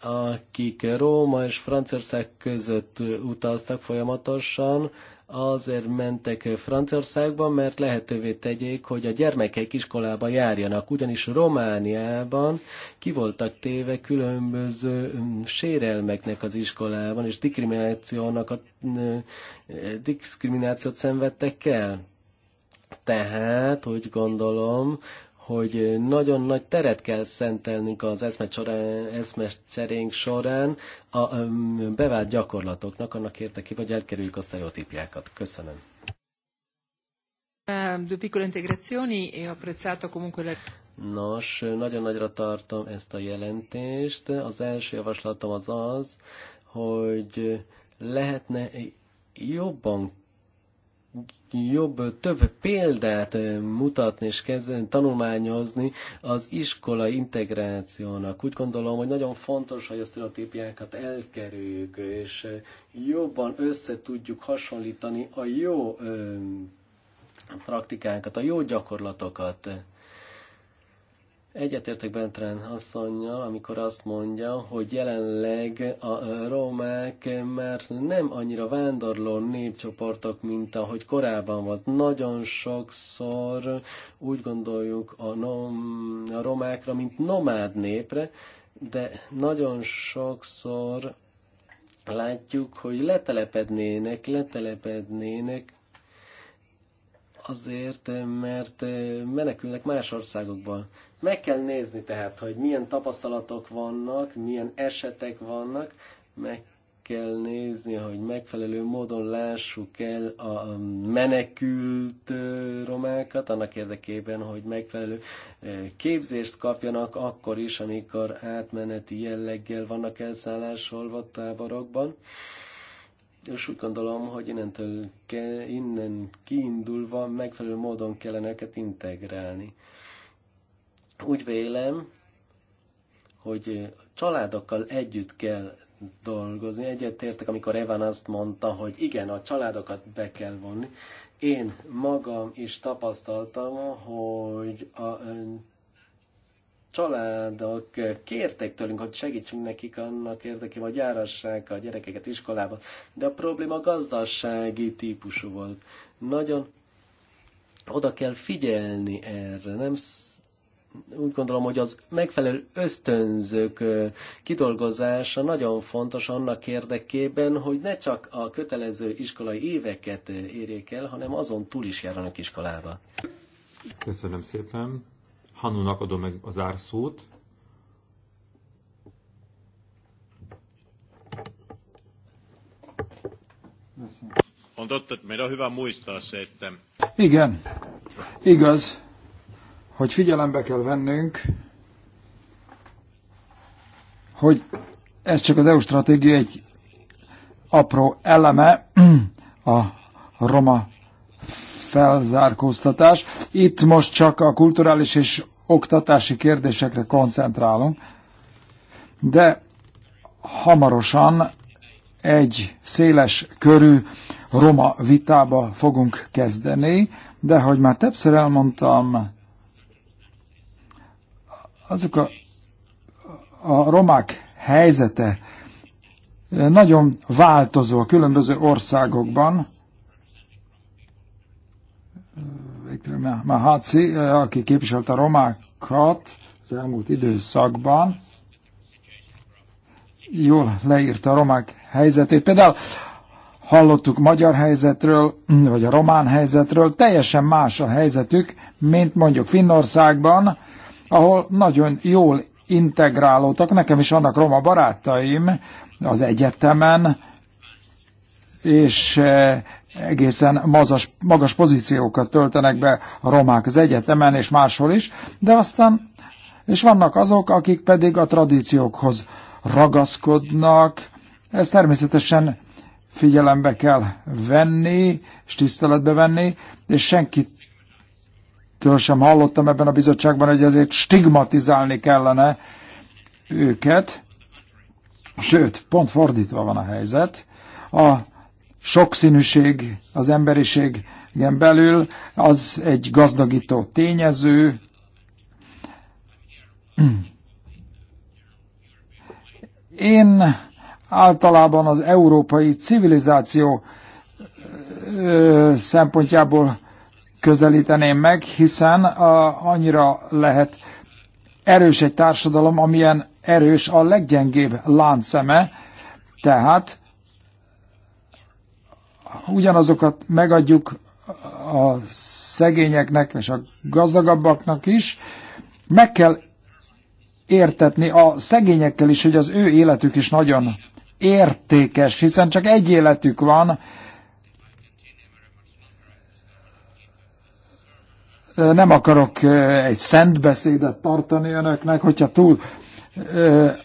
akik Róma és Franciaország között utaztak folyamatosan, azért mentek Franciaországba, mert lehetővé tegyék, hogy a gyermekek iskolába járjanak, ugyanis Romániában ki voltak téve különböző mm, sérelmeknek az iskolában, és diszkriminációnak a, mm, eh, diszkriminációt szenvedtek el. Tehát, úgy gondolom, hogy nagyon nagy teret kell szentelnünk az eszmecserénk során a bevált gyakorlatoknak, annak érdekében, hogy elkerüljük a sztereotípiákat. Köszönöm. Ehm, e Nos, nagyon nagyra tartom ezt a jelentést. Az első javaslatom az az, hogy lehetne jobban jobb, több példát mutatni és kezdeni tanulmányozni az iskola integrációnak. Úgy gondolom, hogy nagyon fontos, hogy a sztereotípiákat elkerüljük, és jobban össze tudjuk hasonlítani a jó praktikákat, a jó gyakorlatokat. Egyetértek Bentren asszonynal, amikor azt mondja, hogy jelenleg a romák már nem annyira vándorló népcsoportok, mint ahogy korábban volt. Nagyon sokszor úgy gondoljuk a, nom, a romákra, mint nomád népre, de nagyon sokszor látjuk, hogy letelepednének, letelepednének azért, mert menekülnek más országokban. Meg kell nézni tehát, hogy milyen tapasztalatok vannak, milyen esetek vannak, meg kell nézni, hogy megfelelő módon lássuk el a menekült romákat, annak érdekében, hogy megfelelő képzést kapjanak akkor is, amikor átmeneti jelleggel vannak elszállásolva táborokban. És úgy gondolom, hogy innentől ke, innen kiindulva megfelelő módon kellene őket integrálni. Úgy vélem, hogy családokkal együtt kell dolgozni. Egyetértek, amikor Evan azt mondta, hogy igen, a családokat be kell vonni. Én magam is tapasztaltam, hogy a családok kértek tőlünk, hogy segítsünk nekik annak érdekében, hogy járassák a gyerekeket iskolába. De a probléma gazdasági típusú volt. Nagyon oda kell figyelni erre, nem úgy gondolom, hogy az megfelelő ösztönzők kidolgozása nagyon fontos annak érdekében, hogy ne csak a kötelező iskolai éveket érjék el, hanem azon túl is járjanak iskolába. Köszönöm szépen. Hanunak adom meg az árszót. Mondottad, totta, a meidän muistaa se, että... Igen, igaz, hogy figyelembe kell vennünk, hogy ez csak az EU stratégia egy apró eleme, a roma felzárkóztatás. Itt most csak a kulturális és oktatási kérdésekre koncentrálunk, de hamarosan egy széles körű roma vitába fogunk kezdeni, de hogy már többször elmondtam, azok a, a romák helyzete eh, nagyon változó a különböző országokban. Viktor Maháci, eh, aki képviselte a romákat az elmúlt időszakban, jól leírta a romák helyzetét. Például hallottuk magyar helyzetről, vagy a román helyzetről, teljesen más a helyzetük, mint mondjuk Finnországban, ahol nagyon jól integrálódtak. Nekem is vannak roma barátaim az egyetemen, és eh, egészen magas magas pozíciókat töltenek be a romák az egyetemen és máshol is, de aztán, és vannak azok, akik pedig a tradíciókhoz ragaszkodnak. Ez természetesen figyelembe kell venni, és tiszteletbe venni, és senkit től sem hallottam ebben a bizottságban, hogy ezért stigmatizálni kellene őket. Sőt, pont fordítva van a helyzet. A sokszínűség az emberiség igen belül az egy gazdagító tényező. Én általában az európai civilizáció szempontjából közelíteném meg, hiszen a, annyira lehet erős egy társadalom, amilyen erős a leggyengébb lánceme, tehát ugyanazokat megadjuk a szegényeknek és a gazdagabbaknak is, meg kell értetni a szegényekkel is, hogy az ő életük is nagyon értékes, hiszen csak egy életük van, Nem akarok egy szent beszédet tartani önöknek, hogyha túl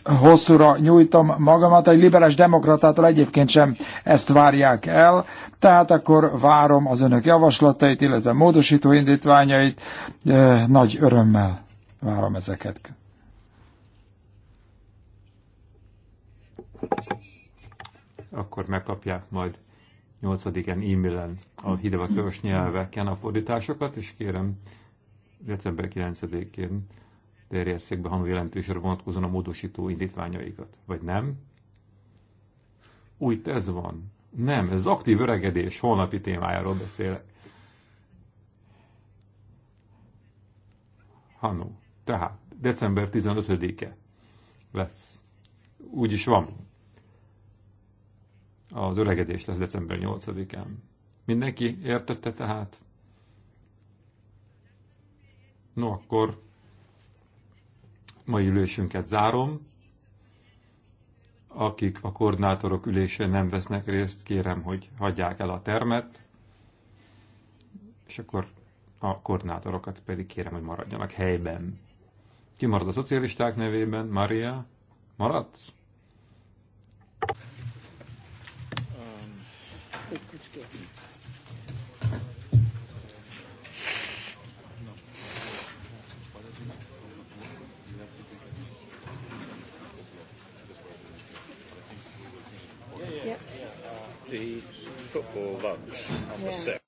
hosszúra nyújtom magamat, egy liberális demokratától egyébként sem ezt várják el, tehát akkor várom az önök javaslatait, illetve módosító indítványait, nagy örömmel várom ezeket. Akkor megkapják majd 8-án e-mailen a hidegakörös nyelveken a fordításokat, és kérem december 9-én terjesszék be hanú jelentésre vonatkozóan a módosító indítványaikat. Vagy nem? Úgy ez van. Nem, ez aktív öregedés, holnapi témájáról beszélek. Hanu. Tehát december 15-e lesz. Úgy is van az öregedés lesz december 8-án. Mindenki értette tehát? No, akkor mai ülésünket zárom. Akik a koordinátorok ülésén nem vesznek részt, kérem, hogy hagyják el a termet, és akkor a koordinátorokat pedig kérem, hogy maradjanak helyben. Kimarad a szocialisták nevében, Maria, maradsz? the football lunch on yeah. the set.